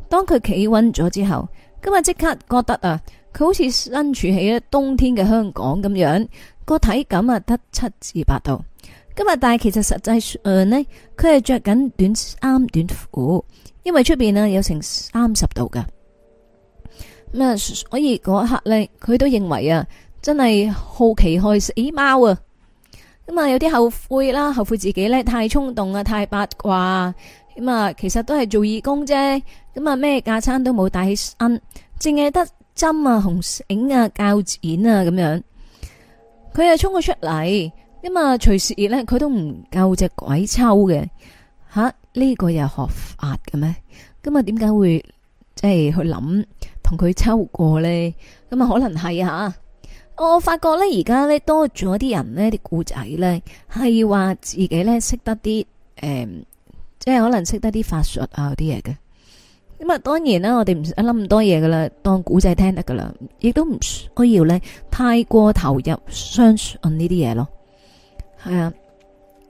當佢企穩咗之後，咁就即刻覺得啊！佢好似身處喺冬天嘅香港咁樣，個體感啊，得七至八度。今日但係其實實際上呢，佢係着緊短衫短褲，因為出邊啊有成三十度噶咁啊。所以嗰一刻呢，佢都認為啊，真係好奇害死貓啊。咁啊，有啲後悔啦，後悔自己呢太衝動啊，太八卦。咁啊，其實都係做義工啫。咁啊，咩架撐都冇帶起身，淨係得。針啊、紅繩啊、鉸剪啊咁樣，佢又衝咗出嚟，咁啊隨時咧，佢都唔夠隻鬼抽嘅。吓呢、呢個又學法嘅咩？咁啊點解會即係去諗同佢抽過咧？咁啊可能係吓、啊，我發覺咧而家咧多咗啲人咧啲古仔咧係話自己咧識得啲誒、呃，即係可能識得啲法術啊啲嘢嘅。咁啊，當然啦，我哋唔使諗咁多嘢噶啦，當古仔聽得噶啦，亦都唔需要呢，太過投入相信呢啲嘢咯。係啊，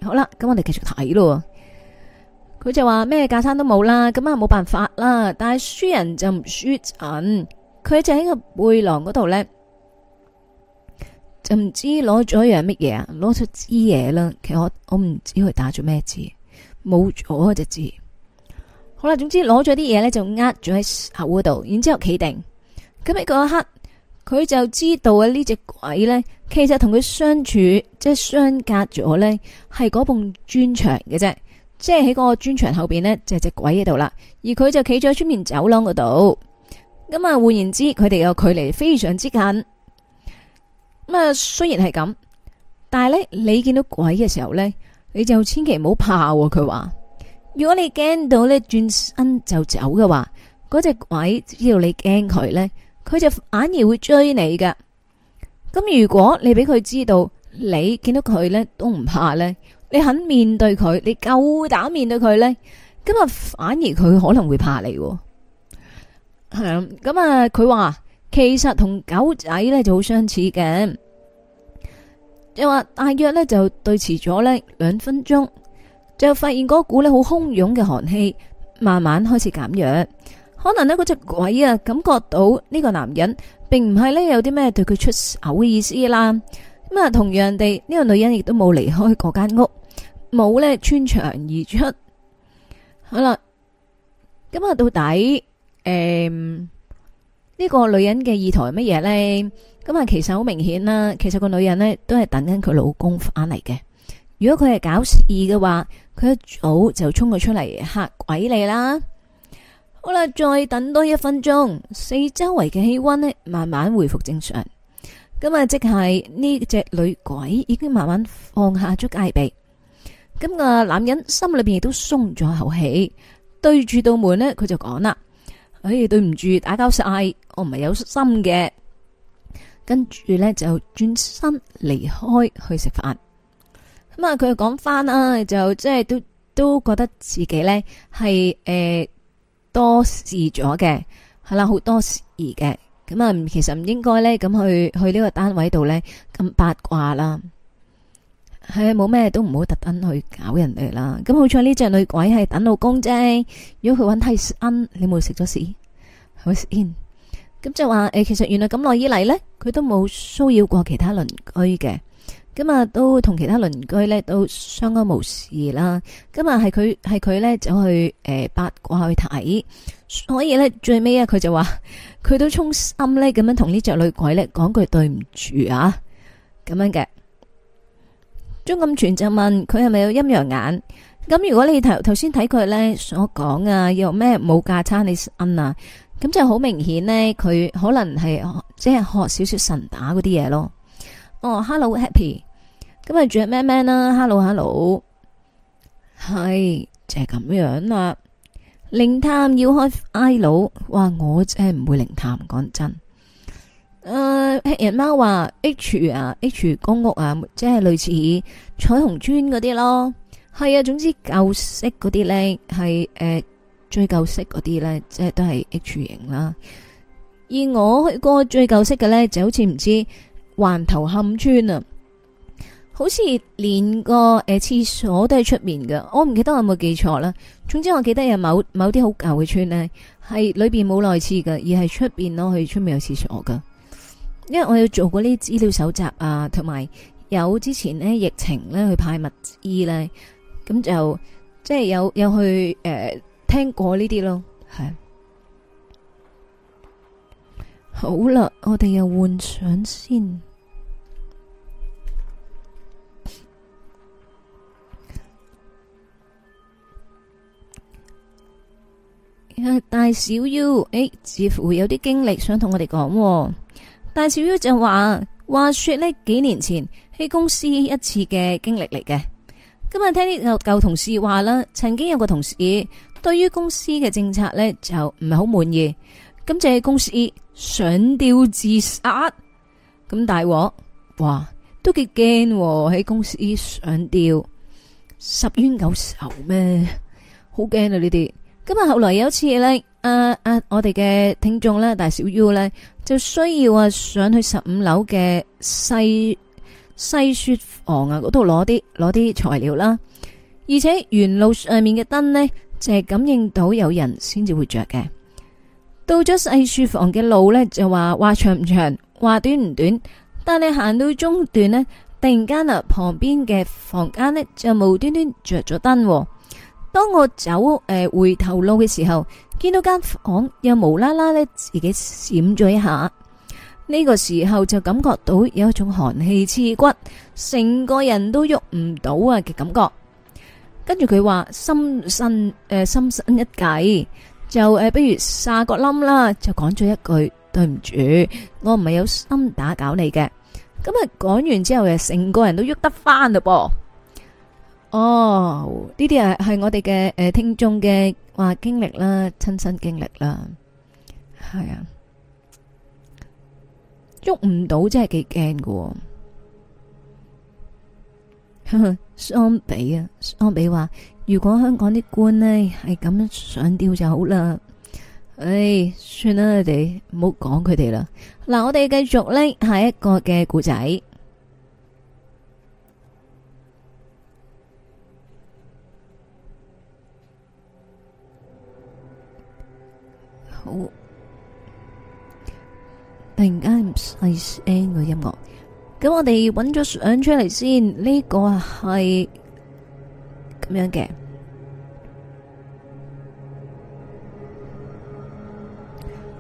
好啦，咁我哋繼續睇咯。佢就話咩架山都冇啦，咁啊冇辦法啦。但係輸人就唔輸陣，佢就喺個背囊嗰度呢，就唔知攞咗樣乜嘢啊，攞咗支嘢啦。其實我我唔知佢打咗咩字，冇咗嗰隻字。好啦，總之攞咗啲嘢咧，就呃住喺口嗰度，然之後企定。咁喺嗰一刻，佢就知道啊呢隻鬼咧，其實同佢相處即係相隔咗咧，係嗰埲磚牆嘅啫，即係喺嗰個磚牆後邊咧就係隻鬼喺度啦。而佢就企咗喺出面走廊嗰度。咁啊，換言之，佢哋嘅距離非常之近。咁啊，雖然係咁，但係咧，你見到鬼嘅時候咧，你就千祈唔好怕。佢話。如果你驚到呢，轉身就走嘅話，嗰隻鬼知道你驚佢呢，佢就反而會追你噶。咁如果你俾佢知道你見到佢呢，都唔怕呢，你肯面對佢，你夠膽面對佢呢，咁啊反而佢可能會怕你。喎、嗯。咁、嗯，啊佢話其實同狗仔呢就好相似嘅，又話大約呢就對峙咗呢兩分鐘。就發現嗰股咧，好洶湧嘅寒氣，慢慢開始減弱。可能呢嗰隻鬼啊，感覺到呢個男人並唔係呢有啲咩對佢出手嘅意思啦。咁啊，同樣地，呢、這個女人亦都冇離開嗰間屋，冇呢穿牆而出。好啦，咁啊，到底誒呢、嗯這個女人嘅意圖係乜嘢呢？咁啊，其實好明顯啦。其實個女人呢都係等緊佢老公翻嚟嘅。如果佢係搞事嘅話。佢一早就衝咗出嚟嚇鬼你啦！好啦，再等多一分鐘，四周圍嘅氣溫慢慢恢復正常，咁啊，即係呢隻女鬼已經慢慢放下咗戒備，咁個男人心裏邊亦都鬆咗口氣，對住道門呢，佢就講啦：哎，對唔住，打攪晒，我唔係有心嘅。跟住呢，就轉身離開去食飯。咁啊，佢講翻啦，就即係都都覺得自己咧係誒多事咗嘅，係啦，好多事嘅。咁啊，其實唔應該咧咁去去呢個單位度咧咁八卦啦。係啊，冇咩都唔好特登去搞人哋啦。咁好彩呢隻女鬼係等老公啫。如果佢揾替身，你冇食咗屎，係咪先？咁就話誒，其實原來咁耐以嚟，咧，佢都冇騷擾過其他鄰居嘅。咁啊，都同其他鄰居咧都相安無事啦。咁啊，係佢係佢咧走去誒、呃、八卦去睇，所以咧最尾啊，佢就話佢都衷心咧咁樣同呢隻女鬼咧講句對唔住啊，咁樣嘅。張金全就問佢係咪有陰陽眼？咁如果你頭先睇佢咧所講啊，又咩冇架餐你奀啊，咁就好明顯呢，佢可能係即係學少少神打嗰啲嘢咯。哦、oh,，hello happy，今日着咩咩啦 h e l l o hello，係就係咁樣啦。靈探要開 I 老，哇！我真係唔會靈探，講真。誒，黑人貓話 H 啊 H 公屋啊，即係類似彩虹村嗰啲咯。係啊，總之舊式嗰啲咧，係誒、呃、最舊式嗰啲咧，即係都係 H 型啦。而我去過最舊式嘅咧，就好似唔知。環頭冚村啊，好似連個誒廁、呃、所都係出面噶，我唔記得我有冇記錯啦。總之我記得有某某啲好舊嘅村呢，係裏邊冇內廁噶，而係出邊囉。去出面有廁所噶。因為我要做嗰啲資料搜集啊，同埋有，有之前呢疫情呢去派物資呢。咁就即係、就是、有有去誒、呃、聽過呢啲咯，係。好啦，我哋又換上先大，哎啊。大小 U 似乎有啲經歷想同我哋講。大小 U 就話，話說呢幾年前喺公司一次嘅經歷嚟嘅。今日聽啲舊同事話啦，曾經有個同事對於公司嘅政策呢就唔係好滿意，咁就喺公司。上吊自殺，咁大鑊，哇，都幾驚喎！喺公司上吊，十冤九仇咩？好驚啊！呢啲，咁啊，後來有一次咧，啊啊，我哋嘅聽眾咧，大小 U 咧，就需要啊，上去十五樓嘅西西雪房啊，嗰度攞啲攞啲材料啦，而且沿路上面嘅燈呢，淨係感應到有人先至會着嘅。到咗細書房嘅路呢，就話話長唔長，話短唔短。但係行到中段呢，突然間啊，旁邊嘅房間呢，就無端端着咗燈。當我走誒、呃、回頭路嘅時候，見到間房間又無啦啦呢，自己閃咗一下。呢、這個時候就感覺到有一種寒氣刺骨，成個人都喐唔到啊嘅感覺。跟住佢話心生，誒、呃、心生一計。就誒，不、啊、如撒個冧啦，就講咗一句對唔住，我唔係有心打攪你嘅。咁啊，講完之後誒，成個人都喐得翻嘞噃。哦，呢啲係係我哋嘅誒聽眾嘅話經歷啦，親身經歷啦，係啊，喐唔到真係幾驚噶。雙呵呵比啊，雙比話。如果香港啲官呢係咁上吊就好啦！唉，算啦，你哋唔好講佢哋啦。嗱，我哋繼續呢下一個嘅故仔。好，突然間唔細聲個音樂，咁我哋揾咗相出嚟先，呢個係。咁樣嘅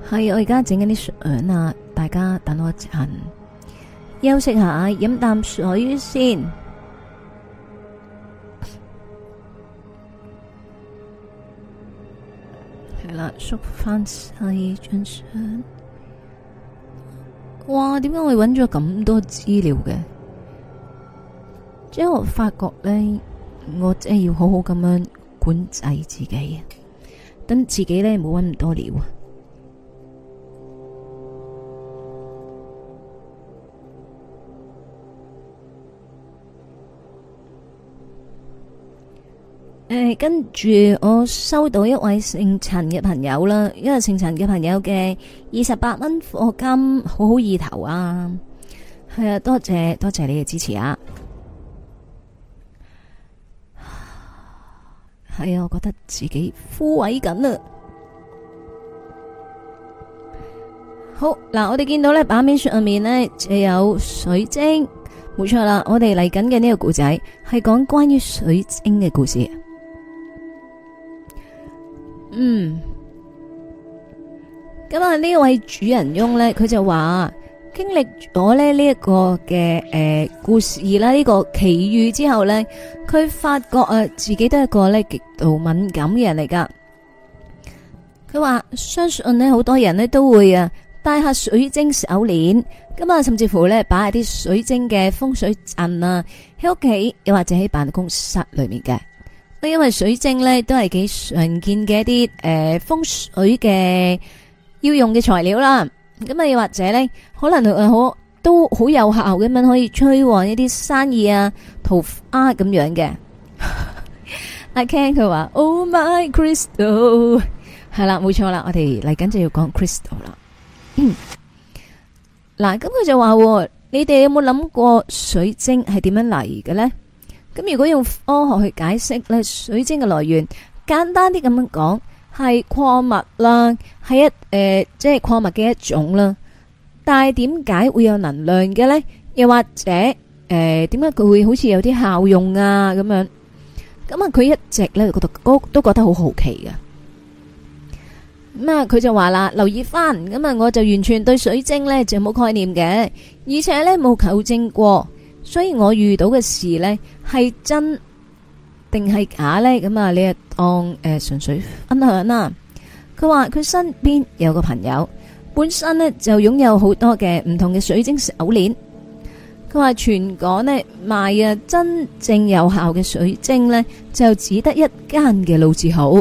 係我而家整緊啲相啊，大家等我一陣，休息下，飲啖水先。係啦，縮翻晒張相。哇，點解我搵咗咁多資料嘅？即係我發覺呢。我真係要好好咁樣管制自己，等自己呢冇搵咁多料。誒、嗯，跟住我收到一位姓陳嘅朋友啦，因為姓陳嘅朋友嘅二十八蚊課金，好好意頭啊！係啊，多謝多謝你嘅支持啊！係啊，我覺得自己枯萎緊啦。好嗱，我哋見到呢版面雪下面呢就有水晶。冇錯啦，我哋嚟緊嘅呢個故仔係講關於水晶嘅故事。故事嗯，咁啊，呢位主人翁呢，佢就話。經歷咗呢呢一個嘅，誒故事，而啦呢個奇遇之後呢，佢發覺啊自己都係一個呢極度敏感嘅人嚟噶。佢話相信呢好多人呢都會啊戴下水晶手鏈，咁啊甚至乎呢擺下啲水晶嘅風水陣啊喺屋企，又或者喺辦公室裏面嘅。因為水晶呢都係幾常見嘅一啲誒風水嘅要用嘅材料啦。咁啊，又或者咧，可能誒，好都好有效嘅咁樣，可以催旺一啲生意啊、桃花啊咁樣嘅。阿 Ken 佢話，Oh my crystal，係啦，冇錯啦，我哋嚟緊就要講 crystal 啦。嗱，咁佢就話，你哋有冇諗過水晶係點樣嚟嘅咧？咁如果用科學去解釋咧，水晶嘅來源，簡單啲咁樣講。係礦物啦，係一誒、呃，即係礦物嘅一種啦。但係點解會有能量嘅呢？又或者誒，點解佢會好似有啲效用啊？咁樣咁啊，佢一直咧覺得都覺得好好奇嘅。咁啊，佢就話啦，留意翻，咁啊，我就完全對水晶呢就冇概念嘅，而且呢冇求證過，所以我遇到嘅事呢，係真。定係假呢？咁啊，你啊當誒純粹分享啦。佢話佢身邊有個朋友，本身呢，就擁有好多嘅唔同嘅水晶手鏈。佢話全港呢賣啊真正有效嘅水晶呢，就只得一間嘅老字號，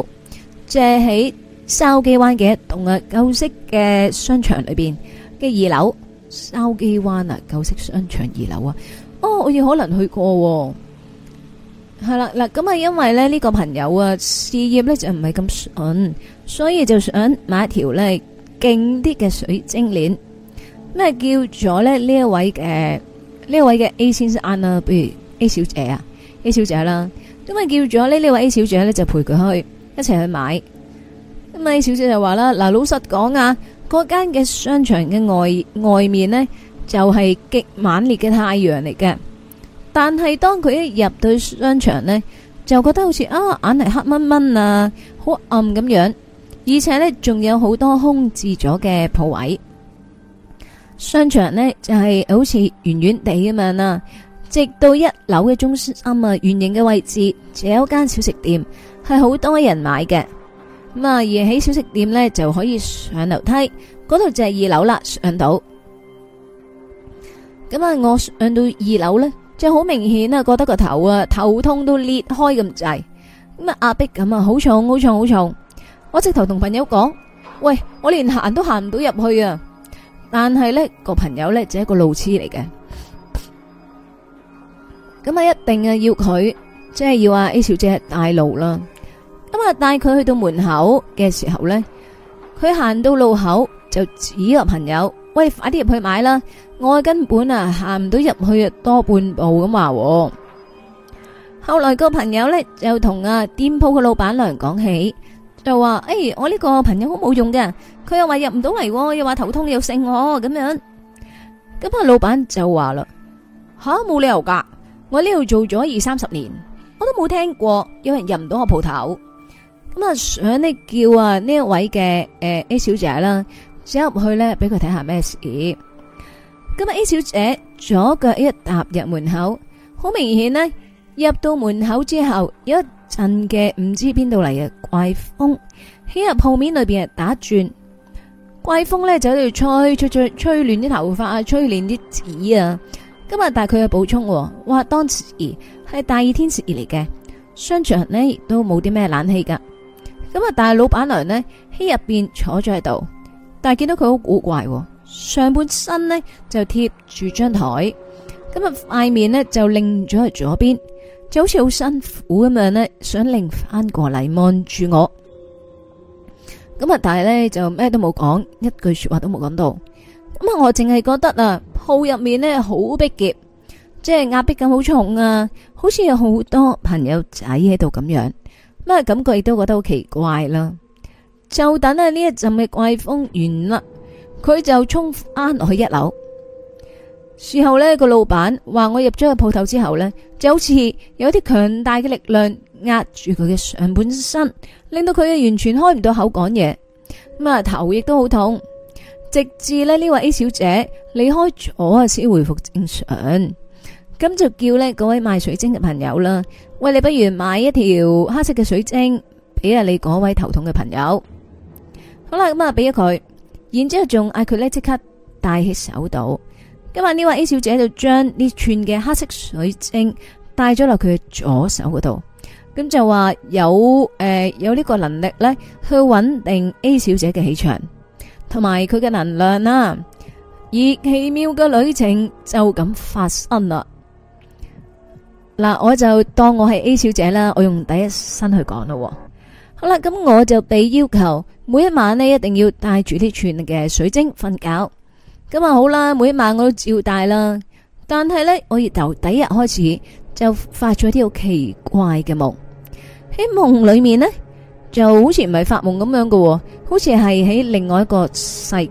即係喺筲箕灣嘅一棟啊舊式嘅商場裏邊嘅二樓。筲箕灣啊，舊式商場二樓啊，哦，我要可能去過，啊。係啦，嗱咁啊，因為咧呢個朋友啊事業咧就唔係咁順，所以就想買一條咧勁啲嘅水晶鏈。咁叫咗咧呢一位嘅呢一位嘅 A 先生啊，不如 A 小姐啊，A 小姐啦，啊，咁啊叫咗呢呢位 A 小姐咧就陪佢去一齊去買。咁啊，A 小姐就話啦，嗱老實講啊，嗰間嘅商場嘅外外面呢，就係極猛烈嘅太陽嚟嘅。但係當佢一入到商場呢，就覺得好似啊眼係黑蚊蚊啊，好暗咁樣，而且呢，仲有好多空置咗嘅鋪位。商場呢，就係好似圓圓地咁樣啦。直到一樓嘅中心啊，圓形嘅位置，就有間小食店係好多人買嘅咁啊。而喺小食店呢，就可以上樓梯，嗰度就係二樓啦。上到咁啊，我上到二樓呢。就好明顯啊，覺得個頭啊頭痛都裂開咁滯，咁啊壓迫感啊好重，好重，好重。我直頭同朋友講，喂，我連行都行唔到入去啊！但係呢個朋友呢就係一個路痴嚟嘅，咁啊一定啊要佢即係要阿 A 小姐帶路啦。咁啊帶佢去到門口嘅時候呢，佢行到路口就指阿朋友。喂，快啲入去買啦！我根本啊行唔到入去多半步咁話。後來個朋友呢，就同啊店鋪嘅老闆娘講起，就話：，誒、欸，我呢個朋友好冇用嘅，佢又話入唔到嚟，又話頭痛又剩我咁樣。咁啊，老闆就話啦：吓，冇理由噶，我喺呢度做咗二三十年，我都冇聽過有人入唔到我鋪頭咁啊，想呢叫啊呢一位嘅誒、呃、A 小姐啦。想入去咧，俾佢睇下咩事。咁啊 A 小姐左腳一踏入門口，好明顯呢，入到門口之後，有一陣嘅唔知邊度嚟嘅怪風喺入鋪面裡邊啊，打轉怪風咧就去吹、吹、吹吹吹、吹吹吹亂啲頭髮啊，吹亂啲紙啊。今日但係佢嘅補充，啊，話當時係大熱天時嚟嘅商場呢都冇啲咩冷氣噶。咁啊，但係老闆娘呢，喺入邊坐咗喺度。但係見到佢好古怪，上半身呢就貼住張台，咁啊塊面呢就擰咗去左邊，就好似好辛苦咁樣呢，想擰翻過嚟望住我。咁啊，但係呢，就咩都冇講，一句說話都冇講到。咁啊，我淨係覺得啊，鋪入面呢好逼劫，即係壓迫感好重啊，好似有好多朋友仔喺度咁樣。咁啊，感覺亦都覺得好奇怪啦。就等啊呢一陣嘅怪風完啦，佢就衝翻落去一樓。事後呢個老闆話我入咗個鋪頭之後呢，就好似有啲強大嘅力量壓住佢嘅上半身，令到佢完全開唔到口講嘢，咁啊頭亦都好痛，直至呢呢位 A 小姐離開咗，開始回復正常。咁就叫呢位賣水晶嘅朋友啦，喂，你不如買一條黑色嘅水晶俾下你嗰位頭痛嘅朋友。好啦，咁啊，俾咗佢，然之後仲嗌佢咧，即刻戴起手度。今日呢位 A 小姐就將呢串嘅黑色水晶戴咗落佢左手嗰度，咁就話有誒、呃、有呢個能力咧，去穩定 A 小姐嘅氣場，同埋佢嘅能量啦。而奇妙嘅旅程就咁發生啦。嗱，我就當我係 A 小姐啦，我用第一身去講咯。好啦，咁我就被要求每一晚咧，一定要戴住啲串嘅水晶瞓覺，咁啊好啦，每一晚我都照戴啦。但係咧，我由第一日開始就發咗啲好奇怪嘅夢，喺夢裏面咧，就好似唔係發夢咁樣嘅，好似係喺另外一個世界。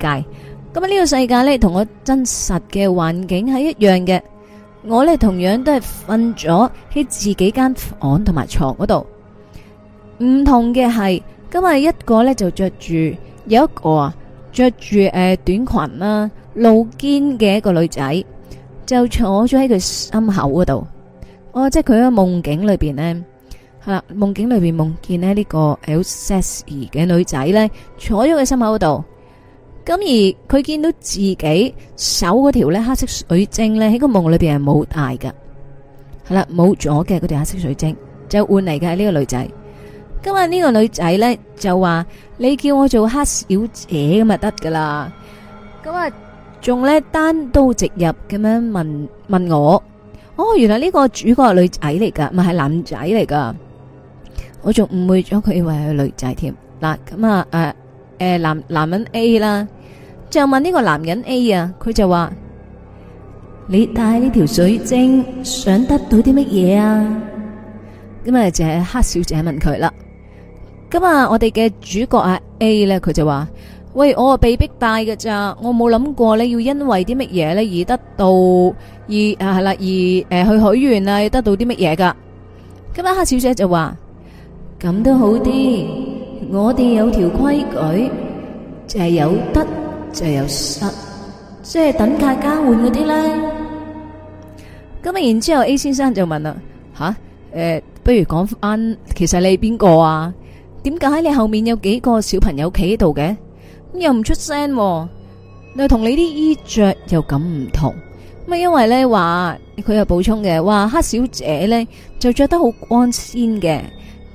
咁啊呢個世界咧，同我真實嘅環境係一樣嘅，我咧同樣都係瞓咗喺自己間房同埋床嗰度。唔同嘅係，今日一個咧就着住，有一個啊着住誒短裙啦，露肩嘅一個女仔就坐咗喺佢心口嗰度。哦，即係佢喺夢境裏邊呢，係啦。夢境裏邊夢見呢個 Elsie 嘅女仔呢，坐咗喺心口嗰度。咁而佢見到自己手嗰條黑色水晶呢，喺個夢裏邊係冇戴㗎，係啦，冇咗嘅嗰條黑色水晶就換嚟嘅係呢個女仔。今日呢個女仔咧就話，你叫我做黑小姐咁就得噶啦，咁啊仲咧單刀直入咁樣問問我。哦，原來呢個主角係女仔嚟噶，唔係男仔嚟噶，我仲誤會咗佢以為係女仔添。嗱，咁啊誒誒男男人 A 啦，就問呢個男人 A 啊，佢就話，你帶呢條水晶想得到啲乜嘢啊？咁、嗯、啊就係、是、黑小姐問佢啦。咁啊！我哋嘅主角阿 A 咧，佢就話：喂，我啊被逼大㗎咋，我冇諗過咧，要因為啲乜嘢咧而得到而啊係啦而誒、呃、去許願啊，要得到啲乜嘢噶。咁啊，黑小姐就話：咁都好啲，我哋有條規矩就係、是、有得就係、有失，即、就、係、是、等價交換嗰啲咧。咁、嗯、啊，然之後 A 先生就問啦：吓誒、呃，不如講翻，其實你係邊個啊？點解你後面有幾個小朋友企喺度嘅？咁又唔出聲，又同你啲衣着又咁唔同。咁啊，因為咧話佢又補充嘅，話，黑小姐咧就着得好光鮮嘅，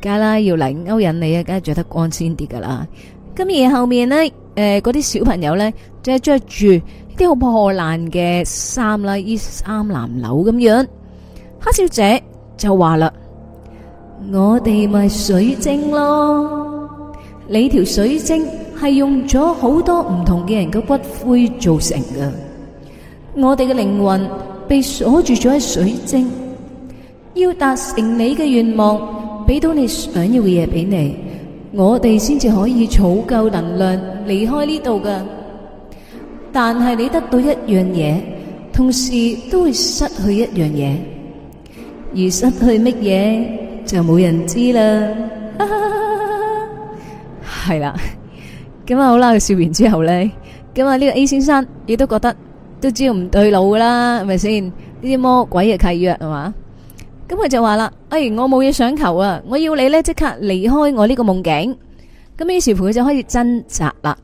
梗係啦，要嚟勾引你啊，梗係着得光鮮啲噶啦。咁而後面咧，誒嗰啲小朋友咧，即係着住啲好破爛嘅衫啦，衣衫襤褸咁樣。黑小姐就話啦。我哋咪水晶咯，你條水晶係用咗好多唔同嘅人嘅骨灰做成嘅。我哋嘅靈魂被鎖住咗喺水晶，要達成你嘅願望，俾到你想要嘅嘢俾你，我哋先至可以儲夠能量離開呢度㗎。但係你得到一樣嘢，同時都會失去一樣嘢，而失去乜嘢？就冇人知啦，係啦。咁啊，好啦，佢笑完之後呢，咁啊呢個 A 先生亦都覺得都知道唔對路啦，係咪先？呢啲魔鬼嘅契約係嘛？咁佢就話啦：誒、哎，我冇嘢想求啊，我要你呢即刻離開我呢個夢境。咁於是乎，佢就開始掙扎啦。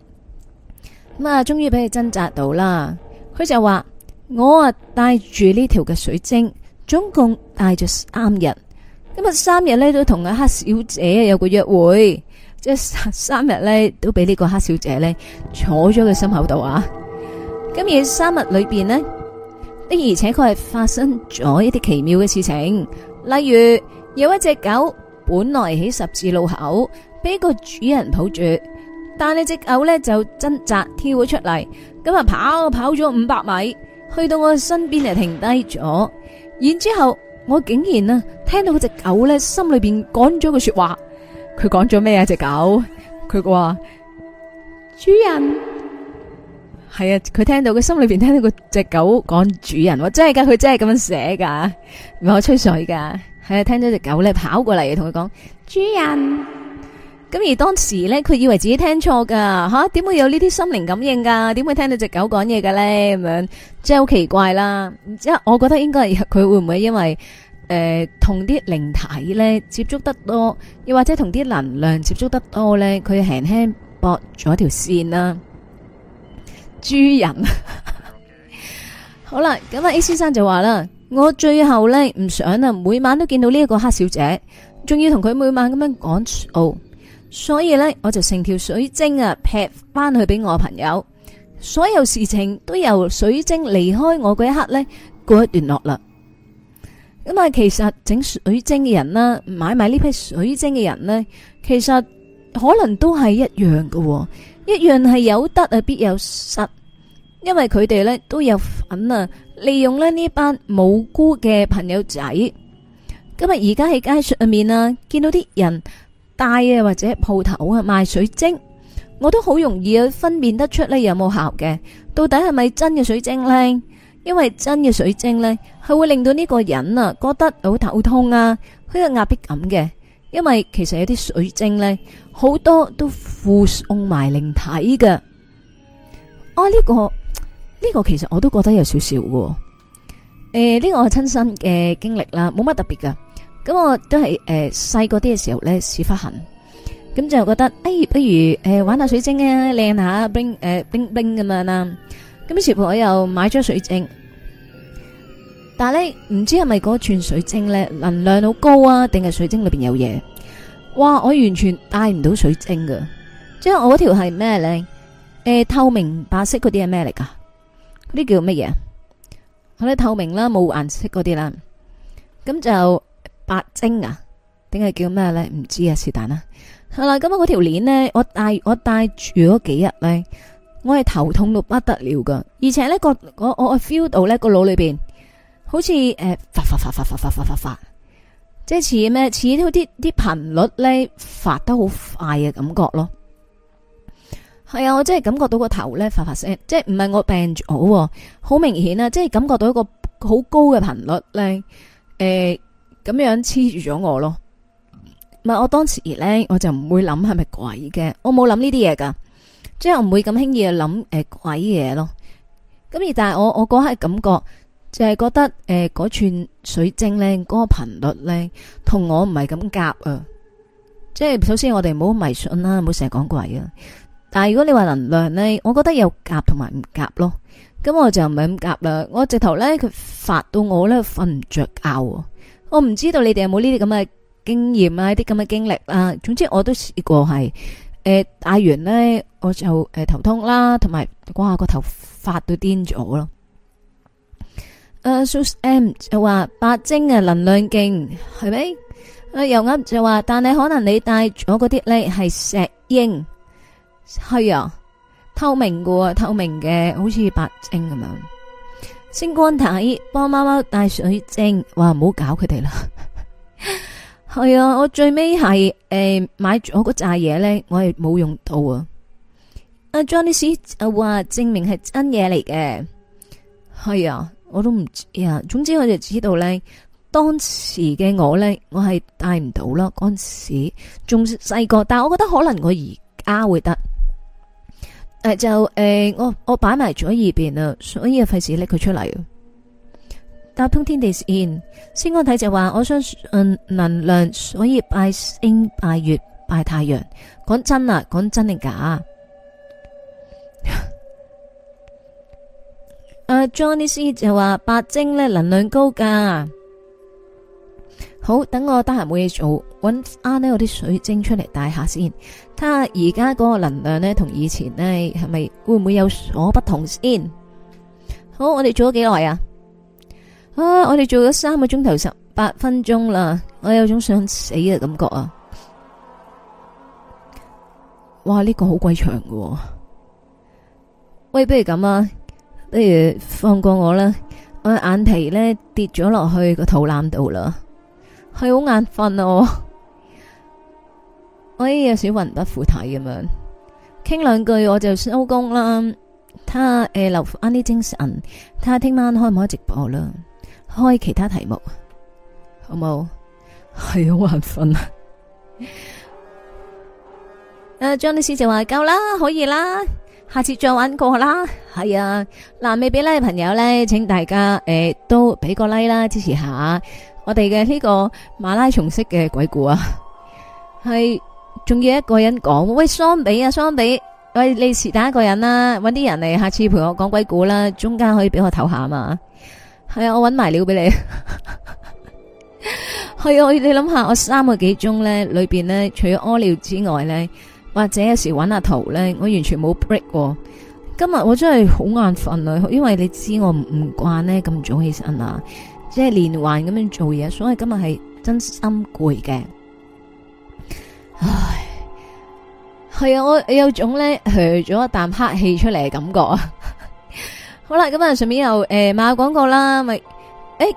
咁啊，終於俾佢掙扎到啦。佢就話：我啊帶住呢條嘅水晶，總共帶住三日。今日三日咧都同阿黑小姐有個約會，即係三日咧都俾呢個黑小姐咧坐咗佢心口度啊！今日三日裏邊呢，的而且確係發生咗一啲奇妙嘅事情，例如有一隻狗本來喺十字路口俾個主人抱住，但係隻狗咧就掙扎跳咗出嚟，咁啊跑跑咗五百米，去到我身邊就停低咗，然之後。我竟然啊聽到嗰隻狗咧、啊，心裏邊講咗個說話，佢講咗咩啊隻狗？佢話主人係啊，佢聽到佢心裏邊聽到個隻狗講主人，我真係噶，佢真係咁樣寫噶，唔係我吹水噶，係啊，聽到隻狗咧跑過嚟同佢講主人。咁而當時呢，佢以為自己聽錯噶吓，點、啊、會有呢啲心靈感應噶？點會聽到隻狗講嘢嘅呢？咁樣即係好奇怪啦。即係我覺得應該係佢會唔會因為誒同啲靈體呢接觸得多，又或者同啲能量接觸得多呢？佢輕輕駁咗條線啦，啊。豬人 好啦，咁啊 A 先生就話啦，我最後呢，唔想啊，每晚都見到呢一個黑小姐，仲要同佢每晚咁樣講哦。所以呢，我就成條水晶啊，劈翻去俾我朋友。所有事情都由水晶離開我嗰一刻呢，告一段落啦。咁啊，其實整水晶嘅人啦，買埋呢批水晶嘅人呢，其實可能都係一樣嘅，一樣係有得啊必有失，因為佢哋呢都有份啊，利用呢班無辜嘅朋友仔。今日而家喺街上面啊，見到啲人。大啊，或者鋪頭啊，賣水晶，我都好容易啊分辨得出咧，有冇效嘅，到底係咪真嘅水晶咧？因為真嘅水晶咧，係會令到呢個人啊覺得好頭痛啊，好有壓迫感嘅。因為其實有啲水晶咧，好多都附送埋靈體嘅。哦，呢個呢個其實我都覺得有少少嘅。誒，呢個我係親身嘅經歷啦，冇乜特別噶。咁我都係誒細個啲嘅時候咧，屎忽痕咁就覺得誒，不如誒玩下水晶咧，靚下冰誒冰冰咁樣啦。咁於是乎我又買咗水晶，但係咧唔知係咪嗰串水晶咧能量好高啊，定係水晶裏邊有嘢？哇！我完全帶唔到水晶噶，即係我嗰條係咩咧？誒，透明白色嗰啲係咩嚟噶？嗰啲叫乜嘢？係咧透明啦，冇顏色嗰啲啦，咁就。白晶啊，定係叫咩咧？唔知啊，是但啦。係、嗯、啦，咁啊，條條鏈咧，我戴我戴住嗰幾日咧，我係頭痛到不得了噶，而且呢個我我 feel 到咧個腦裏邊好似誒、呃、發，發發發發發發發發，即係似咩似都啲啲頻率咧發得好快嘅感覺咯。係、嗯、啊，我真係感覺到個頭咧發發聲，即係唔係我病咗好、啊，好明顯啊，即係感覺到一個好高嘅頻率咧，誒、欸。咁樣黐住咗我咯，唔係我當時咧，我就唔會諗係咪鬼嘅，我冇諗呢啲嘢噶，即係我唔會咁輕易諗誒、呃、鬼嘢咯。咁而但係我我嗰刻感覺就係覺得誒嗰、呃、串水晶咧，嗰、嗰個頻率咧同我唔係咁夾啊。即、就、係、是、首先我哋唔好迷信啦、啊，唔好成日講鬼啊。但係如果你話能量咧，我覺得有夾同埋唔夾咯。咁我就唔係咁夾啦，我直頭咧佢發到我咧瞓唔着覺、啊。我唔知道你哋有冇呢啲咁嘅經驗啊，啲咁嘅經歷啦。總之我都試過係，誒戴完呢我就誒頭痛啦，同埋哇個頭髮都癲咗咯。誒，so m 就話白晶啊能量勁係咪？啊又啱就話，但係可能你戴咗嗰啲呢係石英，係啊透明嘅，透明嘅好似白晶咁樣。星光睇，幫貓貓戴水晶，哇，唔好搞佢哋啦。係 啊，我最尾係誒買咗我嗰扎嘢呢，我係冇用到啊。阿 Johnny Sir 話證明係真嘢嚟嘅。係啊，我都唔知啊。總之我就知道呢，當時嘅我呢，我係帶唔到咯。嗰陣時仲細個，但係我覺得可能我而家會得。誒、呃，就誒、呃，我我擺埋左二邊，所以費事拎佢出嚟。打通天地線，先安體就話，我相信能量，所以拜星拜月拜太陽。講真啊，講真定假 啊？阿 Johnny C 就話白晶咧，能量高噶。好，等我得閒冇嘢做，搵啱呢我啲水晶出嚟戴下先。睇下而家嗰個能量呢，同以前呢係咪會唔會有所不同先？好，我哋做咗幾耐啊？啊，我哋做咗三個鐘頭十八分鐘啦，我有種想死嘅感覺啊！哇，呢、呢個好鬼長嘅。喂，不如咁啊，不如放過我啦，我眼皮呢跌咗落去個肚腩度啦。係好眼瞓啊，我 我！我我有少魂不附體咁樣，傾兩句我就收工啦。睇下誒，留翻啲精神。睇下聽晚開唔開直播啦？開其他題目好冇？係好眼瞓啊、 呃！誒，張律師就話夠啦，可以啦，下次再玩過啦。係啊，嗱、呃，未俾 like 嘅朋友呢，請大家誒、呃、都俾個 like 啦，支持下。我哋嘅呢個馬拉松式嘅鬼故啊，係仲要一個人講。喂，桑比啊桑比，喂你是打一個人啦，啊，搵啲人嚟，下次陪我講鬼故啦，中間可以俾我唞下啊嘛，係啊，我搵埋料俾你，係 啊，你諗下我三個幾鐘咧，裏邊咧除咗屙尿之外咧，或者有時搵阿圖咧，我完全冇 break 過，今日我真係好眼瞓啊，因為你知我唔唔慣呢咁早起身啊。即係連環咁樣做嘢，所以今日係真心攰嘅。唉，係啊，我有種咧噓咗一啖黑氣出嚟嘅感覺啊。好啦，咁啊，上面又誒賣下廣告啦，咪誒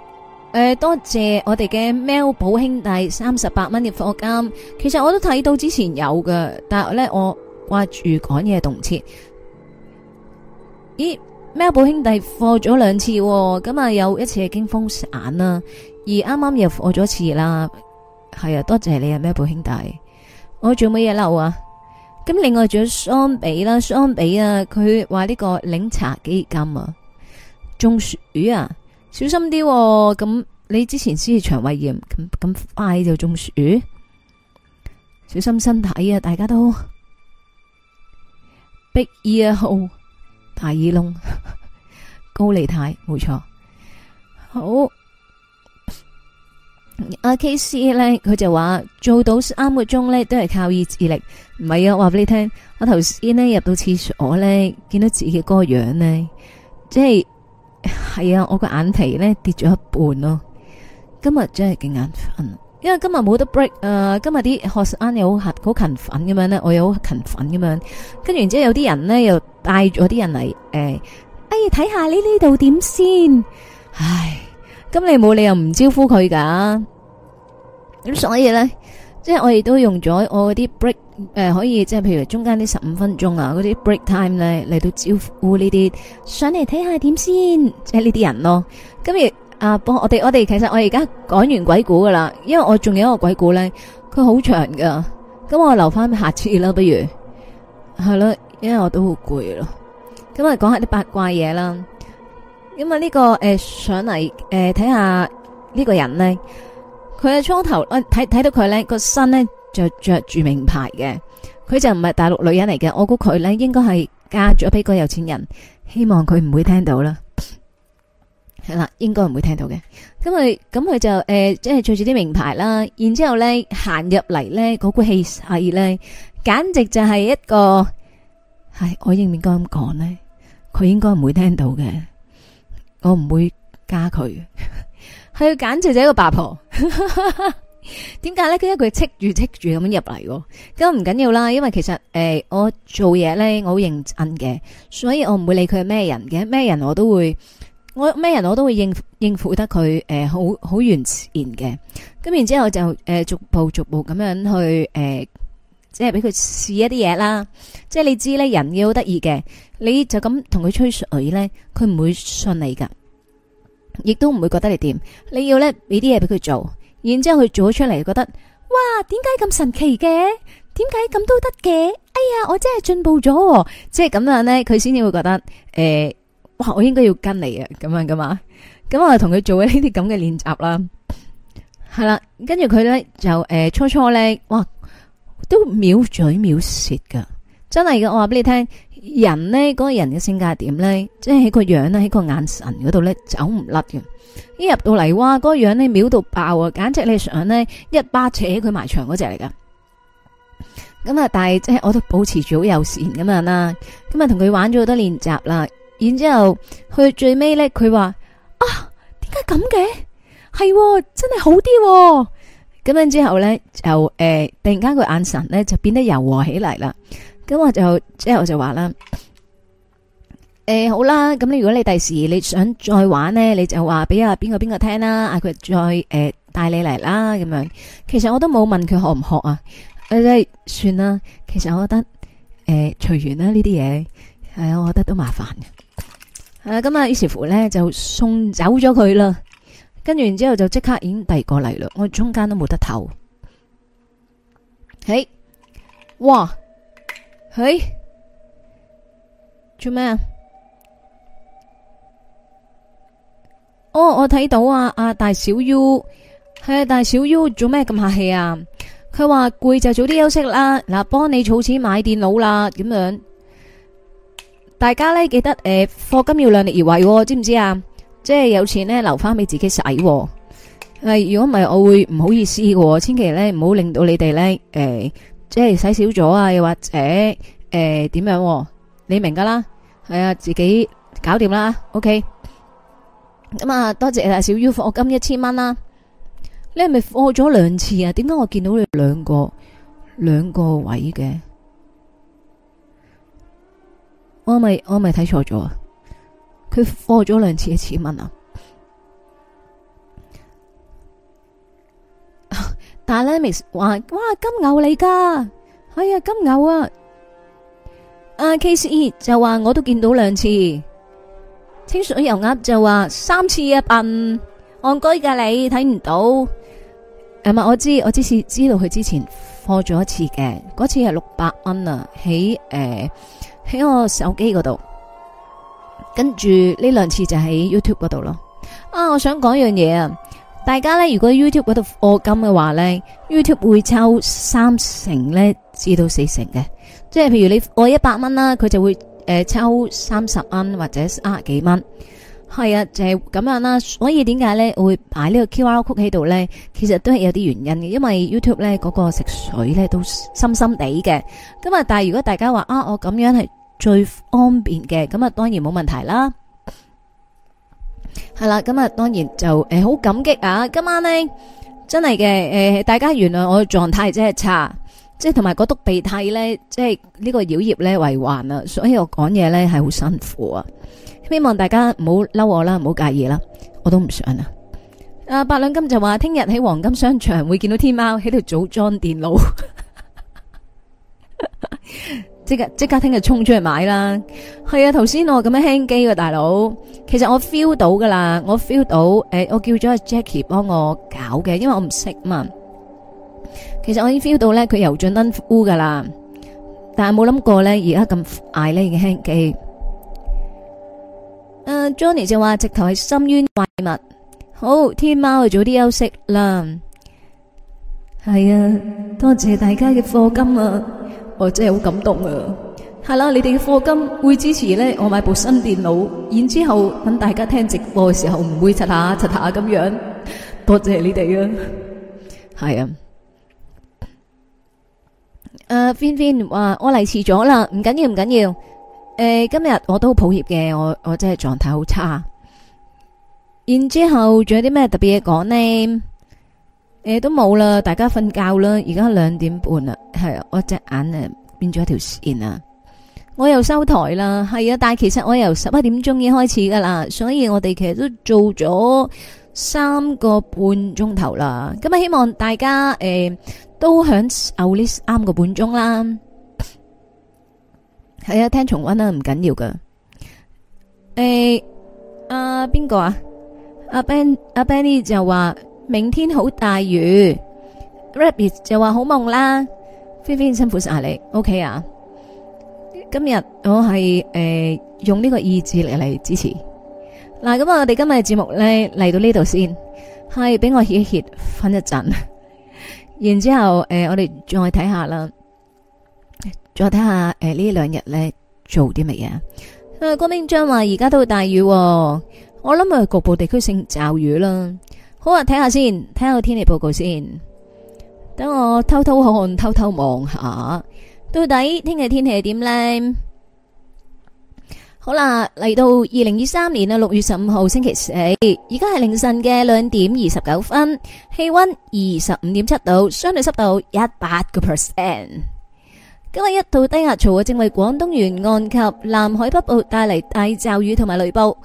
誒多謝我哋嘅喵寶兄弟三十八蚊嘅課金。其實我都睇到之前有㗎，但係咧我掛住講嘢動車。咦？咩寶兄弟課咗兩次，咁啊有一次係驚風散啦，而啱啱又課咗一次啦，係啊，多謝你啊，咩寶兄弟，我做乜嘢嬲啊？咁另外仲有桑比啦，桑比啊，佢話呢個檸茶基金啊中暑啊，小心啲，咁你之前先係腸胃炎，咁咁快就中暑，小心身體啊，大家都，畢業號。大耳窿高利貸，冇錯。好，阿 K C 咧，佢就話做到三個鐘咧，都係靠意志力。唔係啊，話俾你聽，我頭先咧入到廁所咧，見到自己嗰個樣咧，即係係啊，我個眼皮咧跌咗一半咯，喔。今日真係勁眼瞓。因為今日冇得 break，誒、呃，今日啲學生又好勤好勤奮咁樣咧，我又好勤奮咁樣，跟住然之後有啲人咧又帶咗啲人嚟，誒、呃，哎呀，睇下你呢度點先，唉，咁你冇理由唔招呼佢噶，咁所以咧，即係我亦都用咗我嗰啲 break，誒、呃，可以即係譬如中間啲十五分鐘啊，嗰啲 break time 咧嚟到招呼呢啲上嚟睇下點先，即係呢啲人咯，今日。啊，我我哋我哋其實我而家講完鬼故噶啦，因為我仲有一個鬼故咧，佢好長噶，咁我留翻下次啦，不如係咯，因為我都好攰咯。咁啊，講下啲八卦嘢啦。咁我呢個誒上嚟誒睇下呢個人咧，佢喺初頭我睇睇到佢咧個身咧着着住名牌嘅，佢就唔係大陸女人嚟嘅，我估佢咧應該係嫁咗俾個有錢人，希望佢唔會聽到啦。係啦，應該唔會聽到嘅。咁佢咁佢就誒，即、呃、係、就是、著住啲名牌啦。然之後咧行入嚟咧，嗰股氣勢咧，簡直就係一個係，我應唔應該咁講咧？佢應該唔會聽到嘅，我唔會加佢。係 簡直就係一個八婆。點解咧？因為佢戚住戚住咁樣入嚟，咁唔緊要啦。因為其實誒、呃，我做嘢咧，我好認真嘅，所以我唔會理佢係咩人嘅，咩人我都會。我咩人我都會應付應付得佢誒，好、呃、好完善嘅。咁然之後就誒，逐步逐步咁樣去誒、呃，即係俾佢試一啲嘢啦。即係你知咧，人要好得意嘅，你就咁同佢吹水咧，佢唔會信你噶，亦都唔會覺得你點。你要咧俾啲嘢俾佢做，然之後佢做出嚟，覺得哇，點解咁神奇嘅？點解咁都得嘅？哎呀，我真係進步咗、啊，即係咁樣咧，佢先至會覺得誒。呃哇！我應該要跟你啊，咁樣噶嘛？咁我就同佢做咗呢啲咁嘅練習啦，係啦。跟住佢咧就誒初初咧，哇都秒嘴秒舌噶，真係噶！我話俾你聽，人呢，嗰個人嘅性格點咧，即係喺個樣咧喺個眼神嗰度咧走唔甩嘅。一入到嚟哇，嗰個樣咧秒到爆啊！簡直你上咧一巴扯佢埋牆嗰隻嚟噶。咁啊，但係即係我都保持住好友善咁樣啦。咁啊，同佢玩咗好多練習啦。然之後去到最尾咧，佢話啊，哦，點解咁嘅？係真係好啲。咁樣之後咧，就，誒、呃、突然間個眼神咧就變得柔和起嚟啦。咁我就之後就話啦，誒、呃、好啦，咁你如果你第時你想再玩咧，你就話俾啊邊個邊個聽啦，嗌佢再誒、呃、帶你嚟啦咁樣。其實我都冇問佢學唔學啊，誒、呃、算啦。其實我覺得誒、呃、隨緣啦呢啲嘢係啊，我覺得都麻煩嘅。誒，咁啊，於是乎咧就送走咗佢啦，跟住然之後就即刻已經遞過嚟啦，我中間都冇得唞。嘿，哇，嘿，做咩啊？哦，我睇到啊，啊大小 U，係、啊、大小 U 做咩咁客氣啊？佢話攰就早啲休息啦，嗱，幫你儲錢買電腦啦，咁樣。大家咧記得誒，課金要量力而為，知唔知啊？即係有錢咧留翻俾自己使，誒，如果唔係我會唔好意思嘅，千祈咧唔好令到你哋咧誒，即係使少咗啊，又或者誒點樣？你明噶啦，係啊，自己搞掂啦，ok。咁啊，多謝啊，小 U 課金一千蚊啦，你係咪課咗兩次啊？點解我見到你兩個兩個位嘅？我咪我咪睇錯咗啊！佢貨咗兩次一千蚊啊！但係咧，Miss 話哇金牛嚟噶，係、哎、啊金牛啊！啊、uh，Case 就話我都見到兩次，清水油鴨就話三次嘅、啊、笨戇居㗎，你睇唔到？係、嗯、咪我知？我，知我知之前知道佢之前貨咗一次嘅，嗰次係六百蚊啊，喺誒。呃喺我手機嗰度，跟住呢兩次就喺 YouTube 嗰度咯。啊，我想講一樣嘢啊，大家呢，如果 YouTube 嗰度課金嘅話呢 YouTube 會抽三成呢至到四成嘅，即係譬如你課一百蚊啦，佢就會誒、呃、抽三十蚊或者三十幾蚊。係啊，就係咁樣啦。所以點解咧會擺呢個 QR code 喺度咧？其實都係有啲原因嘅。因為 YouTube 咧嗰個食水咧都深深地嘅。咁啊，但係如果大家話啊，我咁樣係最方便嘅，咁啊，當然冇問題啦。係啦，咁啊，當然就誒好感激啊。今晚咧真係嘅，誒，大家原諒我嘅狀態真係差，即係同埋嗰督鼻涕咧，即係呢個妖孽咧為患啊。所以我講嘢咧係好辛苦啊。希望大家唔好嬲我啦，唔好介意啦，我都唔想啊！白八兩金就話聽日喺黃金商場會見到天貓喺度組裝電腦，即 刻即刻聽日衝出去買啦！係啊，頭先我咁樣輕機個大佬，其實我 feel 到噶啦，我 feel 到誒、欸，我叫咗阿 Jackie 幫我搞嘅，因為我唔識嘛。其實我已經 feel 到咧，佢油盡燈枯噶啦，但係冇諗過咧，而家咁矮咧已經輕機。誒，Johnny 就話直頭係深淵怪物。好，天貓去早啲休息啦。係啊，多謝大家嘅課金啊，我真係好感動啊。係啦，你哋嘅課金會支持咧，我買部新電腦，然之後等大家聽直播嘅時候唔會刷下刷下咁樣。多謝你哋啊，係啊。誒，Vinvin 話我嚟遲咗啦，唔緊要，唔緊要。誒、呃，今日我都好抱歉嘅，我我真係狀態好差。然之後仲有啲咩特別嘢講呢？誒、呃，都冇啦，大家瞓覺啦。而家兩點半啦，係我隻眼誒變咗一條線啊！我又收台啦，係啊，但係其實我由十一點鐘已經開始噶啦，所以我哋其實都做咗三個半鐘頭啦。咁啊，希望大家誒、呃、都響歐力啱個半鐘啦。係啊，聽重溫啦，唔緊要噶。誒、欸，啊，邊個啊？阿、啊、Ben 阿、啊、Benny 就話明天好大雨，Rabbit 就話好夢啦。菲菲辛苦晒你，OK 啊？今日我係誒、欸、用呢個意志嚟嚟支持。嗱，咁啊、 欸，我哋今日節目咧嚟到呢度先，係俾我歇一歇，瞓一陣。然之後誒，我哋再睇下啦。再睇下誒，呃、兩呢兩日呢做啲乜嘢？郭明章話而家都會大雨，啊，我諗啊局部地區性驟雨啦。好啊，睇下先，睇下天氣報告先。等我偷偷看看，偷偷望下，到底聽日天，天氣點呢？好啦，啊，嚟到二零二三年啊六月十五號星期四，而家係凌晨嘅兩點二十九分，氣溫二十五點七度，相對濕度一百個 percent。今日一道低壓槽正為廣東沿岸及南海北部帶嚟大驟雨同埋雷暴。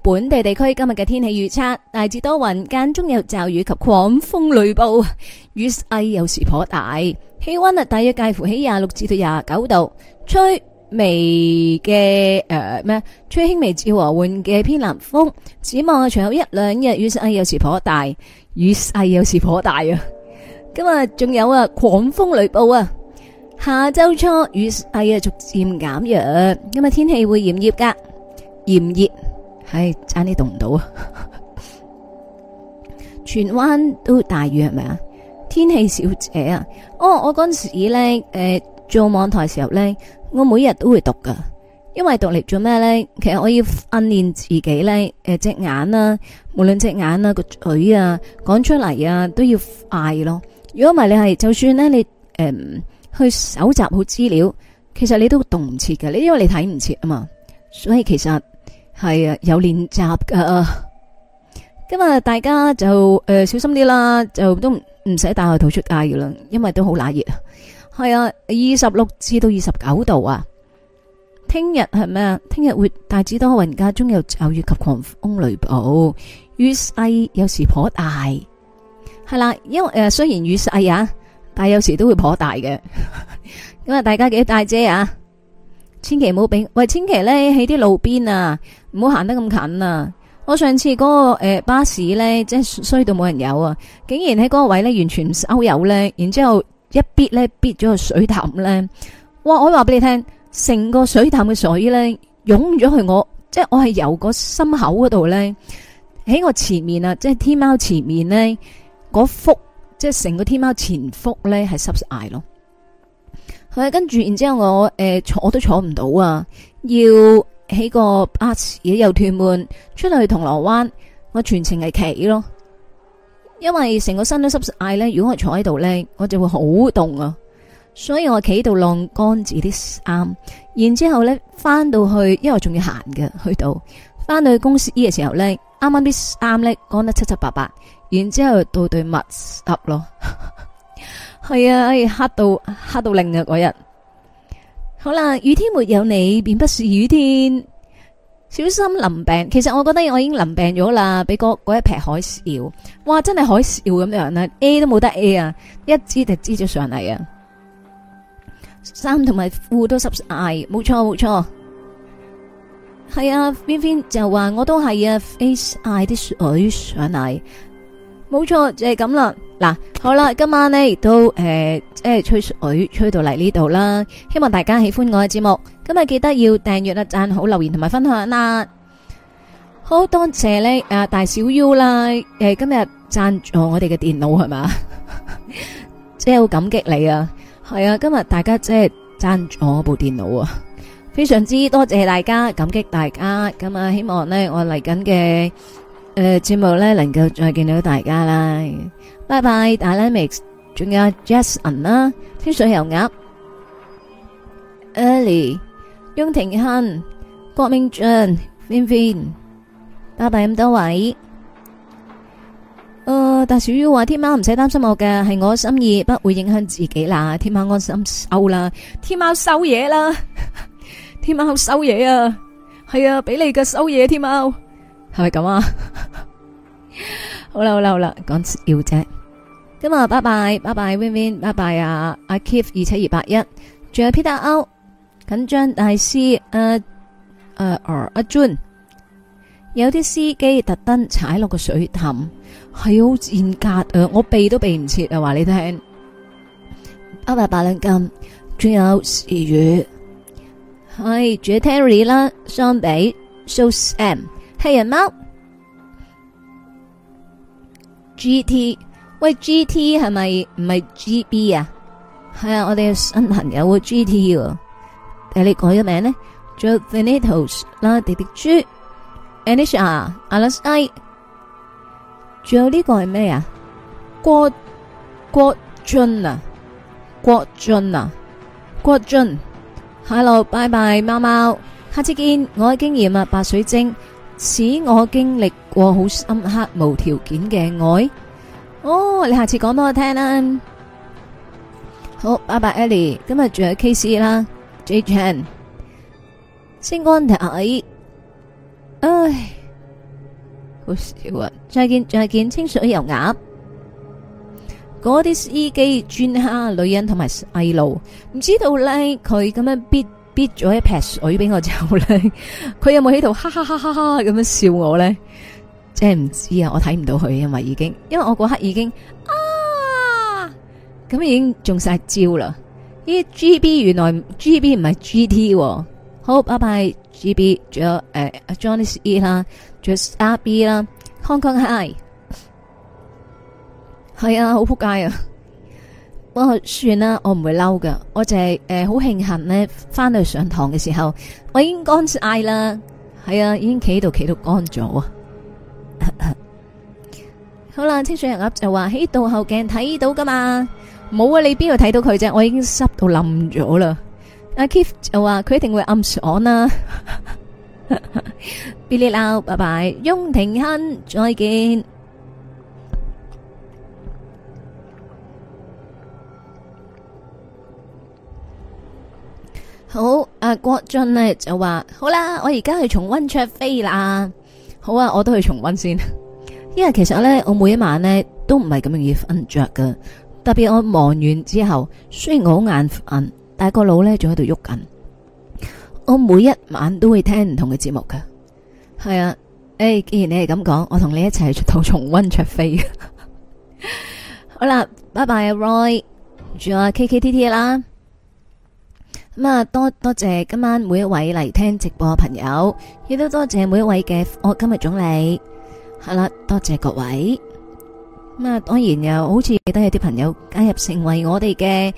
本地地區今日嘅天氣預測大致多雲，間中有驟雨及狂風雷暴，雨勢有時頗大。氣溫啊大約介乎喺廿六至到廿九度的，吹、呃、微嘅誒咩？吹輕微至和緩嘅偏南風。展望啊，隨後一兩日雨勢有時頗大，雨勢有時頗大啊！今日仲有啊狂風雷暴啊！下周初雨勢啊，逐漸減弱，因為天氣會炎熱噶，炎熱係差啲凍唔到啊！荃 灣都大雨係咪啊？天氣小姐啊，哦，我嗰陣時咧，誒、呃，做網台時候咧，我每日都會讀噶，因為讀嚟做咩咧？其實我要訓練自己咧，誒、呃，隻眼啊，無論隻眼啊個嘴啊，講出嚟啊都要嗌咯。如果唔係你係就算咧，你、呃、誒。去搜集好資料，其實你都動唔切嘅，你因為你睇唔切啊嘛，所以其實係啊有練習噶。今日大家就誒、呃、小心啲啦，就都唔使帶外套出街噶啦，因為都好乸熱啊。係啊，二十六至到二十九度啊。聽日係咩啊？聽日會大致多雲，間中有驟雨及狂風雷暴，雨勢有時頗大。係啦、啊，因為誒雖然雨勢啊。但係有時都會頗大嘅，咁啊大家記得帶遮啊？千祈唔好俾，喂千祈咧喺啲路邊啊，唔好行得咁近啊！我上次嗰、那個誒、呃、巴士咧，即係衰到冇人有啊！竟然喺嗰個位咧完全唔收油咧，然之後一逼咧逼咗個水氹咧，哇！我話俾你聽，成個水氹嘅水咧湧咗去我，即係我係由個心口嗰度咧喺我前面啊，即係天貓前面咧嗰即係成個天貓前腹咧，係濕晒咯，係跟住然之後我誒、欸、坐都坐唔到啊，要起個啊嘢，又斷門，出去銅鑼灣，我全程係企咯，因為成個身都濕晒呢，如果我坐喺度呢，我就會好凍啊，所以我企度晾乾自己啲衫，然之後呢翻到去，因為仲要行嘅去到，翻到去公司呢嘅時候呢，啱啱啲衫呢乾得七七八八。然之後到對襪濕咯，係 啊，吓到吓到令啊嗰日。好啦，雨天沒有你，便不是雨天。小心淋病。其實我覺得我已經淋病咗啦，俾嗰一劈海嘯，哇，真係海嘯咁樣啊！A 都冇得 A 枝就枝就啊，一支就支咗上嚟啊。衫同埋褲都濕晒，冇錯冇錯。係啊，邊邊就話我都係啊，A I 啲水上嚟。冇錯，就係咁啦。嗱，好啦，今晚咧，亦都誒，即係吹水吹吹到嚟呢度啦。希望大家喜歡我嘅節目。今日記得要訂閱啊、讚好、留言同埋分享啊。好多謝咧，誒，大小 U 啦，誒，今日贊助我哋嘅電腦係嘛，即係好感激你啊。係啊，今日大家即係贊助我部電腦啊，非常之多謝大家，感激大家。咁啊，希望咧我嚟緊嘅。誒，節目呢能夠再見到大家啦，拜拜！Dynamics 仲有 Jason 啦，天水油鴨，Early，雍庭亨，郭明俊，Vin Vin，拜拜咁多位。誒，大小妖話：天貓唔使擔心我嘅，係我心意不會影響自己啦。天貓安心收啦，天貓收嘢啦，天貓好收嘢啊！係啊，俾你嘅收嘢天貓。係咪咁啊？ 好啦，好啦，好啦，講笑啫。今日拜拜，拜拜，Win Win，拜拜啊！阿 Keith 二七二八一，仲有 Peter 歐緊張大師，誒誒誒阿 Jun。有啲司機特登踩落個水潭，係好賤格啊！我避都避唔切啊！話你聽拜百八兩金，仲有時雨係仲有 Terry 啦，相比 So s M。係人貓，G T 喂，G T 係咪唔係 G B 啊？係啊，我哋有新朋友 G T，睇、啊啊、你改咗名咧，Jonathanos 啦，滴滴豬，Anisha，l Alice 阿拉埃，仲有呢個係咩啊？郭郭俊啊，郭俊啊，郭俊，Hello，拜拜，貓貓，下次見，我係經驗啊，白水晶。使我經歷過好深刻無條件嘅愛。哦，你下次講俾我聽啦。好，拜拜，Ellie。今日住喺 KC 啦，JJ。先乾睇，唉，好笑啊！再見，再見，清水油鴨。嗰啲司機專蝦女人同埋細路，唔知道咧，佢咁樣必。b 咗一撇水俾我之後咧，佢 有冇喺度哈哈哈哈哈咁樣笑我咧？即係唔知啊，我睇唔到佢，因為已經，因為我嗰刻已經啊，咁已經中晒招 GB GB、喔拜拜 GB，呃 e、啦！咦，G B 原來 G B 唔係 G T，好拜拜 G B，仲有誒，Johnnie E 啦，Just R B 啦，Hong Kong High，係啊，好撲街啊！我算啦，我唔會嬲噶，我就係誒好慶幸咧，翻到去上堂嘅時候，我已經乾晒啦，係啊，已經企喺度企到乾咗啊。好啦，清水人鴨就話喺倒後鏡睇到噶嘛，冇啊，你邊度睇到佢啫？我已經濕到冧咗啦。阿 K 就話佢一定會暗爽啦。Billie Lau，拜拜，雍廷亨，再見。好，阿、啊、郭俊呢就話：好啦，我而家去重溫卓飛啦。好啊，我都去重溫先， 因為其實咧，我每一晚咧都唔係咁容易瞓着噶，特別我忙完之後，雖然我好眼瞓，但係個腦咧仲喺度喐緊。我每一晚都會聽唔同嘅節目噶，係啊，誒、欸，既然你係咁講，我同你一齊去重溫卓飛。 好啦，拜拜、啊，Roy，仲有 K K T T 啦。咁啊，多多謝今晚每一位嚟聽直播嘅朋友，亦都多謝每一位嘅我今日總理，係啦，多謝各位。咁啊，當然又好似記得有啲朋友加入成為我哋嘅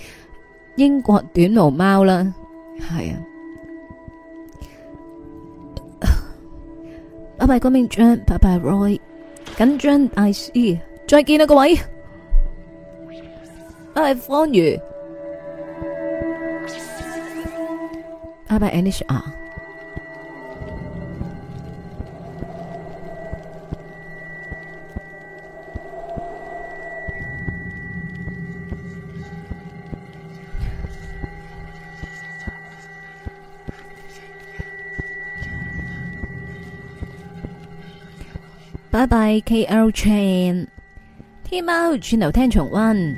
英國短毛貓啦，係啊。 拜拜，郭明章，拜拜，Roy，緊張，I see，再見啦，各位。拜拜，方如。啊、拜拜 Nisha，拜拜 KL Chain，天貓轉頭聽重溫，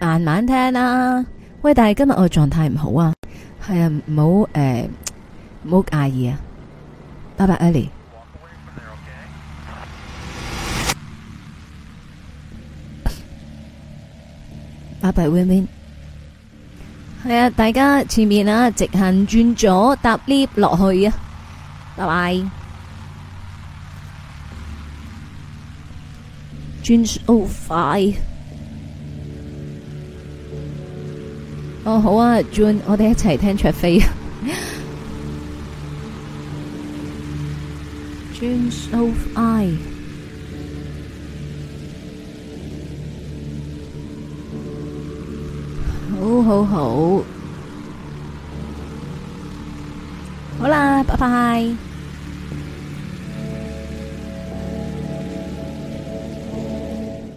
慢慢聽啦、啊。喂，但係今日我狀態唔好啊。係啊，唔好誒，唔好介意啊。拜拜，Ellie。拜拜，Winwin。係啊，大家前面啊，直行轉左，搭 lift 落去啊。拜拜。轉好快。哦、oh, 好啊，June，我哋一齊聽卓飛。 Dreams of I，好好好，好啦，拜拜，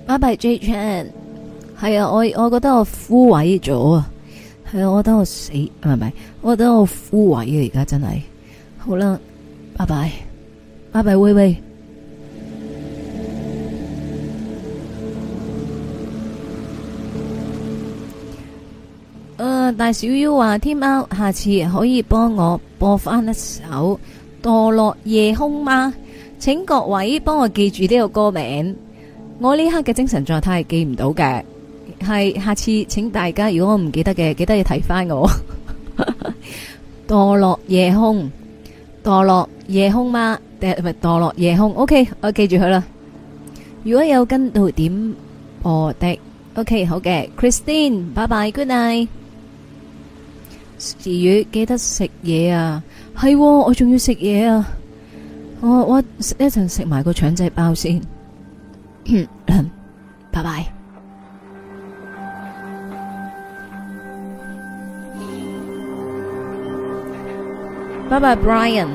拜拜 Jay Chan，係啊，我我覺得我枯萎咗啊。係、嗯、我覺得我死唔係唔係，我覺得我枯萎啊！而家真係，好啦，拜拜拜拜，喂喂。誒、呃，大小 U 話天貓，下次可以幫我播翻一首《墮落夜空》嗎？請各位幫我記住呢個歌名，我呢刻嘅精神狀態係記唔到嘅。係，下次請大家如果我唔記得嘅，記得要睇翻我。墮落夜空，墮落夜空嘛？唔係墮落夜空。OK，我記住佢啦。如果有跟到點哦的，OK，好嘅，Christine，拜拜，Good night。二月記得食嘢啊，係我仲要食嘢啊，我我一陣食埋個腸仔包先。拜拜。拜拜，Brian。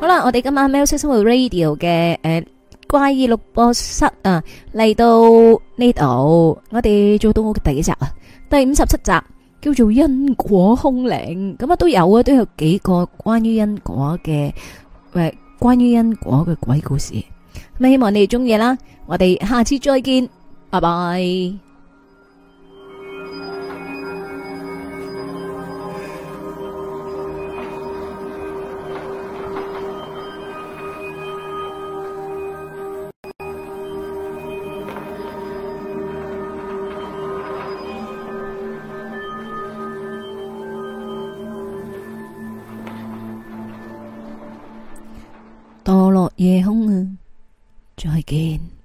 好啦，我哋今晚《喵式生活 Radio》嘅誒，怪異錄播室啊，嚟到呢度，我哋做到嘅第幾集啊？第五十七集叫做因果空靈，咁啊都有啊，都有幾個關於因果嘅誒，關於因果嘅鬼故事。咁希望你哋中意啦，我哋下次再見，拜拜。落夜空再見。